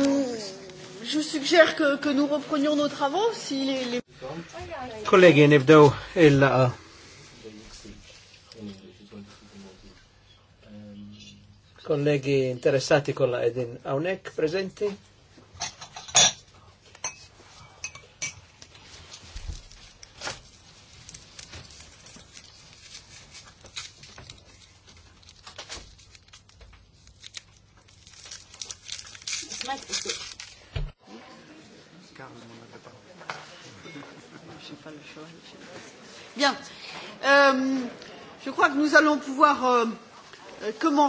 Euh, je suggère que, que nous reprenions nos travaux si les... les... Kollegi, nibdew il-laqa. Kollegi interessati kolla edin għawnek prezenti.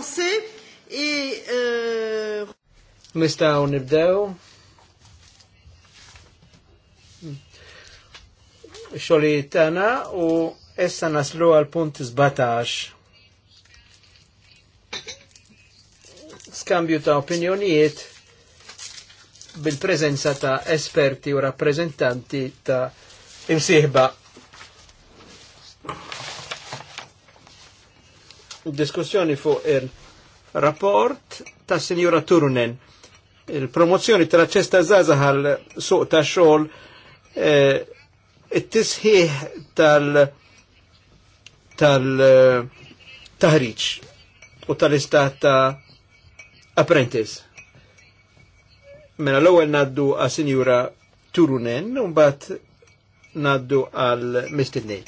commencer et Nistaw euh, nibdew. Xoli tana u essa naslu għal punt 17. Skambju ta' opinjonijiet bil-prezenza ta' esperti u rappresentanti ta' imsieħba diskussjoni fuq il-rapport ta' Signora Turunen. Il-promozzjoni tal ċesta zazah għal suq ta' xogħol eh, it-tisħiħ tal- tal eh, u tal-istat ta' apprentice. Mela l-ewwel naddu għas Sinjura Turunen u mbagħad naddu għal Mistidnej.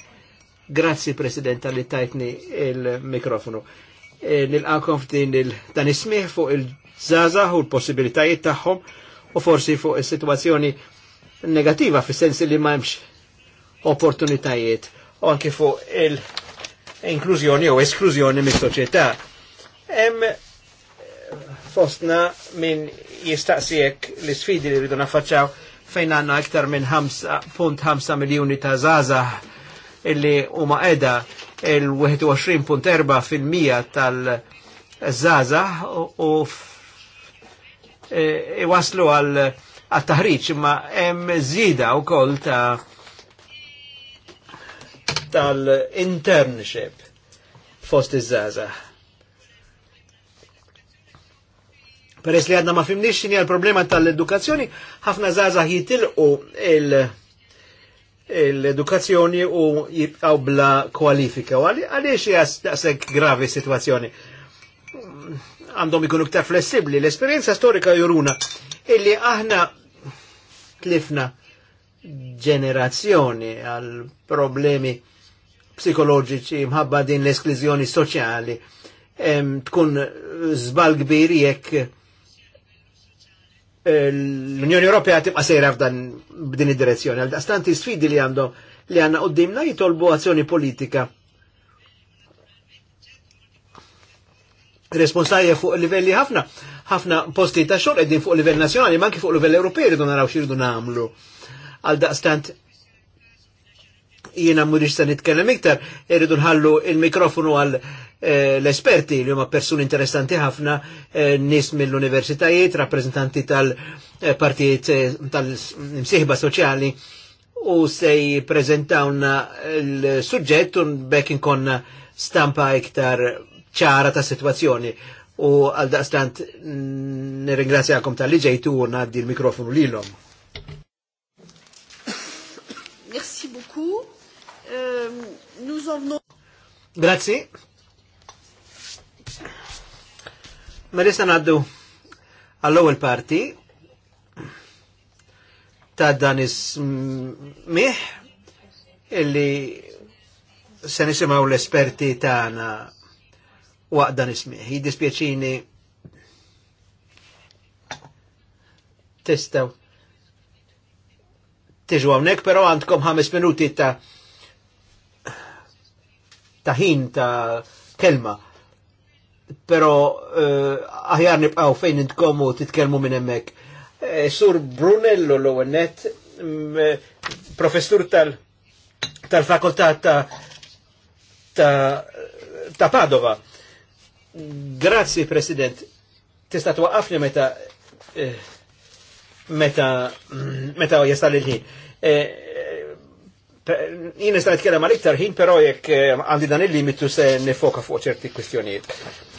Grazzi Presidenta li tajtni il-mikrofonu. E, Nil-għakom f'din il-dan ismiħ fuq il-żazah u l-possibilitajiet tagħhom u forsi fuq is-sitwazzjoni negativa fi sens li ma hemmx opportunitajiet u anke fuq il-inklużjoni u esklużjoni mis-soċjetà. Hemm fostna minn jistaqsijek l-sfidi li rridu nafaċċaw fejn għanna aktar minn 5.5 miljoni ta' zazah illi huma qiegħda il-21.4% tal-żaza u e, waslu għal għat-taħriġ imma hemm żida wkoll ta' tal-internship fost iż-żaza. Peress li għadna ma fimniex xini għal problema tal-edukazzjoni, ħafna zaza jitilqu il- l-edukazzjoni u jibqaw bla kwalifika. Għaliex jgħasek gravi situazzjoni? Għandhom ikunu ktar flessibli. L-esperienza storika juruna illi aħna tlifna ġenerazzjoni għal problemi psikoloġiċi mħabba din l esklizjoni soċjali tkun zbal kbir jekk l-Unjoni Ewropea tibqa' sejra f'dan b'din id-direzzjoni. Għal daqstanti sfidi li għandhom li għandna qudiemna jitolbu azzjoni politika. Responsabbli fuq livelli ħafna, ħafna posti ta' xogħol qegħdin fuq livell nazzjonali, ma anke fuq livell Ewropej rridu naraw x'iridu nagħmlu. Għal daqstant jiena mhuriex se nitkellem iktar, irridu nħallu il-mikrofonu għal eh, l-esperti li huma persuni interessanti ħafna, eh, nis mill-universitajiet, rappreżentanti tal-partijiet eh, tal-imsieħba soċjali u se jippreżentawna l-suġġett un bekk inkonna stampa iktar ċara ta' situazzjoni. U għal daqstant nirringrazzjakom tal-li ġejtu u naddi l-mikrofonu lilhom. nous en venons. Grazie. Marissa naddu għall-ewwel parti ta' dan is-miħ illi se nisimgħu l-esperti tagħna waqt dan is-miħ. Jiddispjaċini tistgħu tiġu hawnhekk, però għandkom ħames minuti ta' ta' ħin ta' kelma. Pero eh, aħjar nibqaw fejn intkomu titkelmu minn hemmhekk. Eh, Sur Brunello Lowenet, mm, eh, professur tal-fakultà ta' ta' Padova. Grazzi, President. Tista' twaqafni meta meta mm, meta jasal il-ħin. Jien nista' nitkellem għal iktar ħin, però jekk eh, għandi dan il-limitu se nifoka fuq ċerti kwistjonijiet.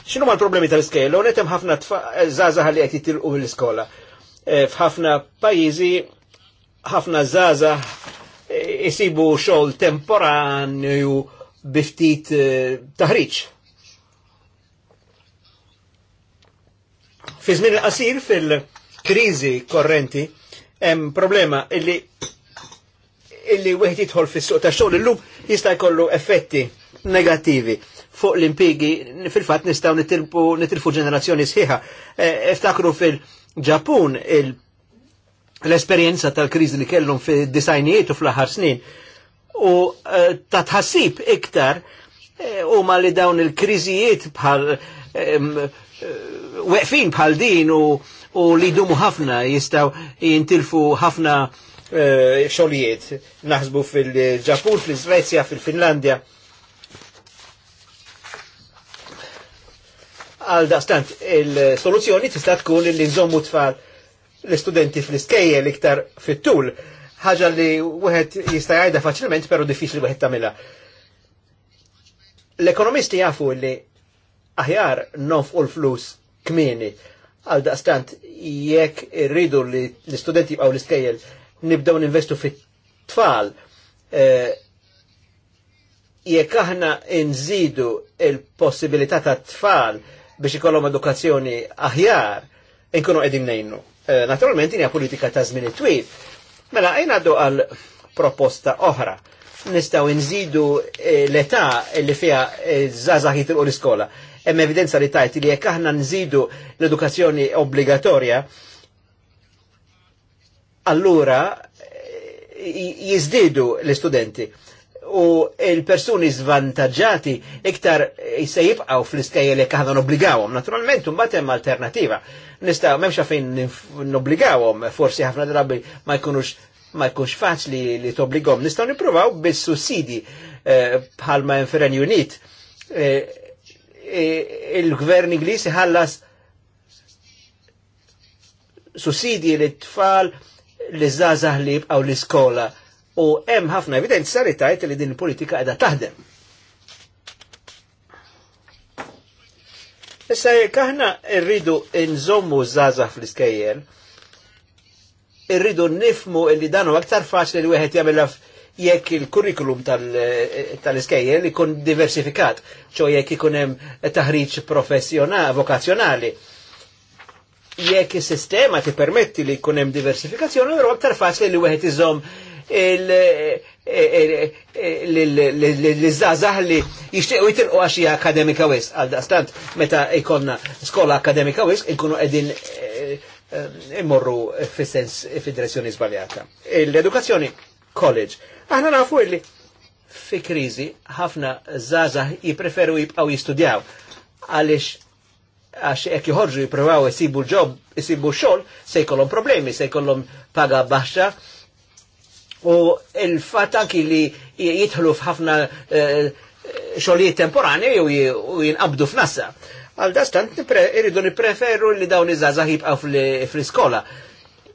X'inhuma l-problemi tal-iskejl? Lo netem ħafna eh, żgħażagħ li qed jitilqu mill-iskola. Eh, f'ħafna pajjiżi ħafna żgħażagħ jisibu xogħol temporanju biftit taħriġ. Fi żmien qasir fil-kriżi korrenti hemm problema illi illi wieħed jidħol fis-suq tax-xogħol illum jista' jkollu effetti negattivi fuq l-impigi fil-fatt nistgħu nitilfu ġenerazzjoni sħiħa. Iftakru e, fil-Ġapun l-esperjenza tal-kriżi li kellhom fid-disajnijiet u fl-aħħar snin u e, ta' tħassib iktar e, u ma li dawn il-kriżijiet bħal weqfin bħal din u li dumu ħafna jistaw jintilfu ħafna Eh, xogħlijiet naħsbu fil ġapur fil-Svezja, fil-Finlandja. Għal daqstant il-soluzzjoni tista' tkun li nżommu tfal l-istudenti fl-iskejjel iktar fit-tul, ħaġa li wieħed jista' jgħidha faċilment però diffiċli wieħed tagħmilha. L-ekonomisti jafu li aħjar nofqu l-flus kmieni għal daqstant jekk irridu li l-istudenti jibqgħu l-iskejjel nibdew ninvestu fit-tfal. Eh, jekk aħna nżidu il-possibilità ta' tfal biex ikollhom edukazzjoni aħjar, inkunu qegħdin ngħinu. Eh, naturalment hija politika ta' żmien twil. Mela għajna għaddu għal proposta oħra. Nistaw nżidu eh, l-età li fiha żgħażagħ jitilqu l-iskola. Hemm evidenza li tajt li jekk aħna nżidu l-edukazzjoni obbligatorja, allura jizdidu l-istudenti u il-persuni zvantagġati iktar se jibqaw fl-iskejjel li aħna obbligawhom. Naturalment un hemm alternativa. Nista' m'hemmx fejn nobbligawhom, forsi ħafna drabi ma jkunux ma jkunx faċli li tobbligom. Nistgħu nippruvaw bis-sussidi eh, bħalma hemm fir Unit. Eh, eh, il-gvern Ingliż ħallas sussidi li t tfal li żgħażagħ li jibqgħu l-iskola u hemm ħafna evidenza li li din il-politika qiegħda taħdem. Issa jekk aħna rridu nżommu żgħażagħ fl-iskejjel, irridu nifmu li danu aktar faċli li wieħed jagħmilha jekk il-kurrikulum tal-iskejjel ikun diversifikat, ċo jekk ikun hemm taħriġ professjonali, vokazzjonali jekk is-sistema ti permetti li jkun hemm diversifikazzjoni, allura aktar faċli li wieħed iżomm l-żazah li jishtiqu jitilqu għaxi akademika wisq għal daqstant meta jkollna skola akademika wisq inkunu qegħdin eh, immorru fis sens fid direzzjoni żbaljata. L-edukazzjoni college. Aħna nafu li fi krizi ħafna zazah jipreferu jibqgħu jistudjaw għaliex għax ek joħorġu jiprovaw jisibu ġob, jisibu xol, se jkollhom problemi, se jkollhom paga baxxa. U il-fat anki li jitħlu f'ħafna eh, eh temporani u jinqabdu f'nassa. Għal dastant irridu nipreferu li dawn iż-żazah jibqgħu fl-iskola.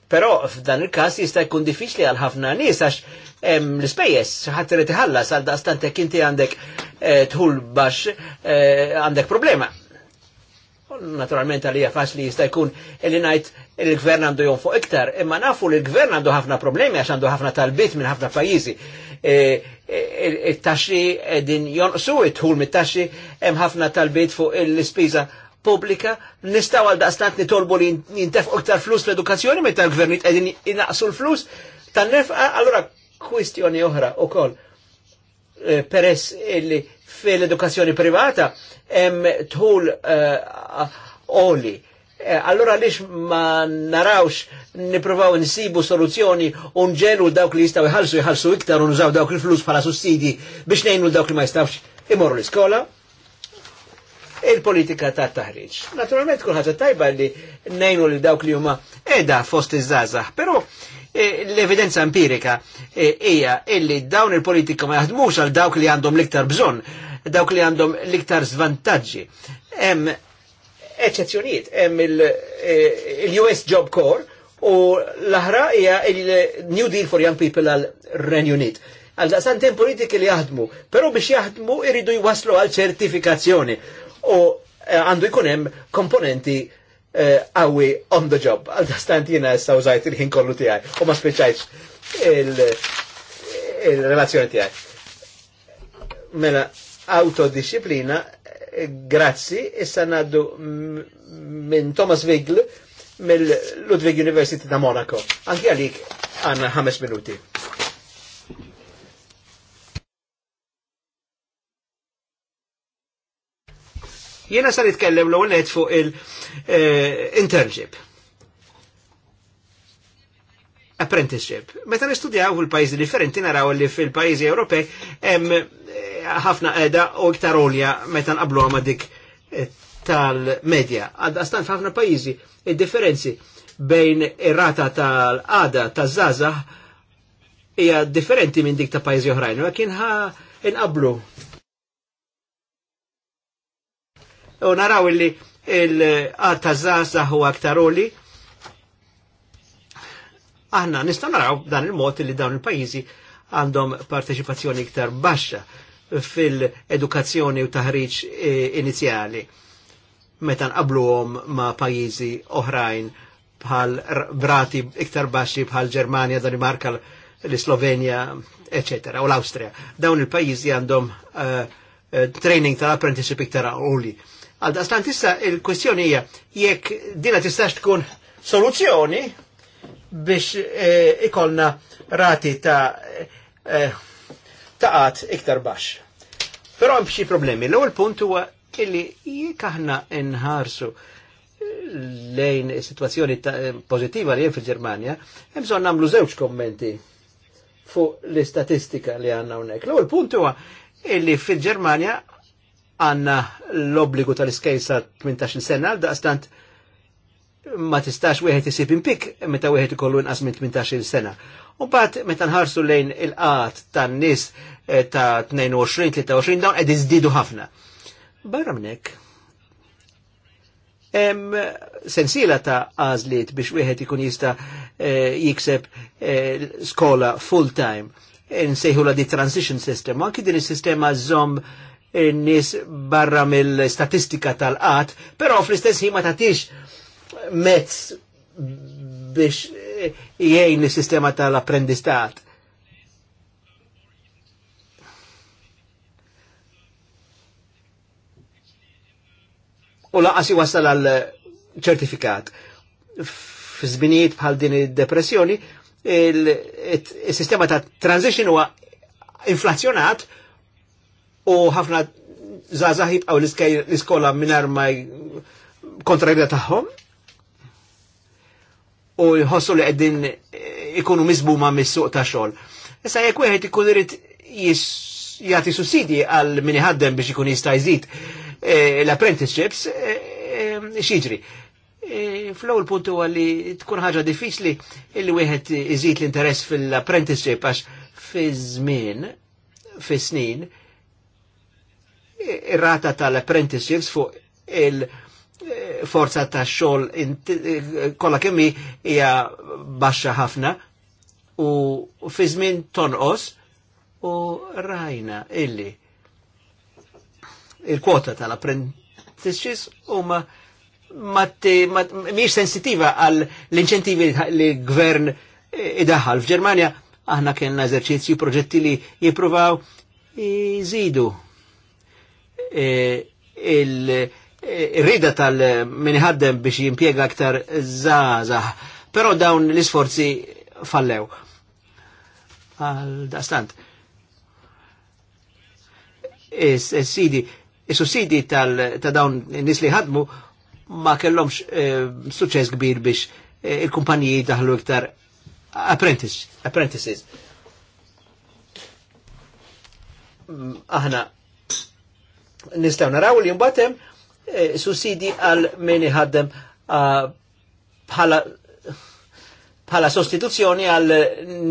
Però f'dan il-każ jista' jkun diffiċli għal ħafna nies għax l-ispejjeż ħadd irid iħallas għal dastant jekk inti għandek eh, tħul eh, għandek problema. Naturalment għalija faċli jista' jkun li ngħid il-gvern għandu jonfoq iktar, imma nafu li l-gvern għandu ħafna problemi għax għandu ħafna talbit minn ħafna pajjiżi. E, e, il-taxi din jonqsu it-tħul mit taxi hemm ħafna talbit fuq l-ispiża publika, nistaw għal daqstant nitolbu li jintef iktar flus l-edukazzjoni meta l-gvern qegħdin jinaqsu l-flus tan-nefqa allura kwistjoni oħra ukoll e, peress illi fil-edukazzjoni privata hemm tħul eh, oli. Eh, allora lix ma narawx niprofaw nsibu soluzzjoni unġelu dawk li jistaw jħalsu jħalsu iktar unużaw dawk il-flus pala sussidi biex nejnu dawk li ma jistawx imorru l-iskola il-politika ta' taħriġ. Naturalment kullħat tajba li nejnu li dawk li huma edha fost iż-żgħażagħ, pero Eh, l-evidenza empirika eh, hija illi dawn il-politika ma jaħdmux għal dawk li għandhom l-iktar bżonn, dawk li għandhom l-iktar svantaġġi. Hemm eċċezzjonijiet, hemm il-US eh, Job Corps u l-aħra hija il-New Deal for Young People għal Ren Unit għal daqsantin politiki li jaħdmu, però biex jaħdmu iridu jwaslu għal ċertifikazzjoni u għandu jkun hemm komponenti Eh, għawi on the job. Għal-dastant jina issa użajt il-ħin kollu tijaj u ma speċajt il-relazzjoni tijaj. Mela, autodisciplina, eh, grazzi, issa naddu minn Thomas Wigl mill-Ludwig University ta' Monaco. Anki għalik għanna ħames minuti. Jena sa' nitkellem l net fuq il-internship. Eh, Apprenticeship. Meta nistudjaw il-pajzi differenti naraw li fil-pajzi Ewropej hemm eh, ħafna qeda u iktar olja meta nqablu ma' dik eh, tal-medja. stan f'ħafna pajjiżi id-differenzi bejn ir-rata tal-qada taż-żaza hija differenti minn dik ta' pajjiżi oħrajn. Ma kien ħa inqablu u naraw illi il għata zaza huwa aktar li Aħna nistgħu naraw dan il-mod li dawn il-pajjiżi għandhom parteċipazzjoni iktar baxxa fil-edukazzjoni u taħriġ eh, inizjali meta nqabluhom ma' pajjiżi oħrajn bħal brati iktar baxxi bħal Ġermanja, Danimarka, l-Slovenja, eccetera, u l-Austria. Dawn il-pajjiżi għandhom uh, training tal-apprenticeship iktar għoli. Uh, Għal daqstant issa il-kwestjoni hija jekk dina tistax tkun soluzzjoni biex eh, ikolna rati ta' eh, taqat iktar baxx. Però hemm xi problemi. L-ewwel punt huwa illi jekk aħna nħarsu lejn situazzjoni eh, pozitiva li jen fil ġermanja hemm bżonn nagħmlu żewġ kommenti fuq l-istatistika li għandna hawnhekk. L-ewwel punt huwa illi fil ġermanja għanna l-obbligu tal-iskejsa 18 sena għal daqstant ma tistax wieħed isib impik meta wieħed ikollu inqas minn 18 sena. U meta nħarsu lejn il-qat tan-nies eh, ta' 22-23 dawn qed iżdiedu ħafna. Barra minn hekk. Hemm sensiela ta' għażliet biex wieħed ikun jista' eh, jikseb eh, skola full time. Nsejħu la di transition system, anki din is-sistema żomm nis barra mill-statistika tal-qat, pero fl-istess ma tatix mezz biex eh, jgħin il-sistema tal-apprendistat. U laqas wasal għal ċertifikat. F'żbinijiet bħal din id-depressjoni, il-sistema ta' transition huwa inflazzjonat u ħafna zazah għaw l-iskola minar ma kontrarja taħħom u jħossu li għeddin eh, ikunu mizbu mis-suq ta' xol. Issa jek wieħed ikun irid jagħti sussidi għal min ħaddem biex ikun jista' jżid eh, l-apprenticeships eh, xiġri. Fl-ewwel puntu għalli tkun ħaġa diffiċli illi wieħed iżid l-interess fil-apprenticeship għax fi żmien, fi snin, rata tal-apprenticeships fuq il-forza eh, ta' xol eh, kolla kemmi hija baxxa ħafna u fi żmien tonqos u rajna illi il-kwota tal-apprenticeships huma miex sensitiva għal l-inċentivi li gvern eh, idaħħal. F'Ġermanja aħna kienna eżerċizzju proġetti li jippruvaw jżidu E, il-rida e, tal-minħaddem biex jimpiega aktar zazah. Pero dawn l-isforzi fallew. Għal-dastant. Is-sidi, is sidi tal dawn nis li ħadmu ma kellomx e, suċċess kbir biex il-kumpaniji daħlu iktar apprentices. Mm, aħna nistaw naraw li jumbatem e, eh, sussidi għal min ħaddem ah, bħala bħala sostituzzjoni għal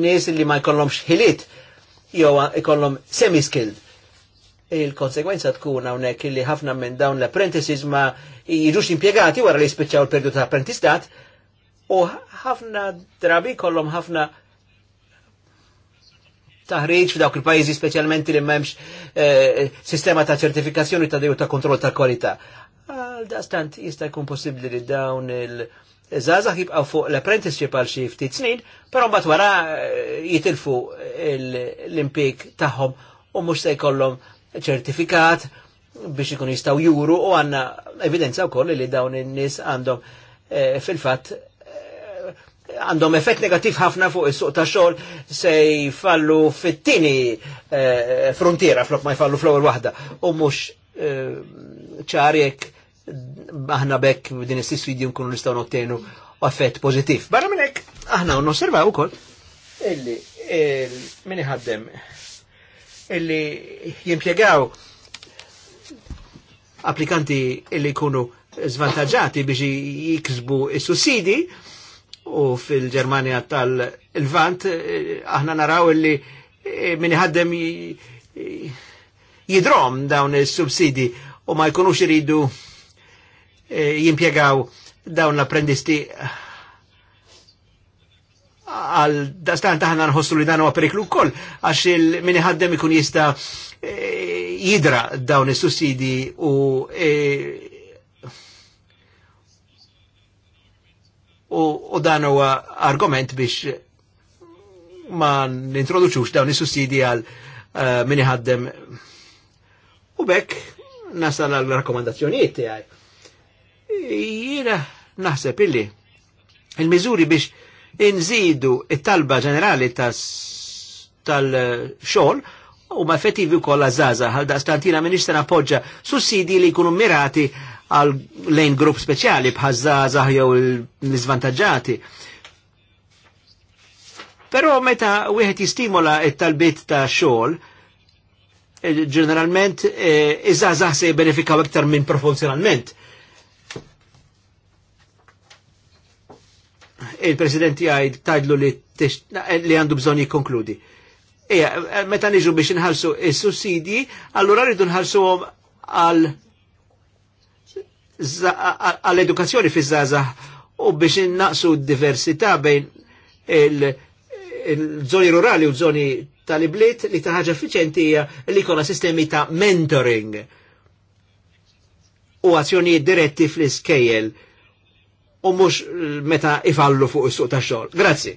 nies li ma jkollhomx ħiliet jew ikollhom semi-skilled. Il-konsekwenza tkun hawnhekk li ħafna minn dawn l-apprentices ma jiġux impjegati wara li jispiċċaw il-perdu ta' apprentistat u ħafna drabi kollhom ħafna taħriġ f'dawk il-pajjiżi speċjalment li m'hemmx eh, sistema ta' ċertifikazzjoni ta' dew ta' kontroll ta' kwalità. Għal dastant jista' jkun possibbli li dawn il- Zazax jibqaw fuq l-apprenticeship għal xi ftit snin, però mbat wara eh, jitilfu l-impik tagħhom u mhux se jkollhom ċertifikat biex ikun jistgħu juru u għandna evidenza wkoll li dawn in-nies għandhom eh, fil-fatt għandhom effett negativ ħafna fuq is-suq ta' xogħol se jfallu fit-tieni eh, frontiera flok ma jfallu fl-ewwel waħda u mhux eh, ċar jekk aħna bekk din is studju nkunu nistgħu nottenu effett pożittiv. Barra minn hekk aħna nosservaw ukoll illi ill, min iħaddem illi jimpjegaw applikanti illi jkunu zvantaġġati biex jiksbu is-sussidi u fil-Germania tal-Vant, eh, aħna naraw illi eh, min ħaddem jidrom dawn il-subsidi u ma jkunux iridu eh, jimpiegaw dawn l-apprendisti għal dastan taħna nħossu li dan huwa periklu wkoll għax il-min ħaddem ikun jista jidra dawn is-sussidi u u dan huwa argument biex ma nintroduċux dawn is-sussidi għal uh, min iħaddem u bekk nasal għal rakkomandazzjonijiet tiegħi. Jiena naħseb illi il-miżuri biex inżidu it-talba ġenerali tal-xogħol u ma effettivi wkoll għażaża għal daqstantina minix se nappoġġa sussidi li jkunu mirati għal lejn grupp speċjali bħazzazah jew l-izvantagġati. Però meta wieħed jistimola it-talbit ta' xogħol, e, ġeneralment e, iż zaħ se jibbenefikaw iktar minn proporzjonalment. Il-President jgħid tajdlu e, li għandu bżonn jikkonkludi. Eja, meta niġu biex nħalsu is-sussidji, allura rridu nħalsuhom għal għal edukazzjoni fi żgħażagħ u biex naqsu diversità bejn il-żoni rurali u żoni tal-ibliet li ta' ħaġa effiċenti hija li jkollha sistemi ta' mentoring u azzjonijiet diretti fl-iskejjel u mux meta ifallu fuq is-suq ta' xogħol Grazzi.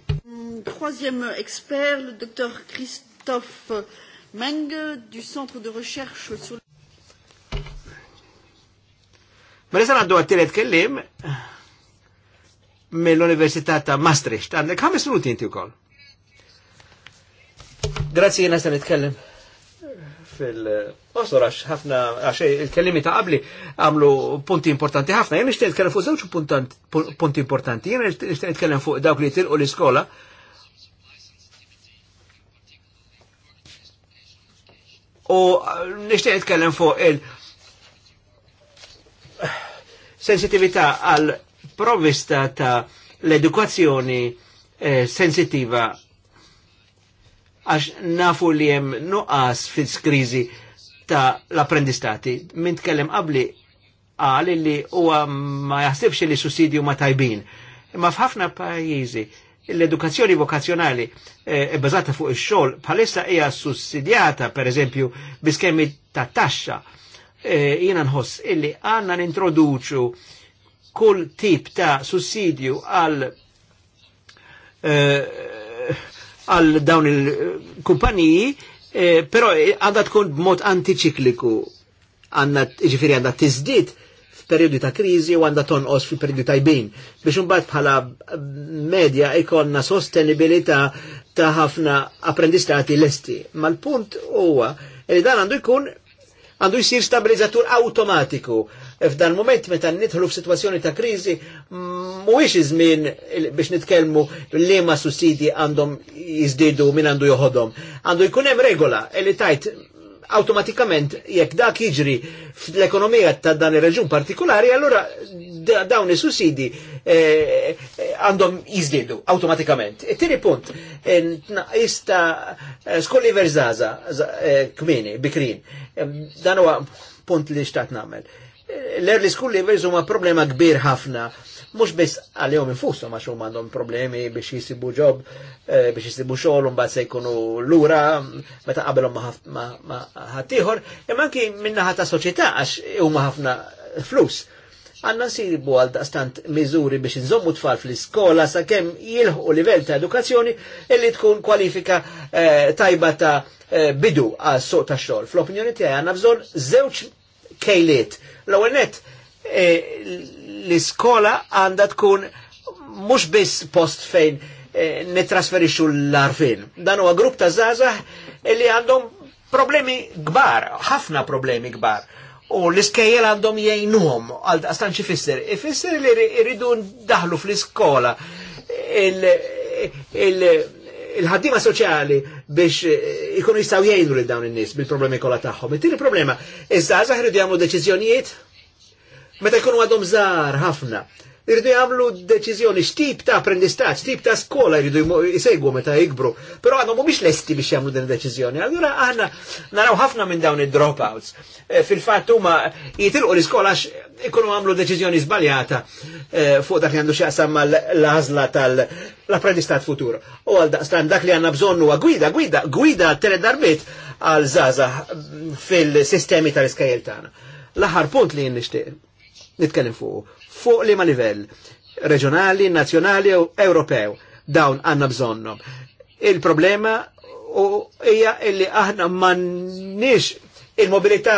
Troisième expert, le docteur Christophe Menge du Centre de recherche sur Mela sa għaddu għattiret kellim mill-Università ta' Maastricht. Għandek ħames minuti inti u koll. Grazie, jena sa' nitkellem fil-qosor għax ħafna għax il-kellimi ta' qabli għamlu punti importanti ħafna. Jena nixtieq nitkellem fuq zewċu punti importanti. Jena nixtieq nitkellem fuq dawk li tilqu l-iskola u nishtiq kellem fuq il- sensitività għal provvista ta' l-edukazzjoni eh, sensitiva għax nafu li jem nuqqas fil-skrizi ta' l-apprendistati. Min tkellem qabli għal li huwa ma jaħsibx li sussidju ma tajbin. Imma f'ħafna pajjiżi l-edukazzjoni vokazzjonali e eh, bazata fuq ix-xogħol bħalissa hija sussidjata pereżempju biskemmi ta' taxxa Eh, jiena nħoss illi għanna nintroduċu kull tip ta' sussidju għal eh, għal dawn il-kumpaniji, eh, però għadha tkun b'mod antiċikliku għanna ġifiri għanna tizdit f'periodu ta' krizi u għanda tonqos fil ta' tajbin. Biex unbat bħala medja ikonna sostenibilità ta' ħafna apprendistati lesti. Ma l-punt huwa li dan għandu jkun għandu jisir stabilizzatur automatiku. F'dan moment meta nidħlu f'sitwazzjoni ta' kriżi mhuwiex iż-żmien biex nitkellmu li ma sussidi għandhom jiżdiedu min għandu joħodhom. Għandu jkun hemm regola li tajt automatikament jekk dak jiġri fl-ekonomija ta' dan ir-reġun partikolari, allura dawn is-sussidi eh, eh, għandhom e eh, jizdidu automatikament. Tiri punt, jista eh, skolli verżaza kmini, bikrin, dan huwa punt li xtaqt namel. L-early school levels huma problema kbir ħafna mux biss għal-jom infusu ma xum għandhom problemi biex jisibu ġob, biex jisibu xol, un bat se jkunu l-ura, meta qabelhom ma ħattijħor, imma anki minna ħata soċieta għax huma ħafna flus għanna sibu għal daqstant miżuri biex nżommu tfal fl-iskola sa' kem jilħu livell ta' edukazzjoni illi tkun kwalifika eh, tajba ta' eh, bidu għal soq ta' xol. Fl-opinjoni tiegħi għanna bżon zewċ kejliet. L-ewwel net eh, l-iskola għandha tkun mhux biss post fejn eh, nitrasferixxu l-arfin. Dan huwa grupp ta' zazah illi għandhom problemi kbar, ħafna problemi kbar u l-iskejjel għandhom jgħinuhom għastan ċifisser, xifisser. Ifisser li rridu ndaħlu fl-iskola il-ħaddima soċjali biex eh, ikunu jistaw jgħinu li dawn in-nies bil-problemi kollha tagħhom. il tieni problema, iż-żgħażagħ irridu jagħmlu deċiżjonijiet meta jkunu għadhom zaħar ħafna irridu jagħmlu deċiżjoni x'tip ta' apprendistat, x'tip ta' skola jridu jsegwu meta jikbru, però għandhom mhumiex lesti biex jagħmlu din deċiżjoni. Allura aħna naraw ħafna minn dawn id-dropouts. E, fil-fatt huma jitilqu l-iskola għax ikunu għamlu deċiżjoni żbaljata e, fuq dak li għandu x'jaqsam mal-għażla tal-apprendistat futur. U għal daqstan dak li għandna bżonn huwa gwida, gwida, gwida tele darbit għal zaza fil-sistemi tal-iskajel tagħna. L-aħħar punt li nixtieq nitkellem fuq fuq li ma livell, reġjonali, nazzjonali u Ewropew, dawn għanna bżonnom. Il-problema u hija illi aħna m'għandniex il-mobilità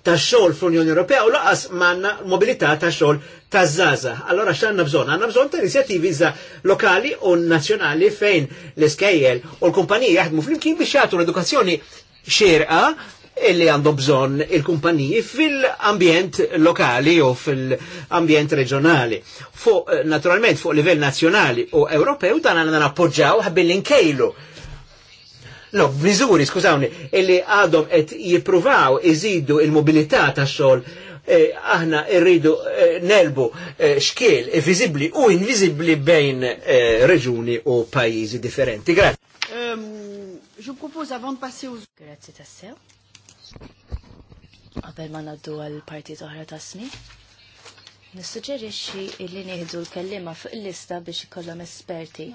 ta' xogħol fl-Unjoni Ewropea u laqas manna mobilità ta' xogħol ta' zaza. Allora x'għandna bżonn? Għandna bżonn ta' inizjattivi za lokali u nazzjonali fejn l-iskejjel u l-kumpaniji jaħdmu fl-imkien biex jagħtu l-edukazzjoni xerqa illi għandu bżon il-kumpaniji fil-ambjent lokali u fil-ambjent reġjonali. Fuq eh, naturalment fuq livell nazjonali u Ewropew dan għanna nappoġġaw ħabbil inkejlu. No, miżuri, skużawni, illi għadhom qed jipruvaw iżidu il-mobilità tax-xogħol Eh, aħna irridu eh, nelbu eh, xkiel viżibli u inviżibli bejn eh, reġuni u pajjiżi differenti. Grazie. Euh, um, je propose avant de passer aux... Grazie tassew. Qabel ma naddu għal partit oħra ta' smi. Nissuġġerixxi li nieħdu l-kellima fuq il-lista biex ikollhom esperti.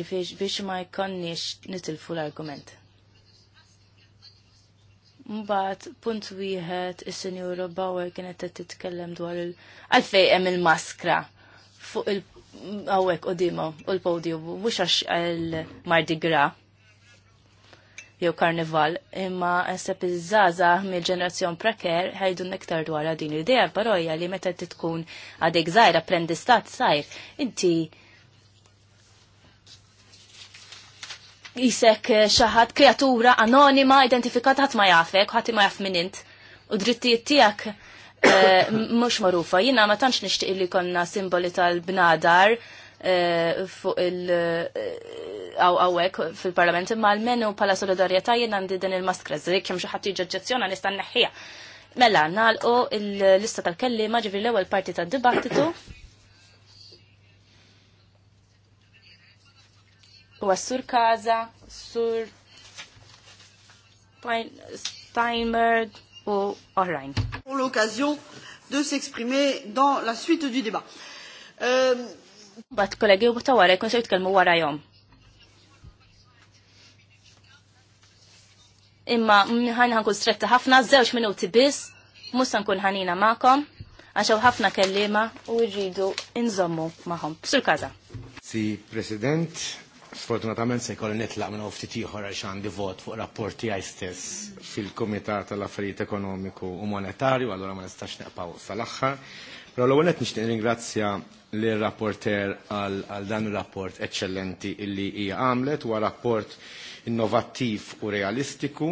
Rifiex biex ma jkonniex nitilfu l-argument. Mbagħad punt wieħed is sinjur Bauer kienet qed titkellem dwar il għalfej hemm il-maskra fuq il għawek u u l-podju, mux għax il Mardi Gra jew karnival, imma nseb iż-żaza mill-ġenerazzjon preker ħajdu nektar dwar din l-idea barojja li meta tkun għadek żgħira apprendistat sajr, inti jisek xaħat kreatura anonima identifikat ħadd ma jafek, ħadd ma jaf minint, int, u drittijiet tiegħek eh, mhux magħrufa. Jiena ma tantx nixtieq li konna simboli tal-bnadar Eh, fuq il- għawek eh, fil-parlament, imma l-menu pala solidarieta jien għandi din il-maskra, zik jem xaħat jġġazzjona nistan neħħija. Mela, nalqu il-lista tal-kellima ġivri l-ewel parti tad dibattitu U għassur Kaza, sur Steinberg u oħrajn. Pour l'occasion de s'exprimer dans la suite du débat. Euh, Bat kollegi u ta' wara jkun se jitkellmu wara jom. Imma ħajna kun stretta ħafna, zewx minuti bis, musa nkun ħanina magħkom, għaxaw ħafna kellima u rridu inżommu magħhom. Sur kaza. Si President, sfortunatament se jkolli nitlaq minn ftit ieħor għax għandi vot fuq rapporti għaj stess fil komitat tal-Affarijiet Ekonomiku u Monetarju, għallura ma nistax neqpaw sal axħar Pero l għonet qed nixtieq ringrazzja l-rapporter għal dan rapport eccellenti illi hija għamlet u rapport innovattiv u realistiku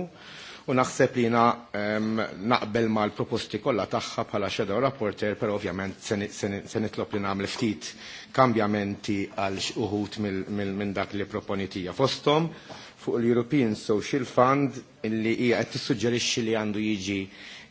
u naħseb li naqbel ma l-proposti kollha tagħha bħala shadow rapporter, però ovvjament se nitlob li nagħmel ftit kambjamenti għal uħut minn dak li proponitija fosthom fuq l-European Social Fund illi hija qed tissuġġerixxi li għandu jiġi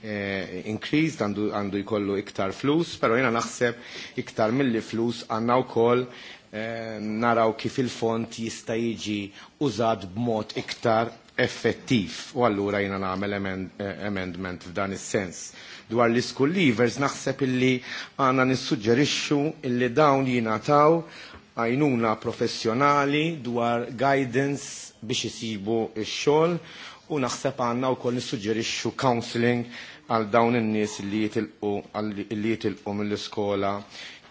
Eh, increased għandu jkollu iktar flus, pero jena naħseb iktar mill-li flus għanna u koll eh, naraw kif il-font jista' jiġi użad b'mod iktar effettiv u allura jina nagħmel eh, amendment f'dan is-sens. Dwar l school leavers naħseb illi għandna nissuġġerixxu illi dawn jingħataw għajnuna professjonali dwar guidance biex isibu il xogħol u naħseb għandna wkoll nissuġġerixxu counseling għal dawn in-nies li jitilqu mill-iskola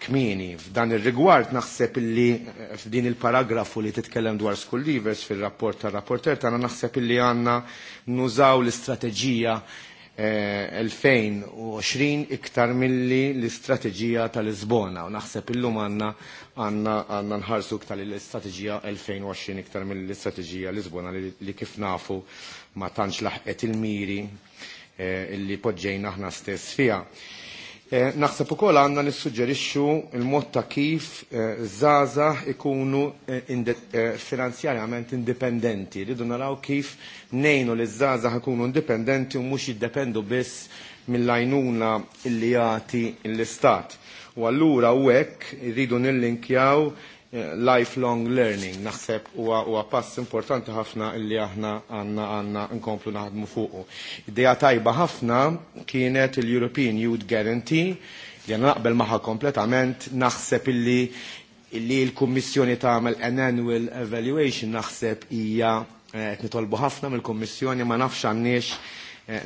kmini. F'dan ir-rigward naħseb illi eh, f'din il-paragrafu li titkellem dwar school leavers fil-rapport tar-rapporter tagħna naħseb illi għandna nużaw l-istrateġija 2020 eh, iktar milli l-istrateġija tal-Lisbona u naħseb illum għanna għanna nħarsu iktar l-istrateġija 2020 iktar milli l-istrateġija Lisbona li kif nafu ma tantx laħqet il-miri Eh, illi podġejna aħna stess fija. Eh, naħseb ukoll għandna nissuġġerixxu il-mod ta' kif żgħażagħ eh, ikunu finanzjarjament indipendenti. Ridu naraw kif nejnu li żgħażagħ ikunu indipendenti u mhux jiddependu biss mill-għajnuna illi jagħti l-istat. U allura u hekk irridu nillinkjaw eh, lifelong learning naħseb huwa pass importanti ħafna illi aħna għanna għanna nkomplu naħdmu fuqu. Ideja tajba ħafna kienet il-European Youth Guarantee li għanna naqbel maħa kompletament naħseb illi illi l-Kummissjoni tagħmel an annual evaluation naħseb hija eh, qed nitolbu ħafna mill-Kummissjoni ma nafx għandniex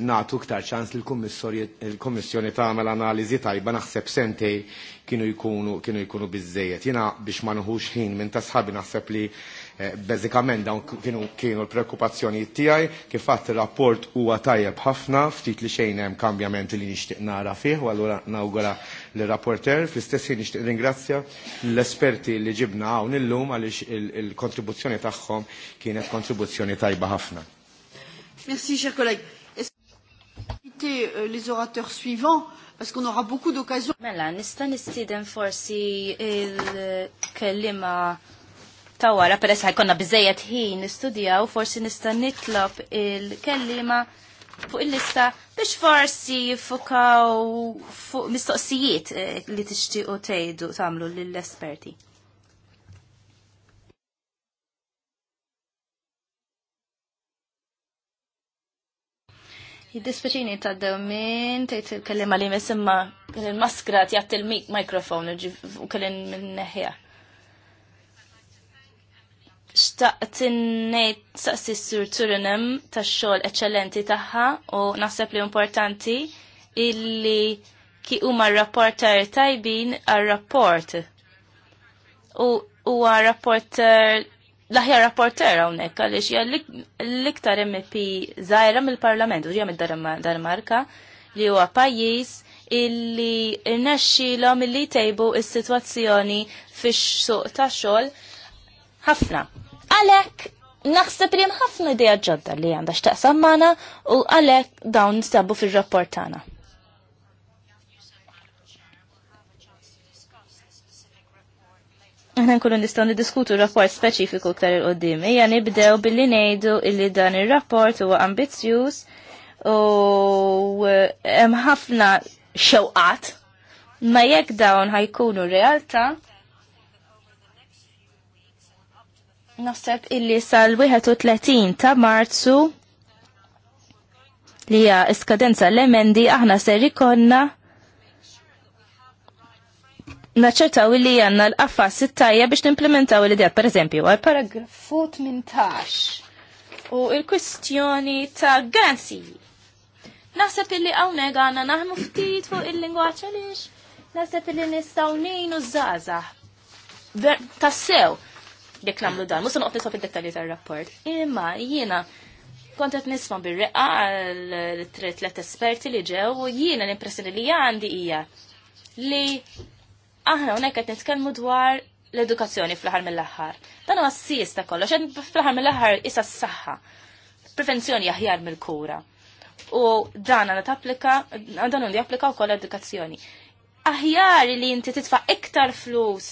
natu ktar ċans li l-Kommissjoni tagħmel analiżi tajba naħseb sentej kienu jkunu kienu jkunu bizzejet. Jina biex ma nħux ħin minn ta' sħabi naħseb li eh, bezzikament dawn kienu kienu l prekupazzjoni tiegħi kif fatt ir-rapport huwa tajjeb ħafna ftit li xejn hemm kambjament li nixtieq nara fih u allura nawgura l-rapporter, fl-istess jien nixtieq ringrazzja l-esperti li ġibna hawn illum għaliex il-kontribuzzjoni tagħhom kienet kontribuzzjoni tajba ħafna. Merci, cher collègue inviter euh, les orateurs suivants parce qu'on aura beaucoup d'occasions. Mela, nista nistiden forsi il-kellima ta' wara, peressa ħajkonna bizzejet ħin nistudjaw, forsi nista nitlob il-kellima fuq il-lista biex forsi fukaw fuq mistoqsijiet eh, li tixtiequ tgħidu tagħmlu lill-esperti. Jiddispeċini ta' d-min, tejt kellim għalim jisimma il-maskra tjat il-mikrofon u kellim minn neħja. Xtaqt innejt saqsi s-sur Turinem ta' xol eccellenti taħħa u naħseb li importanti illi ki huma rapporter tajbin għal-rapport. U huwa rapporter l-aħjar rapporter hawnhekk għaliex hija l-iktar MP zaħra mill-Parlament u ġejja mid-Danimarka li huwa pajjiż illi rnexxilhom illi jtejbu il sitwazzjoni fix-suq ta' xogħol ħafna. Għalhekk naħseb li hemm ħafna idea ġodda li għandha x'taqsam magħna u għalhekk dawn nistabu fir-rapport Aħna nkunu nistaw nidiskutu rapport speċifiku ktar il-qoddim. Ija nibdew billi nejdu illi dan il-rapport huwa ambizzjuż u hemm ħafna xewqat ma jekk dawn ħajkunu realtà naħseb illi sal-31 ta' Marzu li hija iskadenza l-emendi aħna ser ikonna naċċertaw li għanna l-qaffas it-tajja biex nimplementaw l-idejat, per eżempju, għal paragrafu 18 u il-kwistjoni ta' garanziji. Naħseb illi għawne għanna naħmu ftit fuq il-lingwaċ għalix, naħseb illi nistaw nejnu zaza. Tassew, jek namlu dan, musa noqtis nisma fil-dettali ta' rapport Imma, jiena, kontet nisma bil-reqqa għal tlet esperti li ġew u jiena l-impressjoni li għandi hija li aħna unek qed nitkellmu dwar l-edukazzjoni fl-aħħar mill-aħħar. Dan huwa s-sis ta' kollox, fl-aħħar mill-aħħar issa s-saħħa. Prevenzjoni aħjar mill-kura. U dan għandha tapplika, dan għandu applika wkoll edukazzjoni. Aħjar li inti titfa' iktar flus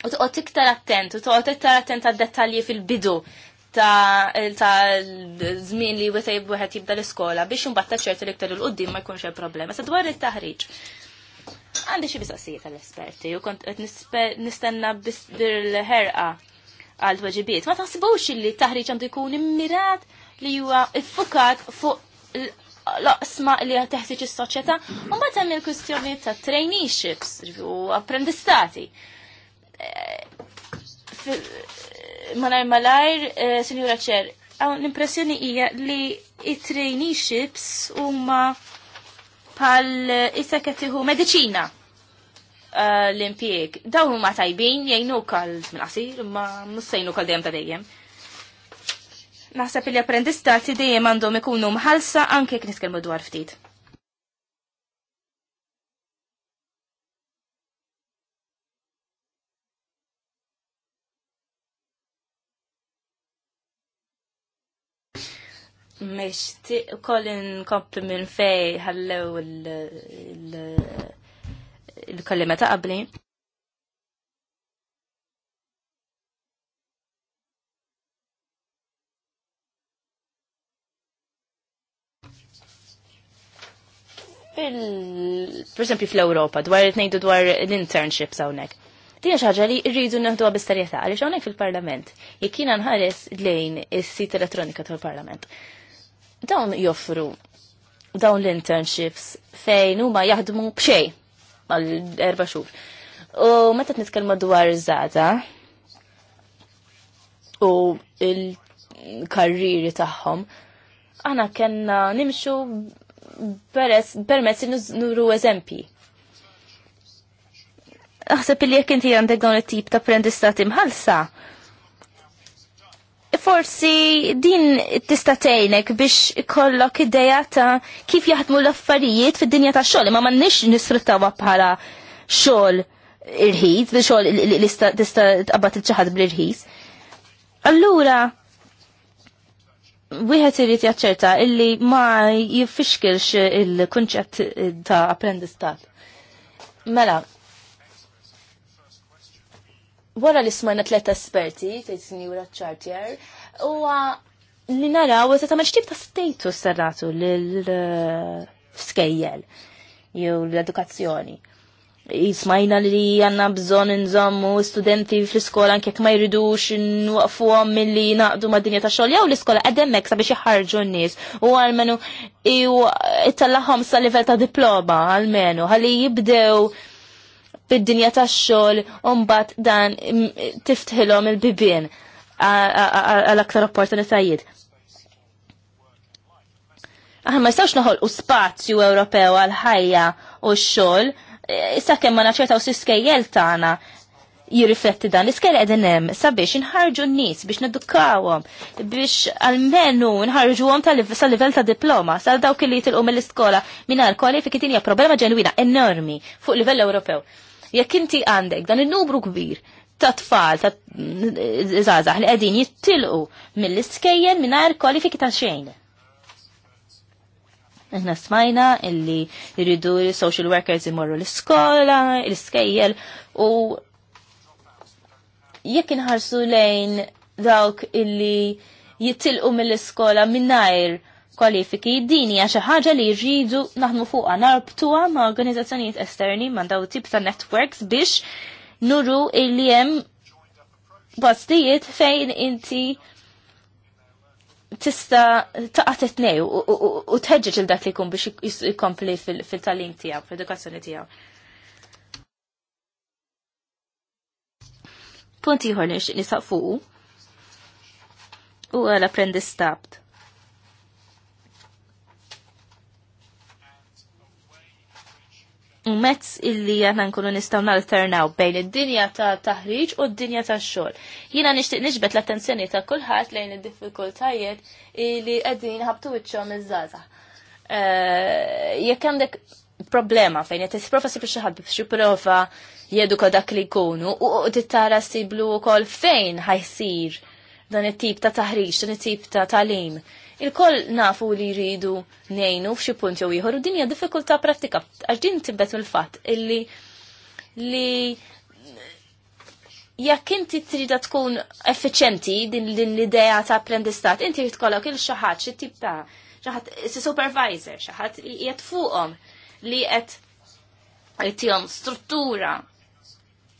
u toqgħod iktar attent, u toqgħod iktar attent għad-dettalji fil-bidu ta' żmien li wieħed jibda l-iskola biex imbagħad taċċerti li iktar il-qudiem ma jkunx hemm problema. Sa dwar it-taħriġ Għandi xi bisaqsijiet tal-esperti u kont qed nistenna bil-ħerqa għal tweġibiet. Ma taħsibux li taħriċ għandu jkun immirat li huwa iffukat fuq l osma li teħtieġ is-soċjetà u mbagħad hemm il kustjoni ta' traineeships u apprendistati. Eh, malajr malajr, eh, Sinjura Ċer, l-impressjoni hija li i traineeships huma pal issa medicina uh, l-impieg. Dawn huma tajbin jajnu għal mill ma mussajnu kal dejjem ta' dejjem. Naħseb li apprendistati dejjem għandhom ikunu mħalsa anke kif dwar ftit. Mishtiq kolin kompli minn fej ħallew il-kollima ta' qabli. Per esempio fl-Europa, dwar it-nejdu dwar l-internships hawnhekk. Dija xaġa li rridu għab istarieta, għalix għonek fil-parlament, jek jina nħares lejn is-sit elettronika tal-parlament dawn joffru dawn l-internships fejn huma jaħdmu b'xej għal erba' xhur. U meta nitkellmu dwar iż-żada u l-karriri tagħhom, aħna kellna nimxu permezz nuru eżempji. Aħseb li jekk inti għandek dawn it-tip ta' apprendistati imħalsa, forsi din tista' tgħinek biex ikollok idea ta' kif jaħdmu l-affarijiet fid-dinja ta' xogħol, ma m'għandniex nisfruttawha bħala xogħol irħis, biex xogħol li tista' tqabbad il-ċaħad bl-irħis. Allura, wieħed irid jaċċerta illi ma jiffixkilx il-kunċett ta' apprendistat. Mela, wara li smajna tlet esperti, tgħid Sinjura Chartier, huwa li naraw se tagħmel x'tip ta' status nagħtu lill eh, skejjel jew l-edukazzjoni. Ismajna li għanna bżon nżommu studenti fl-iskola anke ma jridux nwaqfuhom milli naqdu ma' dinja ta' xogħol jew l-iskola għademmek sabiex iħarġu n-nies u għalmenu iw ittallahom sa' livell ta' diploma għalmenu ħalli jibdew bid-dinja tax-xogħol u mbagħad dan tiftħilhom il-bibien għal aktar opportunitajiet. Aħna ma jistgħux noħolqu spazju Ewropew għal ħajja u x-xogħol e, issa kemm ma naċċertaw siskejjel tagħna jirrifletti dan. L-iskejl qegħdin hemm sabiex inħarġu n-nies biex nedukawhom biex almenu nħarġuhom sal-livell ta' diploma sal dawk li jitilqu mill-iskola mingħajr kwalifiki hija problema ġenwina enormi fuq livell Ewropew. Jekk inti għandek dan il-numru kbir ta' tfal, ta' zazax li għedin jittilqu mill-iskejjen minnar kwalifiki ta' xejn. Aħna smajna illi jridu social workers imorru l-iskola, l-iskejjel u jekk inħarsu lejn dawk illi jittilqu mill-iskola minnajr kwalifiki dini għax xi ħaġa li jridu naħdmu fuqha narbtuha ma' organizzazzjonijiet esterni ma' daw tip ta' networks biex nuru illi hemm bastijiet fejn inti tista taqa titnew u tħeġġeġ il dak li jkun biex jkompli fil-talim tiegħu, fil-edukazzjoni tiegħu. Punt ieħor nixtieq nisaq fuq u l-apprendistab. u mezz illi jana nkunu nistaw nalternaw bejn id-dinja ta' taħriġ u d-dinja ta' xogħol. Jiena nixtieq nixbet l-attenzjoni ta' kulħadd lejn id-diffikultajiet li qegħdin ħabtu wiċċhom iż-żgħażagħ. Eh, jekk għandek problema fejn qed isprofa si xi ħadd biex jipprova jeduka dak li jkunu u tittara siblu wkoll fejn ħajsir dan it-tip ta' taħriġ, dan it-tip ta' talim. Ta il-koll nafu li jridu nejnu f'xi punt jew ieħor u din hija diffikultà pratika għax din tibdet il fatt illi li jekk inti trida tkun effiċenti din l-idea ta' apprendistat, inti tkollok il-xaħat, xi tip ta' xaħat, supervisor, xaħat ħadd fuqhom li qed jtijom struttura,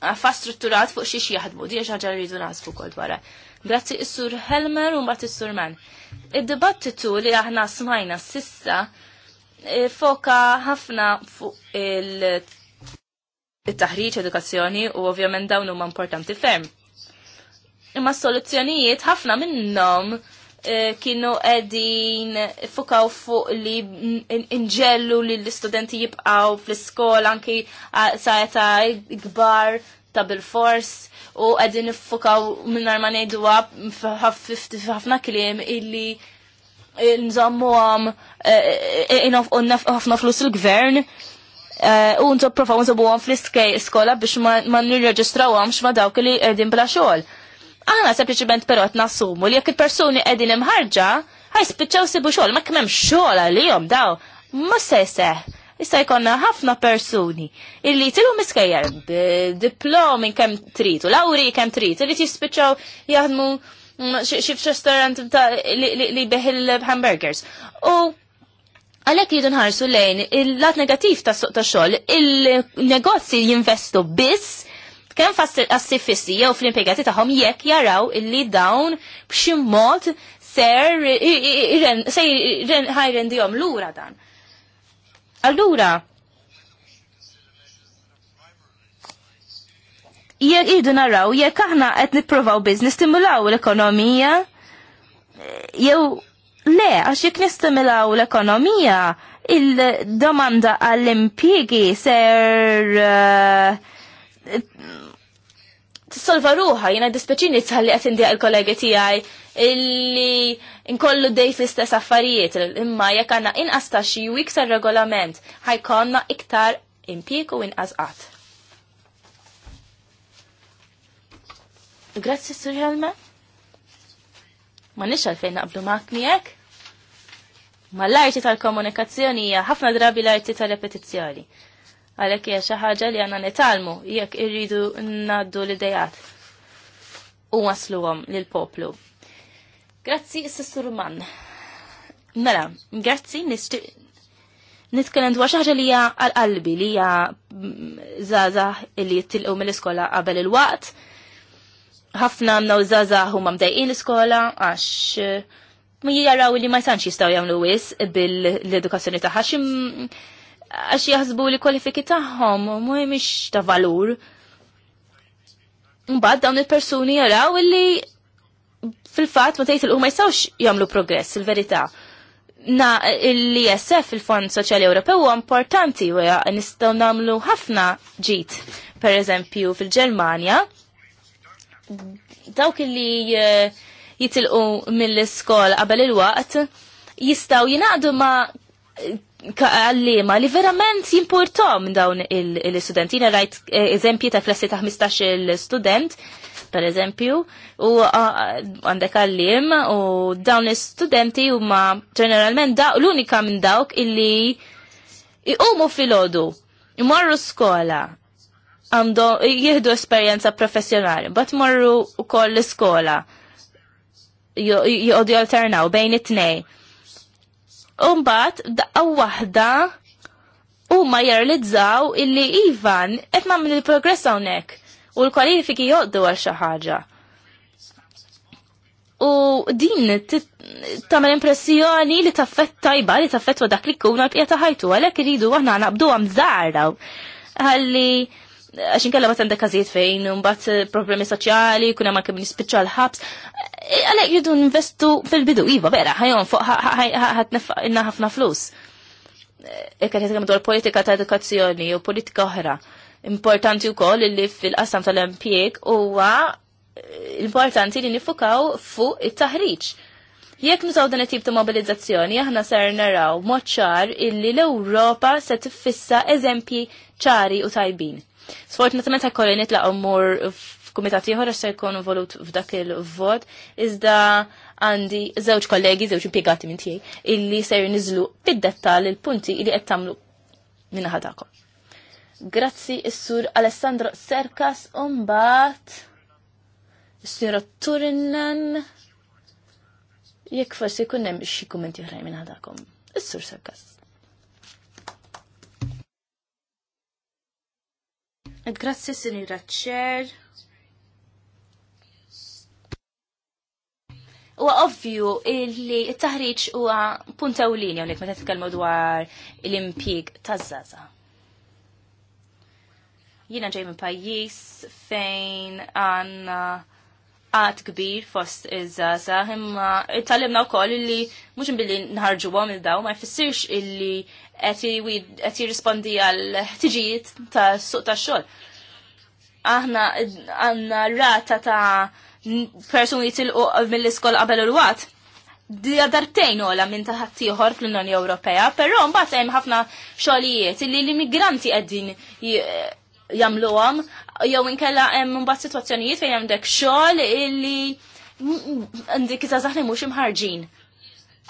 fa' strutturat fuq xiex jaħdmu, di xaħġa rridu nasfu kol dwarra. Grazzi is-sur Helmer u mbagħad is-sur Man. Id-dibattitu li aħna smajna sissa e, foka ħafna fuq il-taħriġ edukazzjoni u ovvjament dawn huma importanti ferm. Imma soluzzjonijiet ħafna minnhom e, kienu qegħdin fukaw fuq li inġellu li l-istudenti jibqgħu fl-iskola anki saħeta gbar ta' bil-fors u għedin nifukaw minnar ma' nejdu ħafna kliem illi nżammu għam eh, eh, eh, ħafna flus il-gvern u nżob profaw nżobu għam fl-iskej skola biex ma' nirreġistraw għamx ma' dawk li għedin bla xol. Aħna sempliciment pero għet nassumu li jekk il-personi għedin imħarġa ħaj spiċċaw sibu xol, ma' kmem xol għalijom daw, ma' se seħ Issa jkonna ħafna persuni illi tilu miskajjar diplomi kem tritu, lauri kem tritu, li tispiċaw jaħdmu xif restaurant li beħil hamburgers. U għalek jidu nħarsu lejn il-lat negativ ta' suq ta' xol, il negozzi jinvestu biss kem fast sifissi jew fl-impiegati tagħhom jekk jaraw illi dawn b'xi mod ser ħajren lura dan. Allura, jek idu naraw, jekk aħna qed nippruvaw biz nistimulaw l-ekonomija, jew le, għax jekk nistimulaw l-ekonomija, il-domanda għall-impjiegi ser uh, tissolva ruħa, jena dispeċini tħalli għat indiqa il-kollegi tijaj illi nkollu dej fl-istess affarijiet, imma jek għanna inqas ta' xi u iktar regolament, ħajkonna iktar impieku u inqas qatt. Grazzi, Sur Helma. Ma nix għalfejn naqblu mak miegħek. Ma l-arti tal-komunikazzjoni hija ħafna drabi l-arti tal-repetizzjoni. tal tal repetizzjoni għalhekk hija xi ħaġa li għandna nitalmu jekk irridu ngħaddu l-idejat u wasluhom lill-poplu. Grazzi Sissur Man. Mela, grazzi nixtieq nitkellem dwar xi ħaġa li hija għall-qalbi li hija żgħażagħ mm, li jittilqu mill-iskola qabel il-waqt. Ħafna mnaw żaża huma mdejqin l-iskola għax ma mm, jaraw li ma jsanx jistgħu jagħmlu wis bil-edukazzjoni tagħha mm, għax jaħsbu li kwalifiki tagħhom mhumiex ta' valur. Mbagħad dawn il-persuni jaraw illi fil-fatt ma il ma jistgħux jagħmlu progress il-verità. Na l-ISF il-Fond Soċjali Ewropew huwa importanti u nistgħu nagħmlu ħafna ġid. Per eżempju fil-Ġermanja dawk illi eh, jitilqu mill iskol qabel il-waqt jistgħu jinaqdu ma' eh, għallima li verament jimportom dawn il-studenti. Jina rajt eh, eżempji ta' klassi ta' 15 il-student, per eżempju, u għandek għallim u dawn il-studenti u ma ġeneralment l-unika minn dawk illi iqumu fil-ħodu, jmorru skola, jihdu esperienza professjonali, bat morru u koll skola, jgħodu alternaw bejn it-tnej Umbat, daqqa wahda, u ma jirrealizzaw illi Ivan qed nagħmel il-progress hawnhekk u l-kwalifiki joqdu għal xi ħaġa. U din tagħmel impressjoni li taffett tajba li u dak li kuna l-pjata ħajtu għalhekk iridu aħna għanabdu għam żgħaraw. għalli għax inkella bat għandek każijiet fejn, bat problemi soċjali, kuna ma kemm spiċal l-ħabs, għalek jidu investu fil-bidu, iva, vera, ħajon, ħatnefqinna ħafna flus. Eh, Ekkat jitkem dwar politika ta' edukazzjoni u politika oħra. Importanti u koll li fil-qasam tal-impjeg huwa eh, importanti li nifukaw fuq it-taħriġ. Jekk nużaw dan it-tip ta' mobilizzazzjoni, aħna ser naraw moċċar illi l-Ewropa se tfissa eżempji ċari u tajbin. Sfortunatament ħakkolli nitlaq mmur f'kumitat ieħor se jkun volut f'dak il-vot, iżda għandi żewġ kollegi, żewġ impjegati minn tiegħi, illi ser niżlu fid-dettall il-punti illi qed tagħmlu minn ħadakom. Grazzi is-sur Alessandro Serkas umbat is sur Turinan. Jekk forsi jkun hemm xi kummenti oħrajn minn ħadakom. Is-sur Serkas. Grazzi, signora Cher. huwa ovvju li t-taħriġ huwa linja unik hawnhekk meta titkellmu dwar l-impjieg taż-żaza. Jiena ġej minn pajjiż fejn għandna għad kbir fost iż-żaza, imma u wkoll li mhux billi għom il daw ma jfissirx illi qed jirrispondi għal ħtiġijiet tas suq tax-xogħol. Aħna għandna rata ta' persuni jitilqu mill iskol qabel l wat Dija u għala minn taħattijħor fl-Unjoni Ewropea, però mbagħad hemm ħafna xogħlijiet li l-immigranti qegħdin jagħmluhom jew inkella hemm mbagħad sitwazzjonijiet fejn hemm dek xogħol illi dik iżgħażagħ zaħni mhux imħarġin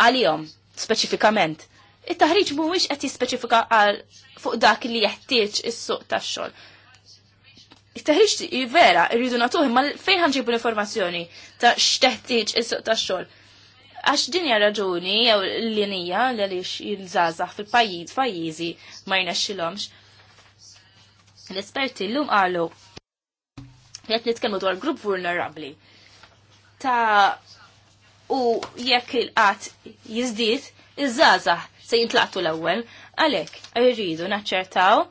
għalihom speċifikament. It-taħriġ mhuwiex qed jispeċifika għal fuq dak li jeħtieġ is-suq tax-xogħol. Teħiġ vera, rridu natuħ, ma fejn ħanġibu l-informazzjoni ta' xteħtieġ is-suq ta' xogħol. Għax din hija raġuni jew l-linija l-għalix għaliex żazax fil-pajjiż pajjiżi ma jnexxilhomx. L-esperti llum qalu qed nitkellmu dwar grupp vulnerabbli. Ta' u jekk il-qatt jiżdied, iż-żazax se jintlaqtu l-ewwel, għalhekk irridu naċċertaw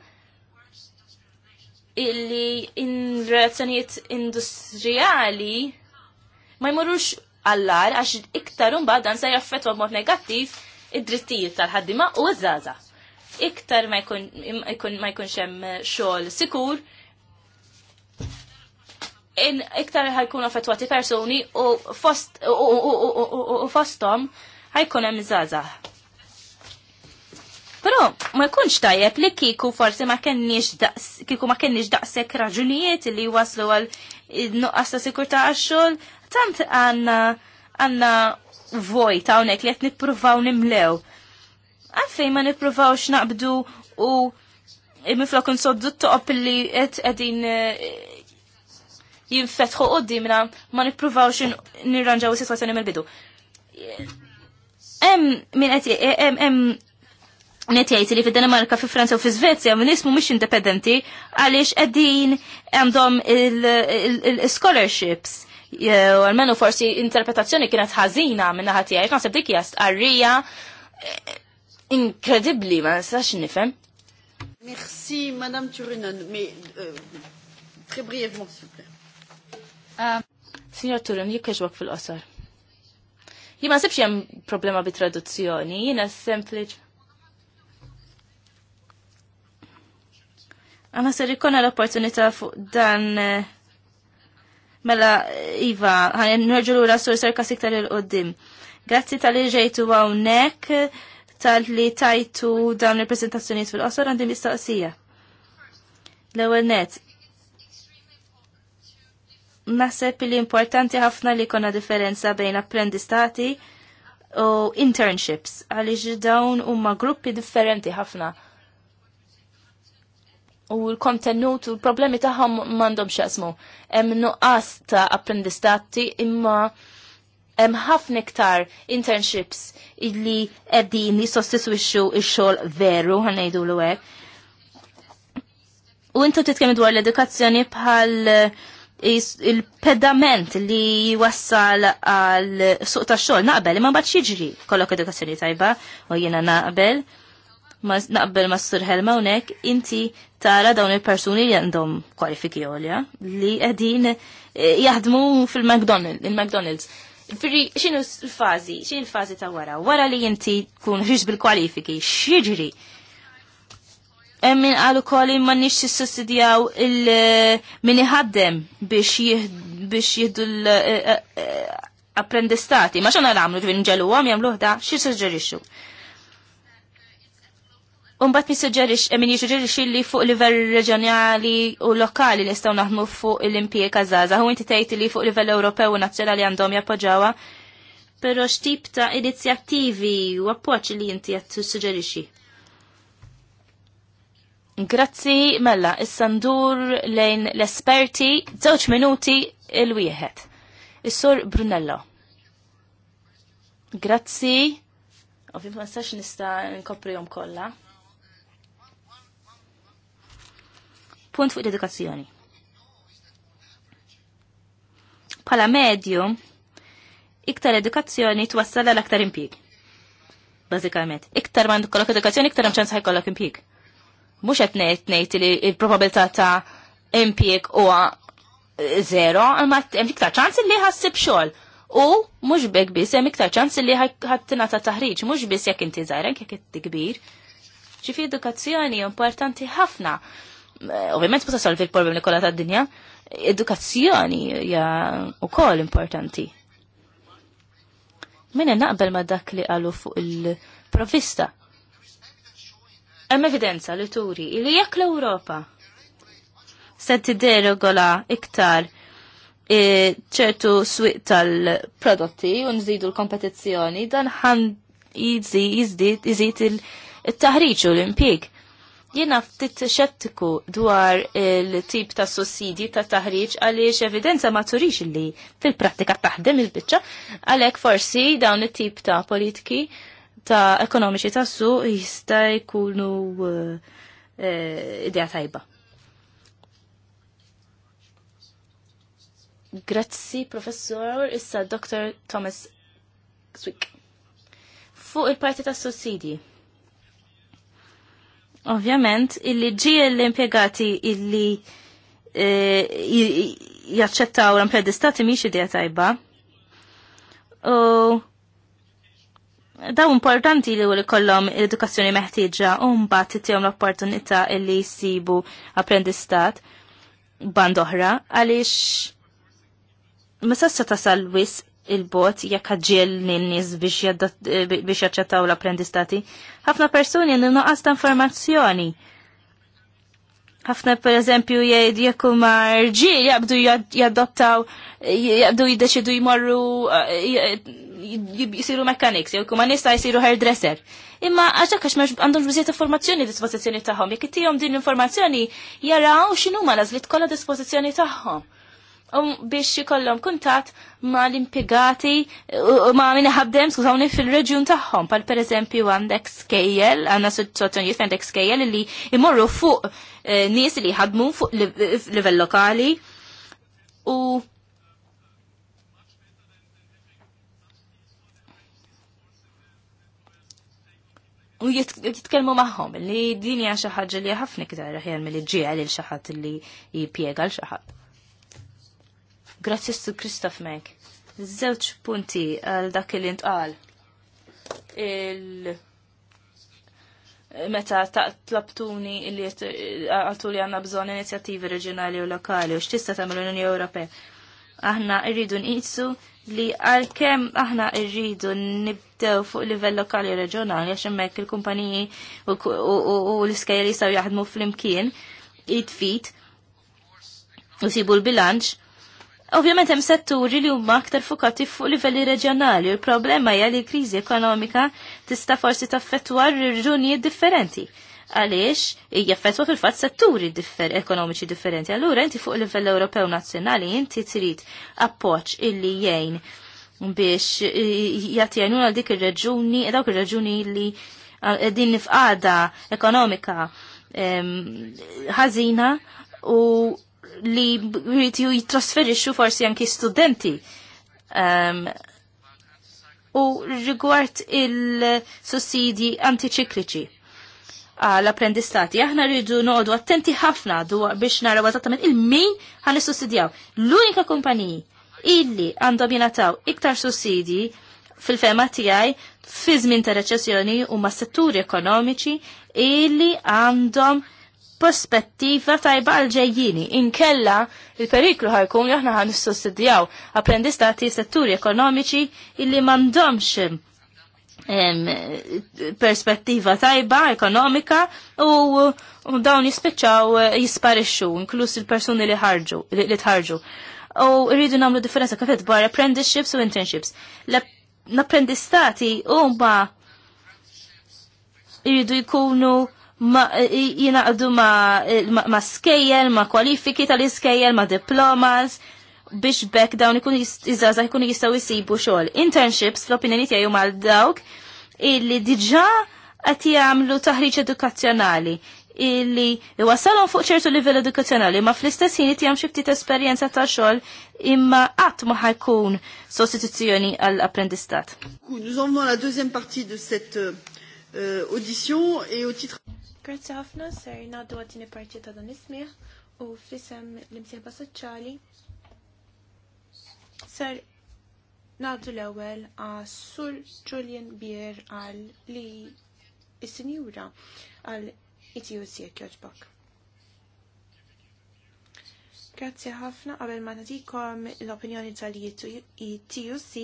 illi in relazzjonijiet industrijali ma jmurrux għallar għax iktar imbagħad dan se jaffettwa b'mod negattiv id-drittijiet tal-ħaddima u ż-żaża. Iktar ma jkunx hemm xogħol sikur, in iktar ħajkun affettwati persuni u fost u fosthom ħajkun hemm żgħażagħ. Però ma jkunx tajjeb li kiku forsi ma kenniex daqs, kiku ma kenniex daqsek raġunijiet li waslu għal nuqqas ta' sikurta għaxxol, tant għanna għanna voj ta' unek li għet nipruvaw nimlew. Għalfej ma nipruvawx naqbdu u miflok nsoddu t-toqob li għet għedin eh, jinfetħu qoddimna ma nipruvawx nirranġaw situazzjoni mill-bidu. Em, min għet, em, em, netjajti li fil-Danimarka, fi Franza u fi Svezja ismu mish independenti għaliex għeddin għandhom il-scholarships. U għalmenu forsi interpretazzjoni kienet ħazina minna ħatija, jek dik jast għarrija eh, inkredibli, ma nistax nifem. Merci, Madame Turinan, mais euh, très brièvement, s'il vous plaît. Euh, Signor Turin, jek keġwak fil qasar Jima sibx jem problema bi traduzzjoni, jina sempliċ Għana ser ikona l-opportunità fuq dan eh, mela Iva, għan nħarġu l sur serkas iktar il-qoddim. Grazzi tal-li ġejtu għawnek, tal-li tajtu dawn il-prezentazzjoniet fil-qosor għandim istaqsija. L-ewel net, naħseb li importanti ħafna li konna differenza bejn apprendistati u internships, għaliex dawn huma gruppi differenti ħafna u l-kontenut u l-problemi taħħom mandom xasmu. Hemm nuqqas ta' apprendistati imma hemm ħafna iktar internships illi qegħdin jissostitwixxu x-xogħol veru ħanejdu l hekk. U intu titkellmu dwar l-edukazzjoni bħal eh, il-pedament li wassal għal suq tax xogħol naqbel imma mbagħad xiġri kollok edukazzjoni tajba u jiena naqbel naqbel ma s-sur unek, inti tara dawn il-personi li għandhom kwalifiki għolja, li għedin e, jaħdmu fil-McDonald's, il-McDonald's. Firri, xinu l-fazi, xinu l-fazi ta' wara? Wara li inti kun ħiġ bil-kwalifiki, xieġri? Emmin għalu koli ma nix sussidjaw il e, ħaddem biex jihdu l-apprendistati. E, ma xana l-għamlu ġvin ġalu għam jamluħda, xie s-sġerixu? Umbat mi suġġerix, eh, min jisuġġerix li fuq livell reġjonali u lokali li staw naħmu fuq l impie kazaza. Hu inti tgħid li fuq livell Ewropew u nazzjonali għandhom jappoġġawha. Però x'tip ta' inizjattivi u appoġġ li inti qed tissuġġerixxi? Grazzi, mella, issa sandur lejn l-esperti, żewġ minuti il-wieħed. Is-sur Brunello. Grazzi. Ovvijament ma nistax nista' nkopri kollha. Punt fuq l-edukazzjoni. Pala medium, iktar edukazzjoni twassal għal aktar impieg. Bażikament, iktar mandu kollok edukazzjoni, iktar hemm ċans kollok impieg. Mhux qed ngħid ngħid li l-probabilità ta' impieg huwa eh, zero, imma hemm iktar ċans li ħassib xogħol. U mhux bek biss hemm iktar ċans li ta' taħriġ, mhux biss jek inti żgħir, jekk inti kbir. Ġifi edukazzjoni importanti ħafna ovvjament ma solvi l-problemi kollha tad-dinja, edukazzjoni hija wkoll importanti. Minna naqbel ma dak li qalu fuq il-provista. Hemm evidenza li turi li jekk l-Ewropa se tidderegola iktar e, ċertu swieq tal-prodotti u nżidu l-kompetizzjoni dan ħan jiżid il-taħriġ u l-impjeg Jiena ftit xettiku dwar il-tip ta' sussidji ta' taħriġ għaliex evidenza ma turix li fil-prattika taħdem il-biċċa, għalhekk forsi dawn it-tip ta' politiki ta' ekonomiċi tassu jista' jkunu eh, eh, idea tajba. Grazzi, professor, issa Dr. Thomas Swick. Fuq il-parti ta' sussidji Ovvjament, illi ġi l-impiegati illi eh, jaċċettaw l-impedistati miex idea tajba. U daw importanti li li kollom edukazzjoni meħtieġa u mbagħad titjom l-opportunità li jsibu apprendistat band oħra għaliex ma sassa tasal wis il-bot jekk ħaġġiel lin-nies eh, biex jaċċettaw l-apprendistati. Ħafna persuni għandhom noqas ta' informazzjoni. Ħafna per eżempju jgħid jekk huma rġiel jabdu jadottaw jabdu jiddeċidu jmorru eh, jisiru mechanics, jew kuma nista jisiru hairdresser. Imma għaxak għax maġ għandhom bżiet informazzjoni dispożizzjoni tagħhom, jekk ittihom din l-informazzjoni jaraw x'inhuma lażlit kollha dispożizzjoni tagħhom Um, biex jikollom kuntat ma l-impigati uh, ma min ħabdem skużawni fil-reġjun tagħhom pal pereżempju għandek skejjel għandna sitwazzjonijiet għandek skejjel li imorru fuq eh, nies li jħadmu fuq livell lokali u u jitkelmu maħħom li dini għaxa ħagġa li ħafna ktar ħjar mill-ġiel il-xaħat li jipiega l-xaħat. Grazzi Stu Kristof Mek. Żewġ punti għal dak li ntqal. Il meta tlabtuni li għaltu li għanna bżon inizjattivi reġjonali u lokali u x'tista' tagħmel l-Unjoni Ewropea. Aħna rridu nqisu li għal aħna rridu nibdew fuq livell lokali u reġjonali għax hemmhekk il-kumpaniji u l-iskajja jistgħu jaħdmu flimkien it jitfit u sibu l-bilanċ Ovvjament hemm setturi li huma aktar fukati fuq livelli reġjonali u l-problema hija li l-kriżi ekonomika tista' forsi taffettwar raġunijiet differenti. Għaliex jaffettwa fil-fatt setturi differ ekonomiċi differenti. Allura inti fuq livell Ewropew nazzjonali inti trid appoġġ illi jgħin biex għal dik ir-reġuni, dawk ir-reġuni li din nifqada ekonomika ħażina u li jridu jitrasferixxu forsi anki studenti. Um, u rigward il-sussidi antiċikliċi għal apprendistati. Aħna rridu noqdu attenti ħafna biex naraw eżattament il-min ħan nissussidjaw. L-unika kumpaniji illi għandhom jenataw iktar sussidi fil-fema tijaj fi żmien ta' reċessjoni u ma' setturi ekonomiċi illi għandhom prospettiva tajba għal-ġejjini. Inkella il-periklu ħajkun joħna ħan nissostidjaw apprendistati setturi ekonomiċi illi mandomx perspettiva tajba ekonomika u dawn jispiċċaw jisparixxu, inkluż il-persuni li ħarġu, li tħarġu. U rridu namlu differenza kafet bar apprenticeships u internships. L-apprendistati huma jridu jkunu ma jinaqdu ma, ma, ma skejjel, ma kwalifiki tal-iskejjel, ma diplomas, biex bekk dawn ikun jizzaza ikun jistaw jisibu xogħol. Internships fl-opinjoni u mal dawk illi diġà qed jagħmlu taħriġ edukazzjonali illi wasalhom fuq ċertu livell edukazzjonali ma fl-istess ħin jitjam xi ftit esperjenza ta' xogħol imma qatt ma ħajkun sostituzzjoni għall apprendistat Nous en la deuxième partie de cette euh, audition et au titre Grazzi ħafna ser naddu għatini parti ta' dan ismiħ u f'isem l-imsieħba soċjali ser naddu l-ewel għas Sur Julian Bier għal li is senjura għal ITU Sieq Joġbak. Grazzi ħafna qabel ma nagħtikom l-opinjoni tal TUC.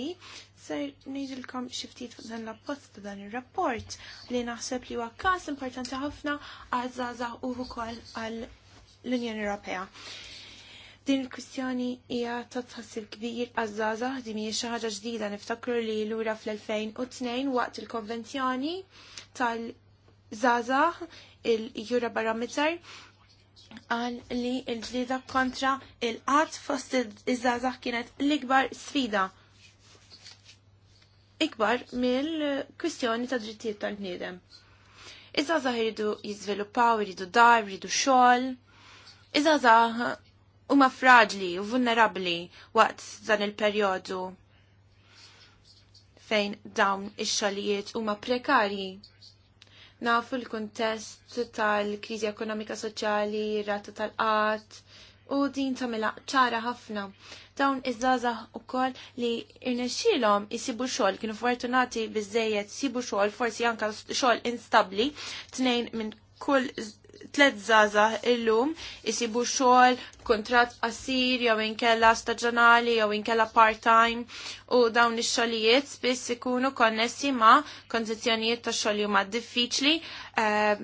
ser ngħidilkom xi ftit fuq dan l post ta' dan ir-rapport li naħseb li huwa każ importanti ħafna għal żgħażagħ u wkoll għal l-Unjoni Ewropea. Din il-kwistjoni hija ta' tħassib kbir għaż di din hija xi ħaġa ġdida niftakru li lura fl-2002 waqt il-konvenzjoni tal zaza il-Jura Barometer għal li il-ġlida kontra il-qat fost iż-żazax kienet l-ikbar sfida. Ikbar mill-kwistjoni ta' drittijiet tal-bniedem. Iż-żazax jridu jizviluppaw, iridu dar, iridu xogħol. Iż-żazax huma fraġli u vulnerabbli waqt dan il-perjodu fejn dawn ix-xogħlijiet huma prekarji nafu l-kontest tal-krizi ekonomika soċjali, rata tal-qat, u din tamela ċara ħafna. Dawn iż-żaza u koll li irnexxilhom isibu xogħol kienu fortunati biżejjed sibu xogħol forsi anka xogħol instabli tnejn minn kull tlet zaza illum isibu xogħol kontrat qasir jew inkella staġjonali jew inkella part-time u dawn ix-xogħlijiet spiss ikunu konnessi ma' kondizzjonijiet ta' xogħol huma diffiċli ehm,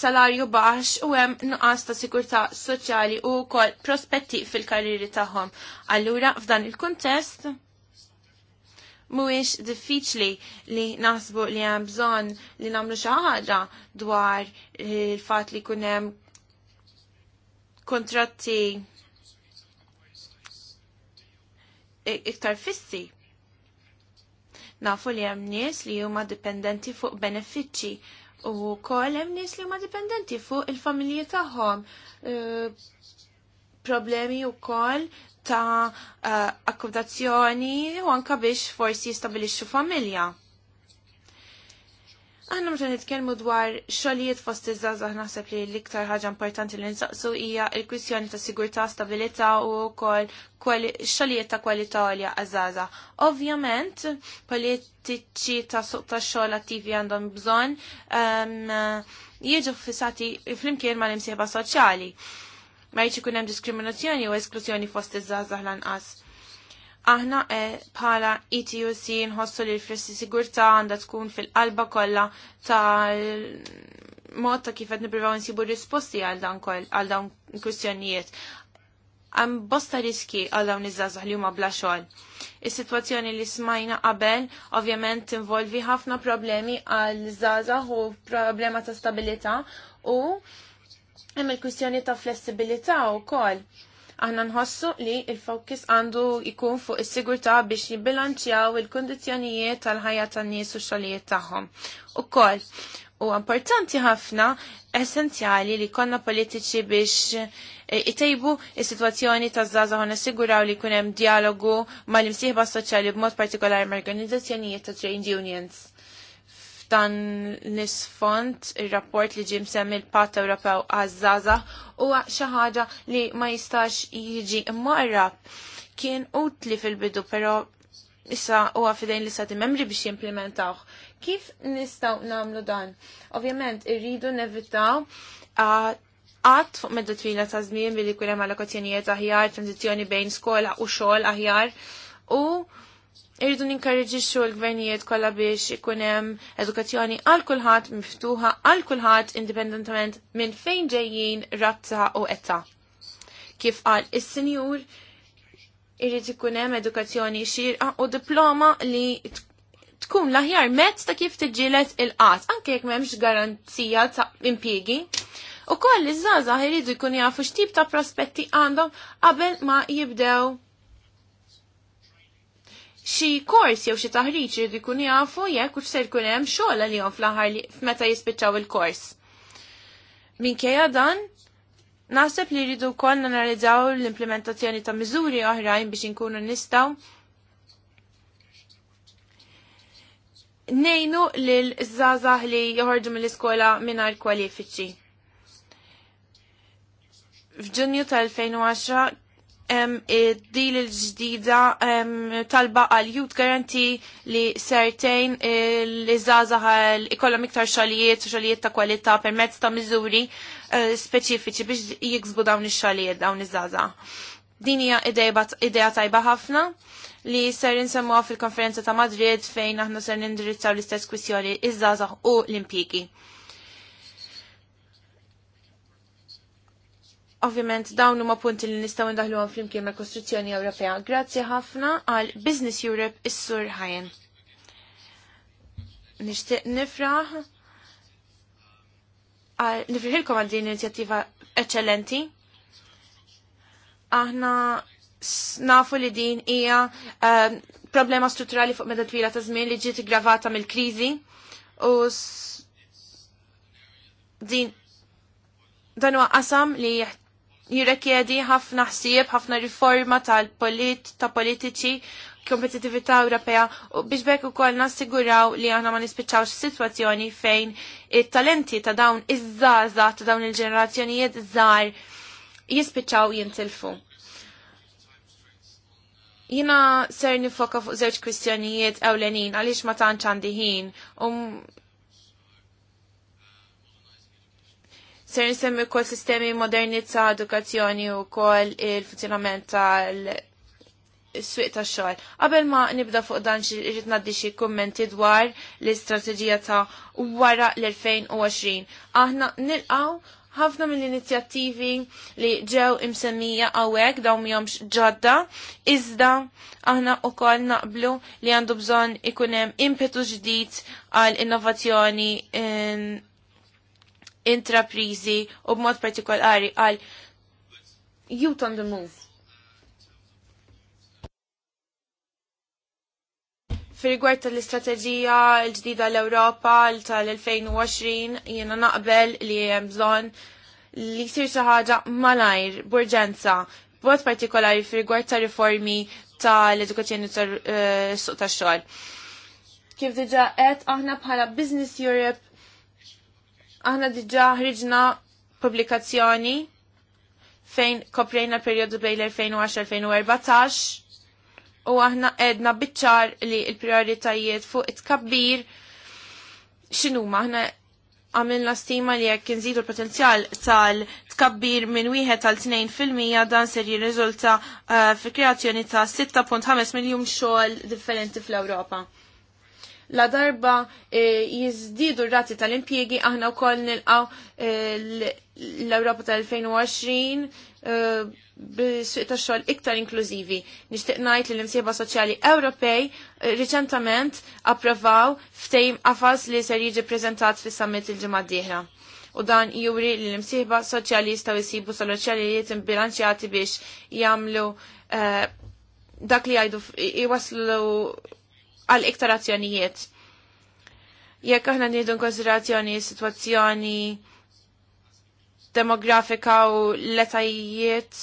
salarju baxx u hemm nuqqas ta' sigurtà soċjali u wkoll prospetti fil-karriri tagħhom. Allura f'dan il-kuntest Mhuwiex diffiċli li naħsbu li hemm bżonn li nagħmlu xi ħaġa dwar il-fatt li jkun hemm kontratti iktar fissi. Nafu li hemm nies li huma dipendenti fuq benefiċċji u wkoll hemm nies li huma dipendenti fuq il-familji tagħhom. Eh, problemi u koll ta' uh, akkomodazzjoni u anka biex forsi jistabilixxu familja. Aħna meta nitkellmu dwar xogħlijiet fost iż-żgħażagħ naħseb li l-iktar ħaġa importanti li nsaqsu hija l-kwistjoni ta' sigurtà, stabilità u wkoll xogħlijiet ta' kwalità għaż għażaża. Ovvjament, politiċi ta' suq tax-xogħol attivi għandhom bżonn um, ehm, jieġu fissati flimkien mal l-imsieħba soċjali ma jiex ikun hemm diskriminazzjoni u esklużjoni fost iż-żgħażagħ lanqas. Aħna eh, bħala ETUC nħossu li l-frissi sigurtà għandha tkun fil-qalba kollha tal-mod ta' kif qed nippruvaw nsibu risposti għal dan koll għal dawn kwistjonijiet għam bosta riski għal dawn iż-żazah li huma bla xogħol. Is-sitwazzjoni li smajna qabel ovvjament involvi ħafna problemi għal żazah u problema ta' stabilità u Hemm il-kwistjoni ta' flessibilità wkoll. Aħna nħossu li il-fokus għandu jkun fuq is-sigurtà biex jibbilanċjaw il-kundizzjonijiet tal-ħajja tan-nies u xogħlijiet tagħhom. Ukoll u importanti ħafna essenzjali li konna politiċi biex eh, itejbu is situazzjoni ta' zaza għon assiguraw li kunem dialogu ma' l-imsieħba soċjali b'mod partikolari ma' organizzazzjonijiet ta' trade unions f'dan l-isfont il-rapport li ġim sem il pat Ewropew għazzaza u xi ħaġa li ma jistax jiġi marra kien utli fil-bidu però issa huwa fidejn li stati membri biex jimplementawh. Kif nistaw namlu dan? Ovvjament irridu nevitaw għat fuq meddu twila ta' żmien billi kien għal allokazzjonijiet aħjar, tranzizzjoni bejn skola u xogħol aħjar u Irridu ninkarreġixxu l-gvernijiet kollha biex ikun hemm edukazzjoni għal kulħadd miftuħa għal kulħadd indipendentament minn fejn ġejjin razza u età. Kif qal is-senjur, irrid ikun hemm edukazzjoni xirqa u diploma li tkun l-aħjar mezz ta' kif tiġilet il-qat, anke jekk m'hemmx garanzija ta' impjiegi. U koll iż-żgħażagħ iridu jkun jafu x'tip ta' prospetti għandhom qabel ma jibdew xi kors jew xi taħriġ irid ikun jafu jekk u se jkun hemm xogħol għalihom fl-aħħar meta jispiċċaw il-kors. Minkejja dan, naħseb li jridu wkoll nanalizzaw l-implementazzjoni ta' miżuri oħrajn biex inkunu nistgħu nejnu lil żgħażagħ li joħorġu mill-iskola mingħajr kwalifiċi. F'Ġunju tal-2010 id-dil e, il-ġdida talba għal youth guarantee li sertejn l-izzazaħ l-ikollom iktar xalijiet, xalijiet ta' kwalità permezz ta' miżuri e, speċifiċi biex jiksbu dawn ix-xalijiet dawn iż-żazaħ. Din hija idea tajba ħafna li ser insemmuha fil-konferenza ta' Madrid fejn aħna ser nindirizzaw l-istess kwissjoni iż-żazaħ u l impjiki Ovvjament dawn huma punti li nistgħu ndaħluhom flimkien mal Kostruzzjoni Ewropea. Grazzi ħafna għal Business Europe is-Sur Ħajen. Nixtieq nifraħ għal nifriħilkom għal din inizjattiva eċċellenti. Aħna nafu li din hija ehm, problema strutturali fuq meta twila ta' żmien li ġiet gravata mill-kriżi u din dan huwa qasam li jeħtieġ jirrekjedi ħafna ħsieb, ħafna riforma tal-polit, ta' politiċi, kompetitività Ewropea u biex bekk ukoll nassiguraw li aħna ma nispiċċawx sitwazzjoni fejn it-talenti ta' dawn iż-żaża ta' dawn il-ġenerazzjonijiet żgħar jispiċċaw jintilfu. Jina ser nifoka fuq żewġ kwistjonijiet ewlenin għaliex ma tantx għandi ħin u um ser nsemmi kol sistemi moderni ta' edukazzjoni u kol il-funzjonament tal s-suq ta' xogħol. Qabel ma nibda fuq dan xirrit ngħaddi xi kommenti dwar l-istrateġija ta' wara l-2020. Aħna nilqgħu ħafna mill-inizjattivi li ġew imsemmija għawek daw miħomx ġodda, iżda aħna u kol naqblu li għandu bżon ikunem impetu ġdid għal innovazzjoni in intraprizi u b'mod partikolari għal youth on the move. Fil-rigward tal-istrateġija l-ġdida l-Ewropa tal-2020 jiena naqbel li hemm bżonn li jsir xi ħaġa malajr b'urġenza b'mod partikolari fil-rigward ta' riformi tal-edukazzjoni tal eh, suq tax-xogħol. Kif diġa qed aħna bħala Business Europe Aħna diġa ħriġna publikazzjoni fejn koprejna periodu bejn 2010-2014 u aħna edna bitċar li il-prioritajiet fuq it-kabbir xinu maħna għamilna stima li jekk nżidu l-potenzjal tal-tkabbir minn wieħed tal fil-mija dan ser jirriżulta uh, fi kreazzjoni ta' 6.5 miljun xogħol differenti fl-Ewropa la darba eh, jizdidu r-rati tal-impjiegi aħna wkoll nilqaw eh, l-Ewropa tal-2020 eh, b'suq ta' xogħol iktar inklużivi. Nixtieq ngħid li l-imsieba soċjali Ewropej riċentament approvaw ftejm qafas li ser jiġi preżentat fis-summit il-ġimgħa d-dieħla u dan juri li l imsieba soċjali jistaw jisibu soluzzjonijiet imbilanċjati biex jamlu dak li jgħidu jwaslu għal iktar azzjonijiet. Jekk aħna nieħdu konsiderazzjoni situazzjoni demografika u letajiet,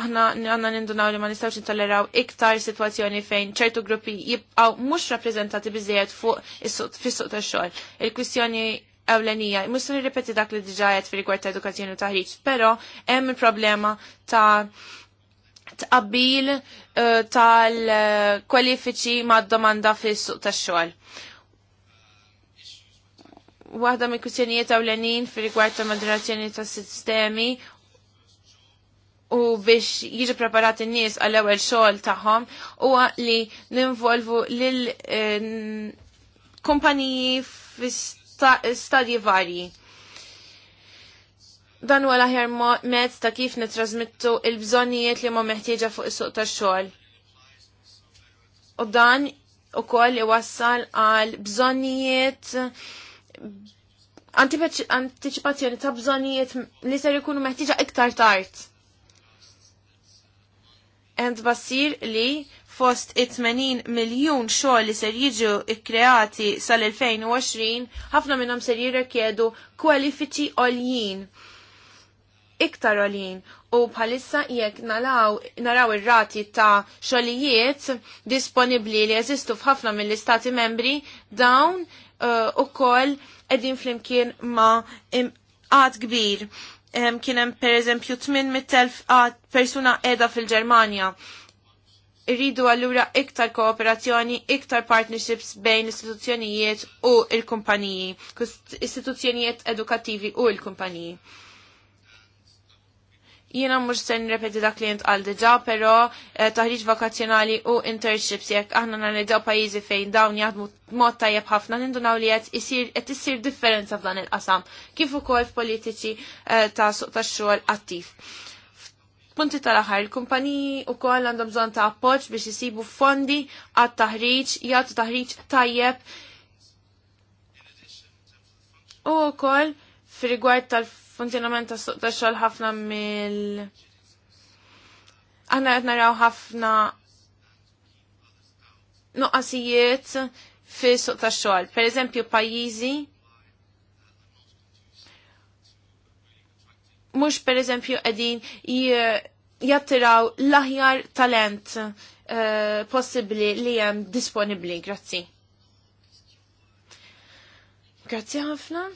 aħna għanna nindunaw li ma nistawx intoleraw iktar situazzjoni fejn ċertu gruppi jibqaw mux rappresentati bizziet fuq fis-suq tax-xogħol. Il-kwistjoni ewlenija, mux se ripeti dak li diġajet fi rigward ta' edukazzjoni u taħriġ, pero hemm il-problema ta' qabil eh, tal-kwalifiċi ma' domanda fis-suq tax-xogħol. Waħda mill kwistjonijiet ewlenin fi rigward ta' moderazzjoni tas sistemi u biex jiġu preparati n-nies għall ewwel xogħol tagħhom huwa li ninvolvu lil eh, kumpaniji fi stadji varji dan huwa l-aħjar mezz ta' kif nitrasmittu il-bżonnijiet li huma meħtieġa fuq is-suq tax-xogħol. U dan ukoll iwassal għal bżonnijiet antiċipazzjoni ta' bżonnijiet li ser ikunu meħtieġa iktar tard. Ent bassir li fost 80 miljun xogħol li ser jiġu ikkreati sal-2020, ħafna minnhom ser jirrikjedu kwalifiċi għoljin iktar għalin u bħalissa jekk naraw ir-rati ta' xogħlijiet disponibbli li jeżistu f'ħafna mill-istati membri dawn eh, ukoll qegħdin flimkien ma' għad kbir kien hemm pereżempju 800,000 persuna qiegħda fil-Ġermanja. Irridu allura iktar kooperazzjoni, iktar partnerships bejn l-istituzzjonijiet u l-kumpaniji, istituzzjonijiet edukattivi u l-kumpaniji. Jiena mhux se nirrepeti dak li għal diġà, però eh, taħriġ vakazzjonali u internships jekk aħna nanidaw pajjiżi fejn dawn jaħdmu mod tajjeb ħafna nindunaw li qed isir qed issir differenza f'dan il-qasam kif ukoll f'politiċi eh, ta' suq tax-xogħol attiv punti tal-aħħar, il-kumpaniji u koll għandhom bżon ta' appoġġ biex jisibu fondi għat taħriġ jgħatu taħriġ tajjeb. U koll fil-rigward tal funzjonament ta' xogħol ħafna mill aħna qed naraw ħafna nuqqasijiet fi suq ta' xogħol. Per eżempju, pajjiżi mhux per eżempju qegħdin jattiraw l-aħjar talent uh, possibbli li hemm disponibbli. Grazzi. Grazzi ħafna.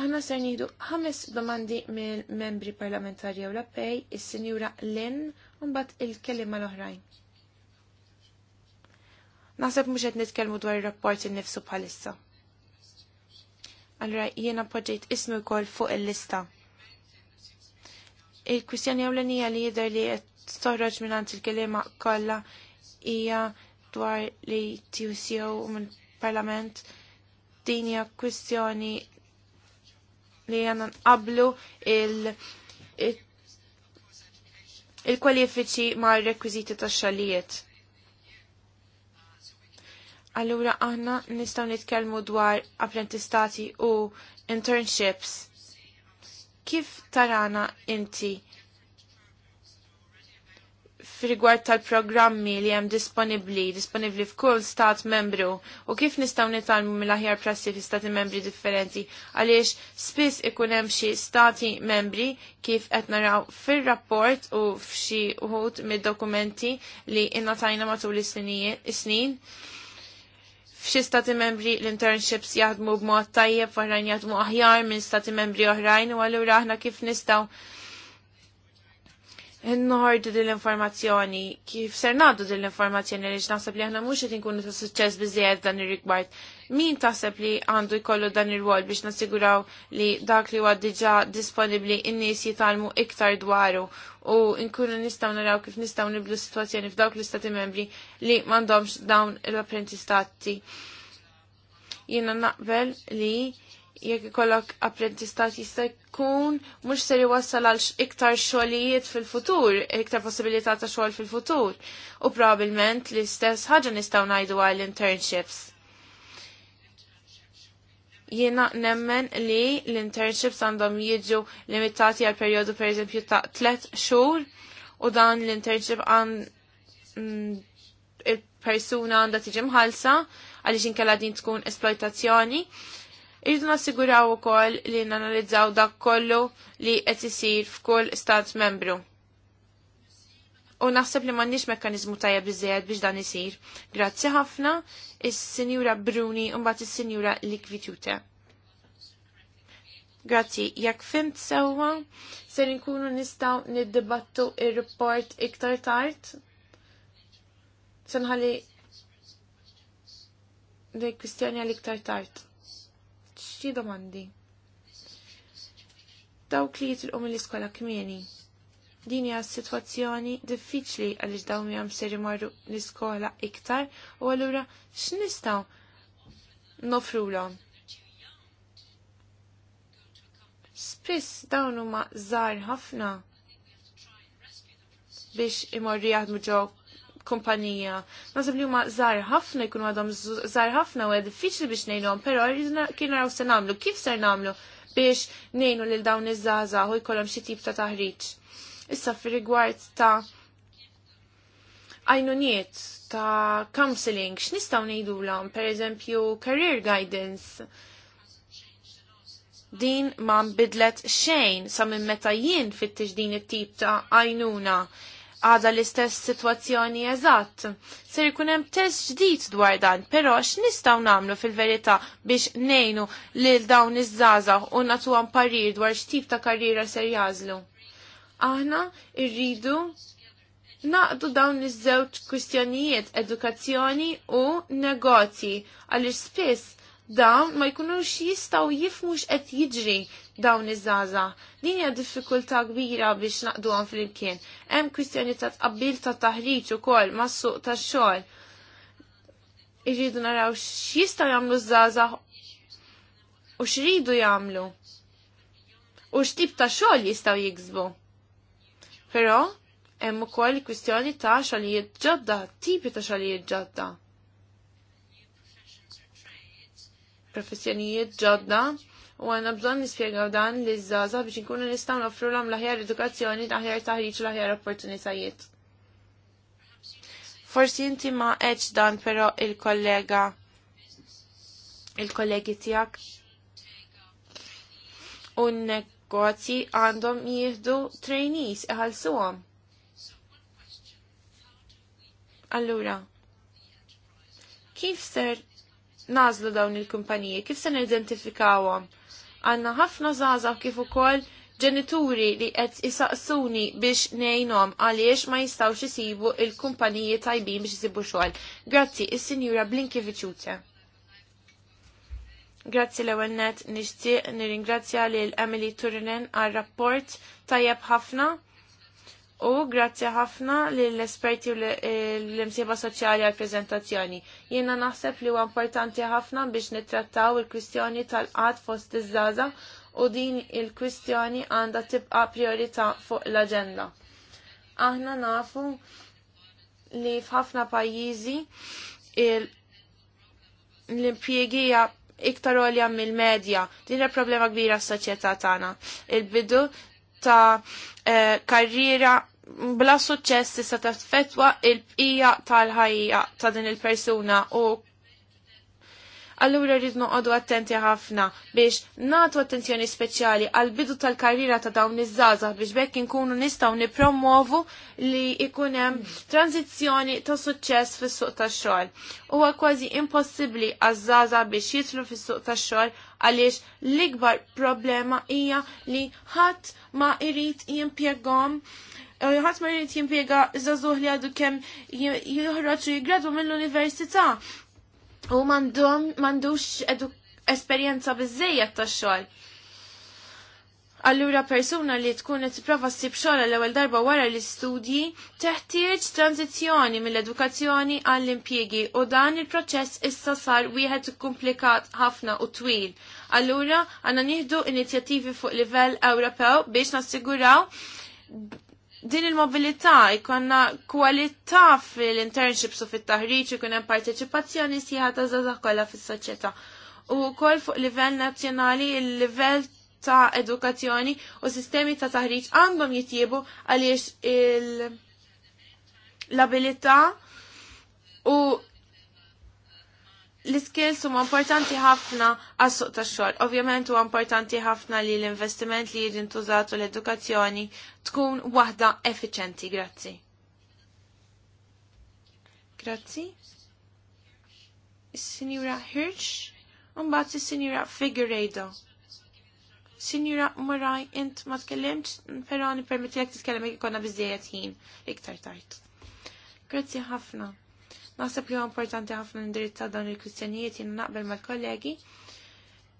Aħna ser nidu ħames domandi mill membri parlamentari Ewropej, is-Sinjura Lin, mbagħad il-kelima l-oħrajn. Naħseb mhux qed nitkellmu dwar ir-rapport innifsu bħalissa. Allura jien poġġejt ismu wkoll fuq il-lista. Il-kwistjoni ewlenija li jidher li qed toħroġ mingħand il-kelima kollha hija dwar li TUCO mill-Parlament din hija kwistjoni li għanna nqablu il- il-kwalifiċi il ma' rekwiziti ta' xalijiet. Allura aħna nistaw nitkellmu dwar apprentistati u internships. Kif tarana inti f'rigward tal-programmi li hemm disponibbli, disponibbli f'kull stat membru u kif nistgħu nitalmu mill-aħjar prassi fi stati membri differenti għaliex spiss ikun hemm xi stati membri kif qed naraw fir-rapport u f'xi uħud mid-dokumenti li innatajna matul is-snin. F'xi stati membri l-internships jaħdmu b'mod tajjeb, oħrajn jaħdmu aħjar minn stati membri oħrajn u allura aħna kif nistgħu Nħordu din l-informazzjoni, kif ser naddu din l-informazzjoni li naħseb li aħna mhux qed inkunu ta' suċċess bizzijed dan ir-rigward. Min taħseb li għandu jkollu dan ir wol biex nassiguraw li dak li huwa diġà disponibbli in-nies jitalmu iktar dwaru u nkunu nistgħu naraw kif nistgħu niblu sitwazzjoni f'dawk l-istati membri li m'għandhomx dawn l-apprentistati. Jiena naqbel li jekk ikollok apprentistat jista' jkun mhux ser iwassal għal iktar xogħlijiet fil-futur, iktar possibilità ta' xogħol fil-futur. U probabbilment l-istess ħaġa nistgħu ngħidu għal internships. Jiena nemmen li l-internships għandhom jiġu limitati għal perjodu pereżempju ta' tlet xhur u dan l-internship għand mm, il-persuna għandha tiġi mħalsa għaliex inkella din tkun esploitazzjoni Irridu nassiguraw ukoll li nanalizzaw dak kollu li qed isir f'kull stat membru. U naħseb li m'għandniex mekkaniżmu tajjeb biżejjed biex dan isir. Grazzi ħafna is-Sinjura Bruni u mbagħad is-Sinjura Likvitute. Grazzi, Jak fimt sewwa ser inkunu nistgħu niddibattu il report iktar tard. Sanħali dik kwistjoni għal iktar tard xi domandi. Dawk li jitilqu mill-iskola kmieni. Din hija sitwazzjoni diffiċli għaliex dawn jam ser imorru l-iskola iktar u allura x'nistgħu nofrulhom. Spiss dawn huma żgħar ħafna biex imorru jaħdmu ġew kumpanija. Nasib li huma żgħar ħafna jkunu għadhom żgħar ħafna u diffiċli biex ngħidhom, però kien naraw se nagħmlu, kif ser nagħmlu biex ngħinu lil dawn iż-żgħażagħ u jkollhom xi tip ta' taħriġ. Issa fir-rigward ta' għajnuniet ta' counseling, x'nistgħu ngħidulhom, pereżempju career guidance, din ma bidlet xejn sa minn meta jien fit-tix din it-tip ta' għajnuna għada l-istess situazzjoni eżatt. Ser ikun hemm test ġdid dwar dan, però x'nistgħu nagħmlu fil-verità biex nejnu lil dawn iż-żgħażagħ u nagħtuhom parir dwar x'tip ta' karriera ser jażlu. Aħna rridu naqdu dawn iż-żewġ kwistjonijiet edukazzjoni u negozji għaliex spiss dawn ma jkunux jistaw jifmux qed jiġri dawn iż-żaża. Din hija diffikultà kbira biex naqduhom fil imkien Hemm kwistjoni ta' tqabbil ta' taħriġ ukoll mas-suq tax-xogħol. Irridu naraw x'jistgħu jagħmlu żaża u x'ridu jagħmlu. U x'tip ta' xogħol jistgħu jiksbu. Però hemm ukoll kwistjoni ta' xogħlijiet ġodda, tipi ta' xogħlijiet ġodda professjonijiet ġodda u għanna bżon nispiegaw dan li zaza biex nkunu nistaw nofru l l edukazzjoni, l taħriċ, l-ħjar opportunitajiet. Forsi inti ma eċ dan pero il-kollega, il-kollegi tijak u negozji għandhom jihdu trainees iħalsuhom. Allura, kif ser nażlu dawn il-kumpaniji, kif se nidentifikawhom? Għandna ħafna żgħażagħ kif ukoll ġenituri li qed isaqsuni biex ngħinhom għaliex ma jistgħux isibu il-kumpaniji tajbin biex isibu xogħol. Grazzi, is-Sinjura Blinki Viċutja. Grazzi l-ewwel net nixtieq nirringrazzja lil Emily Turinen għar rapport tajjeb ħafna U grazzi ħafna l-esperti u l eh, imsiba soċjali għal prezentazzjoni. Jiena naħseb li huwa importanti ħafna biex nittrattaw il-kwistjoni tal-qad fost iż-żaza u din il-kwistjoni għandha tibqa' priorità fuq l-aġenda. Aħna nafu li f'ħafna pajjiżi l impjegija iktar għolja mill-medja. Din hija problema kbira s-soċjetà tagħna. Il-bidu ta' eh, karriera bla suċċess tista' tfetwa il-bqija tal-ħajja ta' din il-persuna u allura rrid noqogħdu attenti ħafna biex nagħtu attenzjoni speċjali għal bidu tal-karriera ta' dawn iż-żgħażagħ biex bekk inkunu nistgħu nippromovu li jkun hemm tranzizzjoni ta' suċċess fis-suq tax-xogħol. Huwa kważi impossibbli għaż-żgħażagħ biex jidħlu fis-suq tax-xogħol għaliex l-ikbar problema hija li ħadd ma jrid jimpjegom Eh, ħadd ma jrid jimpjega iżda li għadu kemm jħroġ u jigradwa mill-università. U m'għandux esperjenza biżejjed tax-xogħol. Allura persuna li tkun qed tipprova ssib xogħol l-ewwel darba wara l-istudji teħtieġ tranzizzjoni mill-edukazzjoni għall-impjiegi u dan il-proċess issa sar wieħed komplikat ħafna u twil. Allura għandna nieħdu inizjattivi fuq livell Ewropew biex nassiguraw din il-mobilità ikonna kwalità fil-internships u fit-taħriġ ikun hemm parteċipazzjoni sieħa ta' żgħażagħ kollha fis-soċjetà. U wkoll fuq livell nazzjonali il-livell ta' edukazzjoni u sistemi ta' taħriġ għandhom jitjiebu għaliex il- l-abilità u l-skills huma importanti ħafna għas-suq tax-xogħol. Ovvjament huwa importanti ħafna li l-investiment li jiġi ntużat u l-edukazzjoni tkun waħda effiċenti. Grazzi. Grazzi. Is-Sinjura Hirsch u mbagħad is-Sinjura Figueredo. Sinjura Moraj, int ma tkellimx, però nippermettilek tiskellem jekk ikonna biżejjed ħin iktar tard. Grazzi ħafna. Naħseb li huwa importanti ħafna indirizza dawn il-kwistjonijiet jiena naqbel mal-kollegi.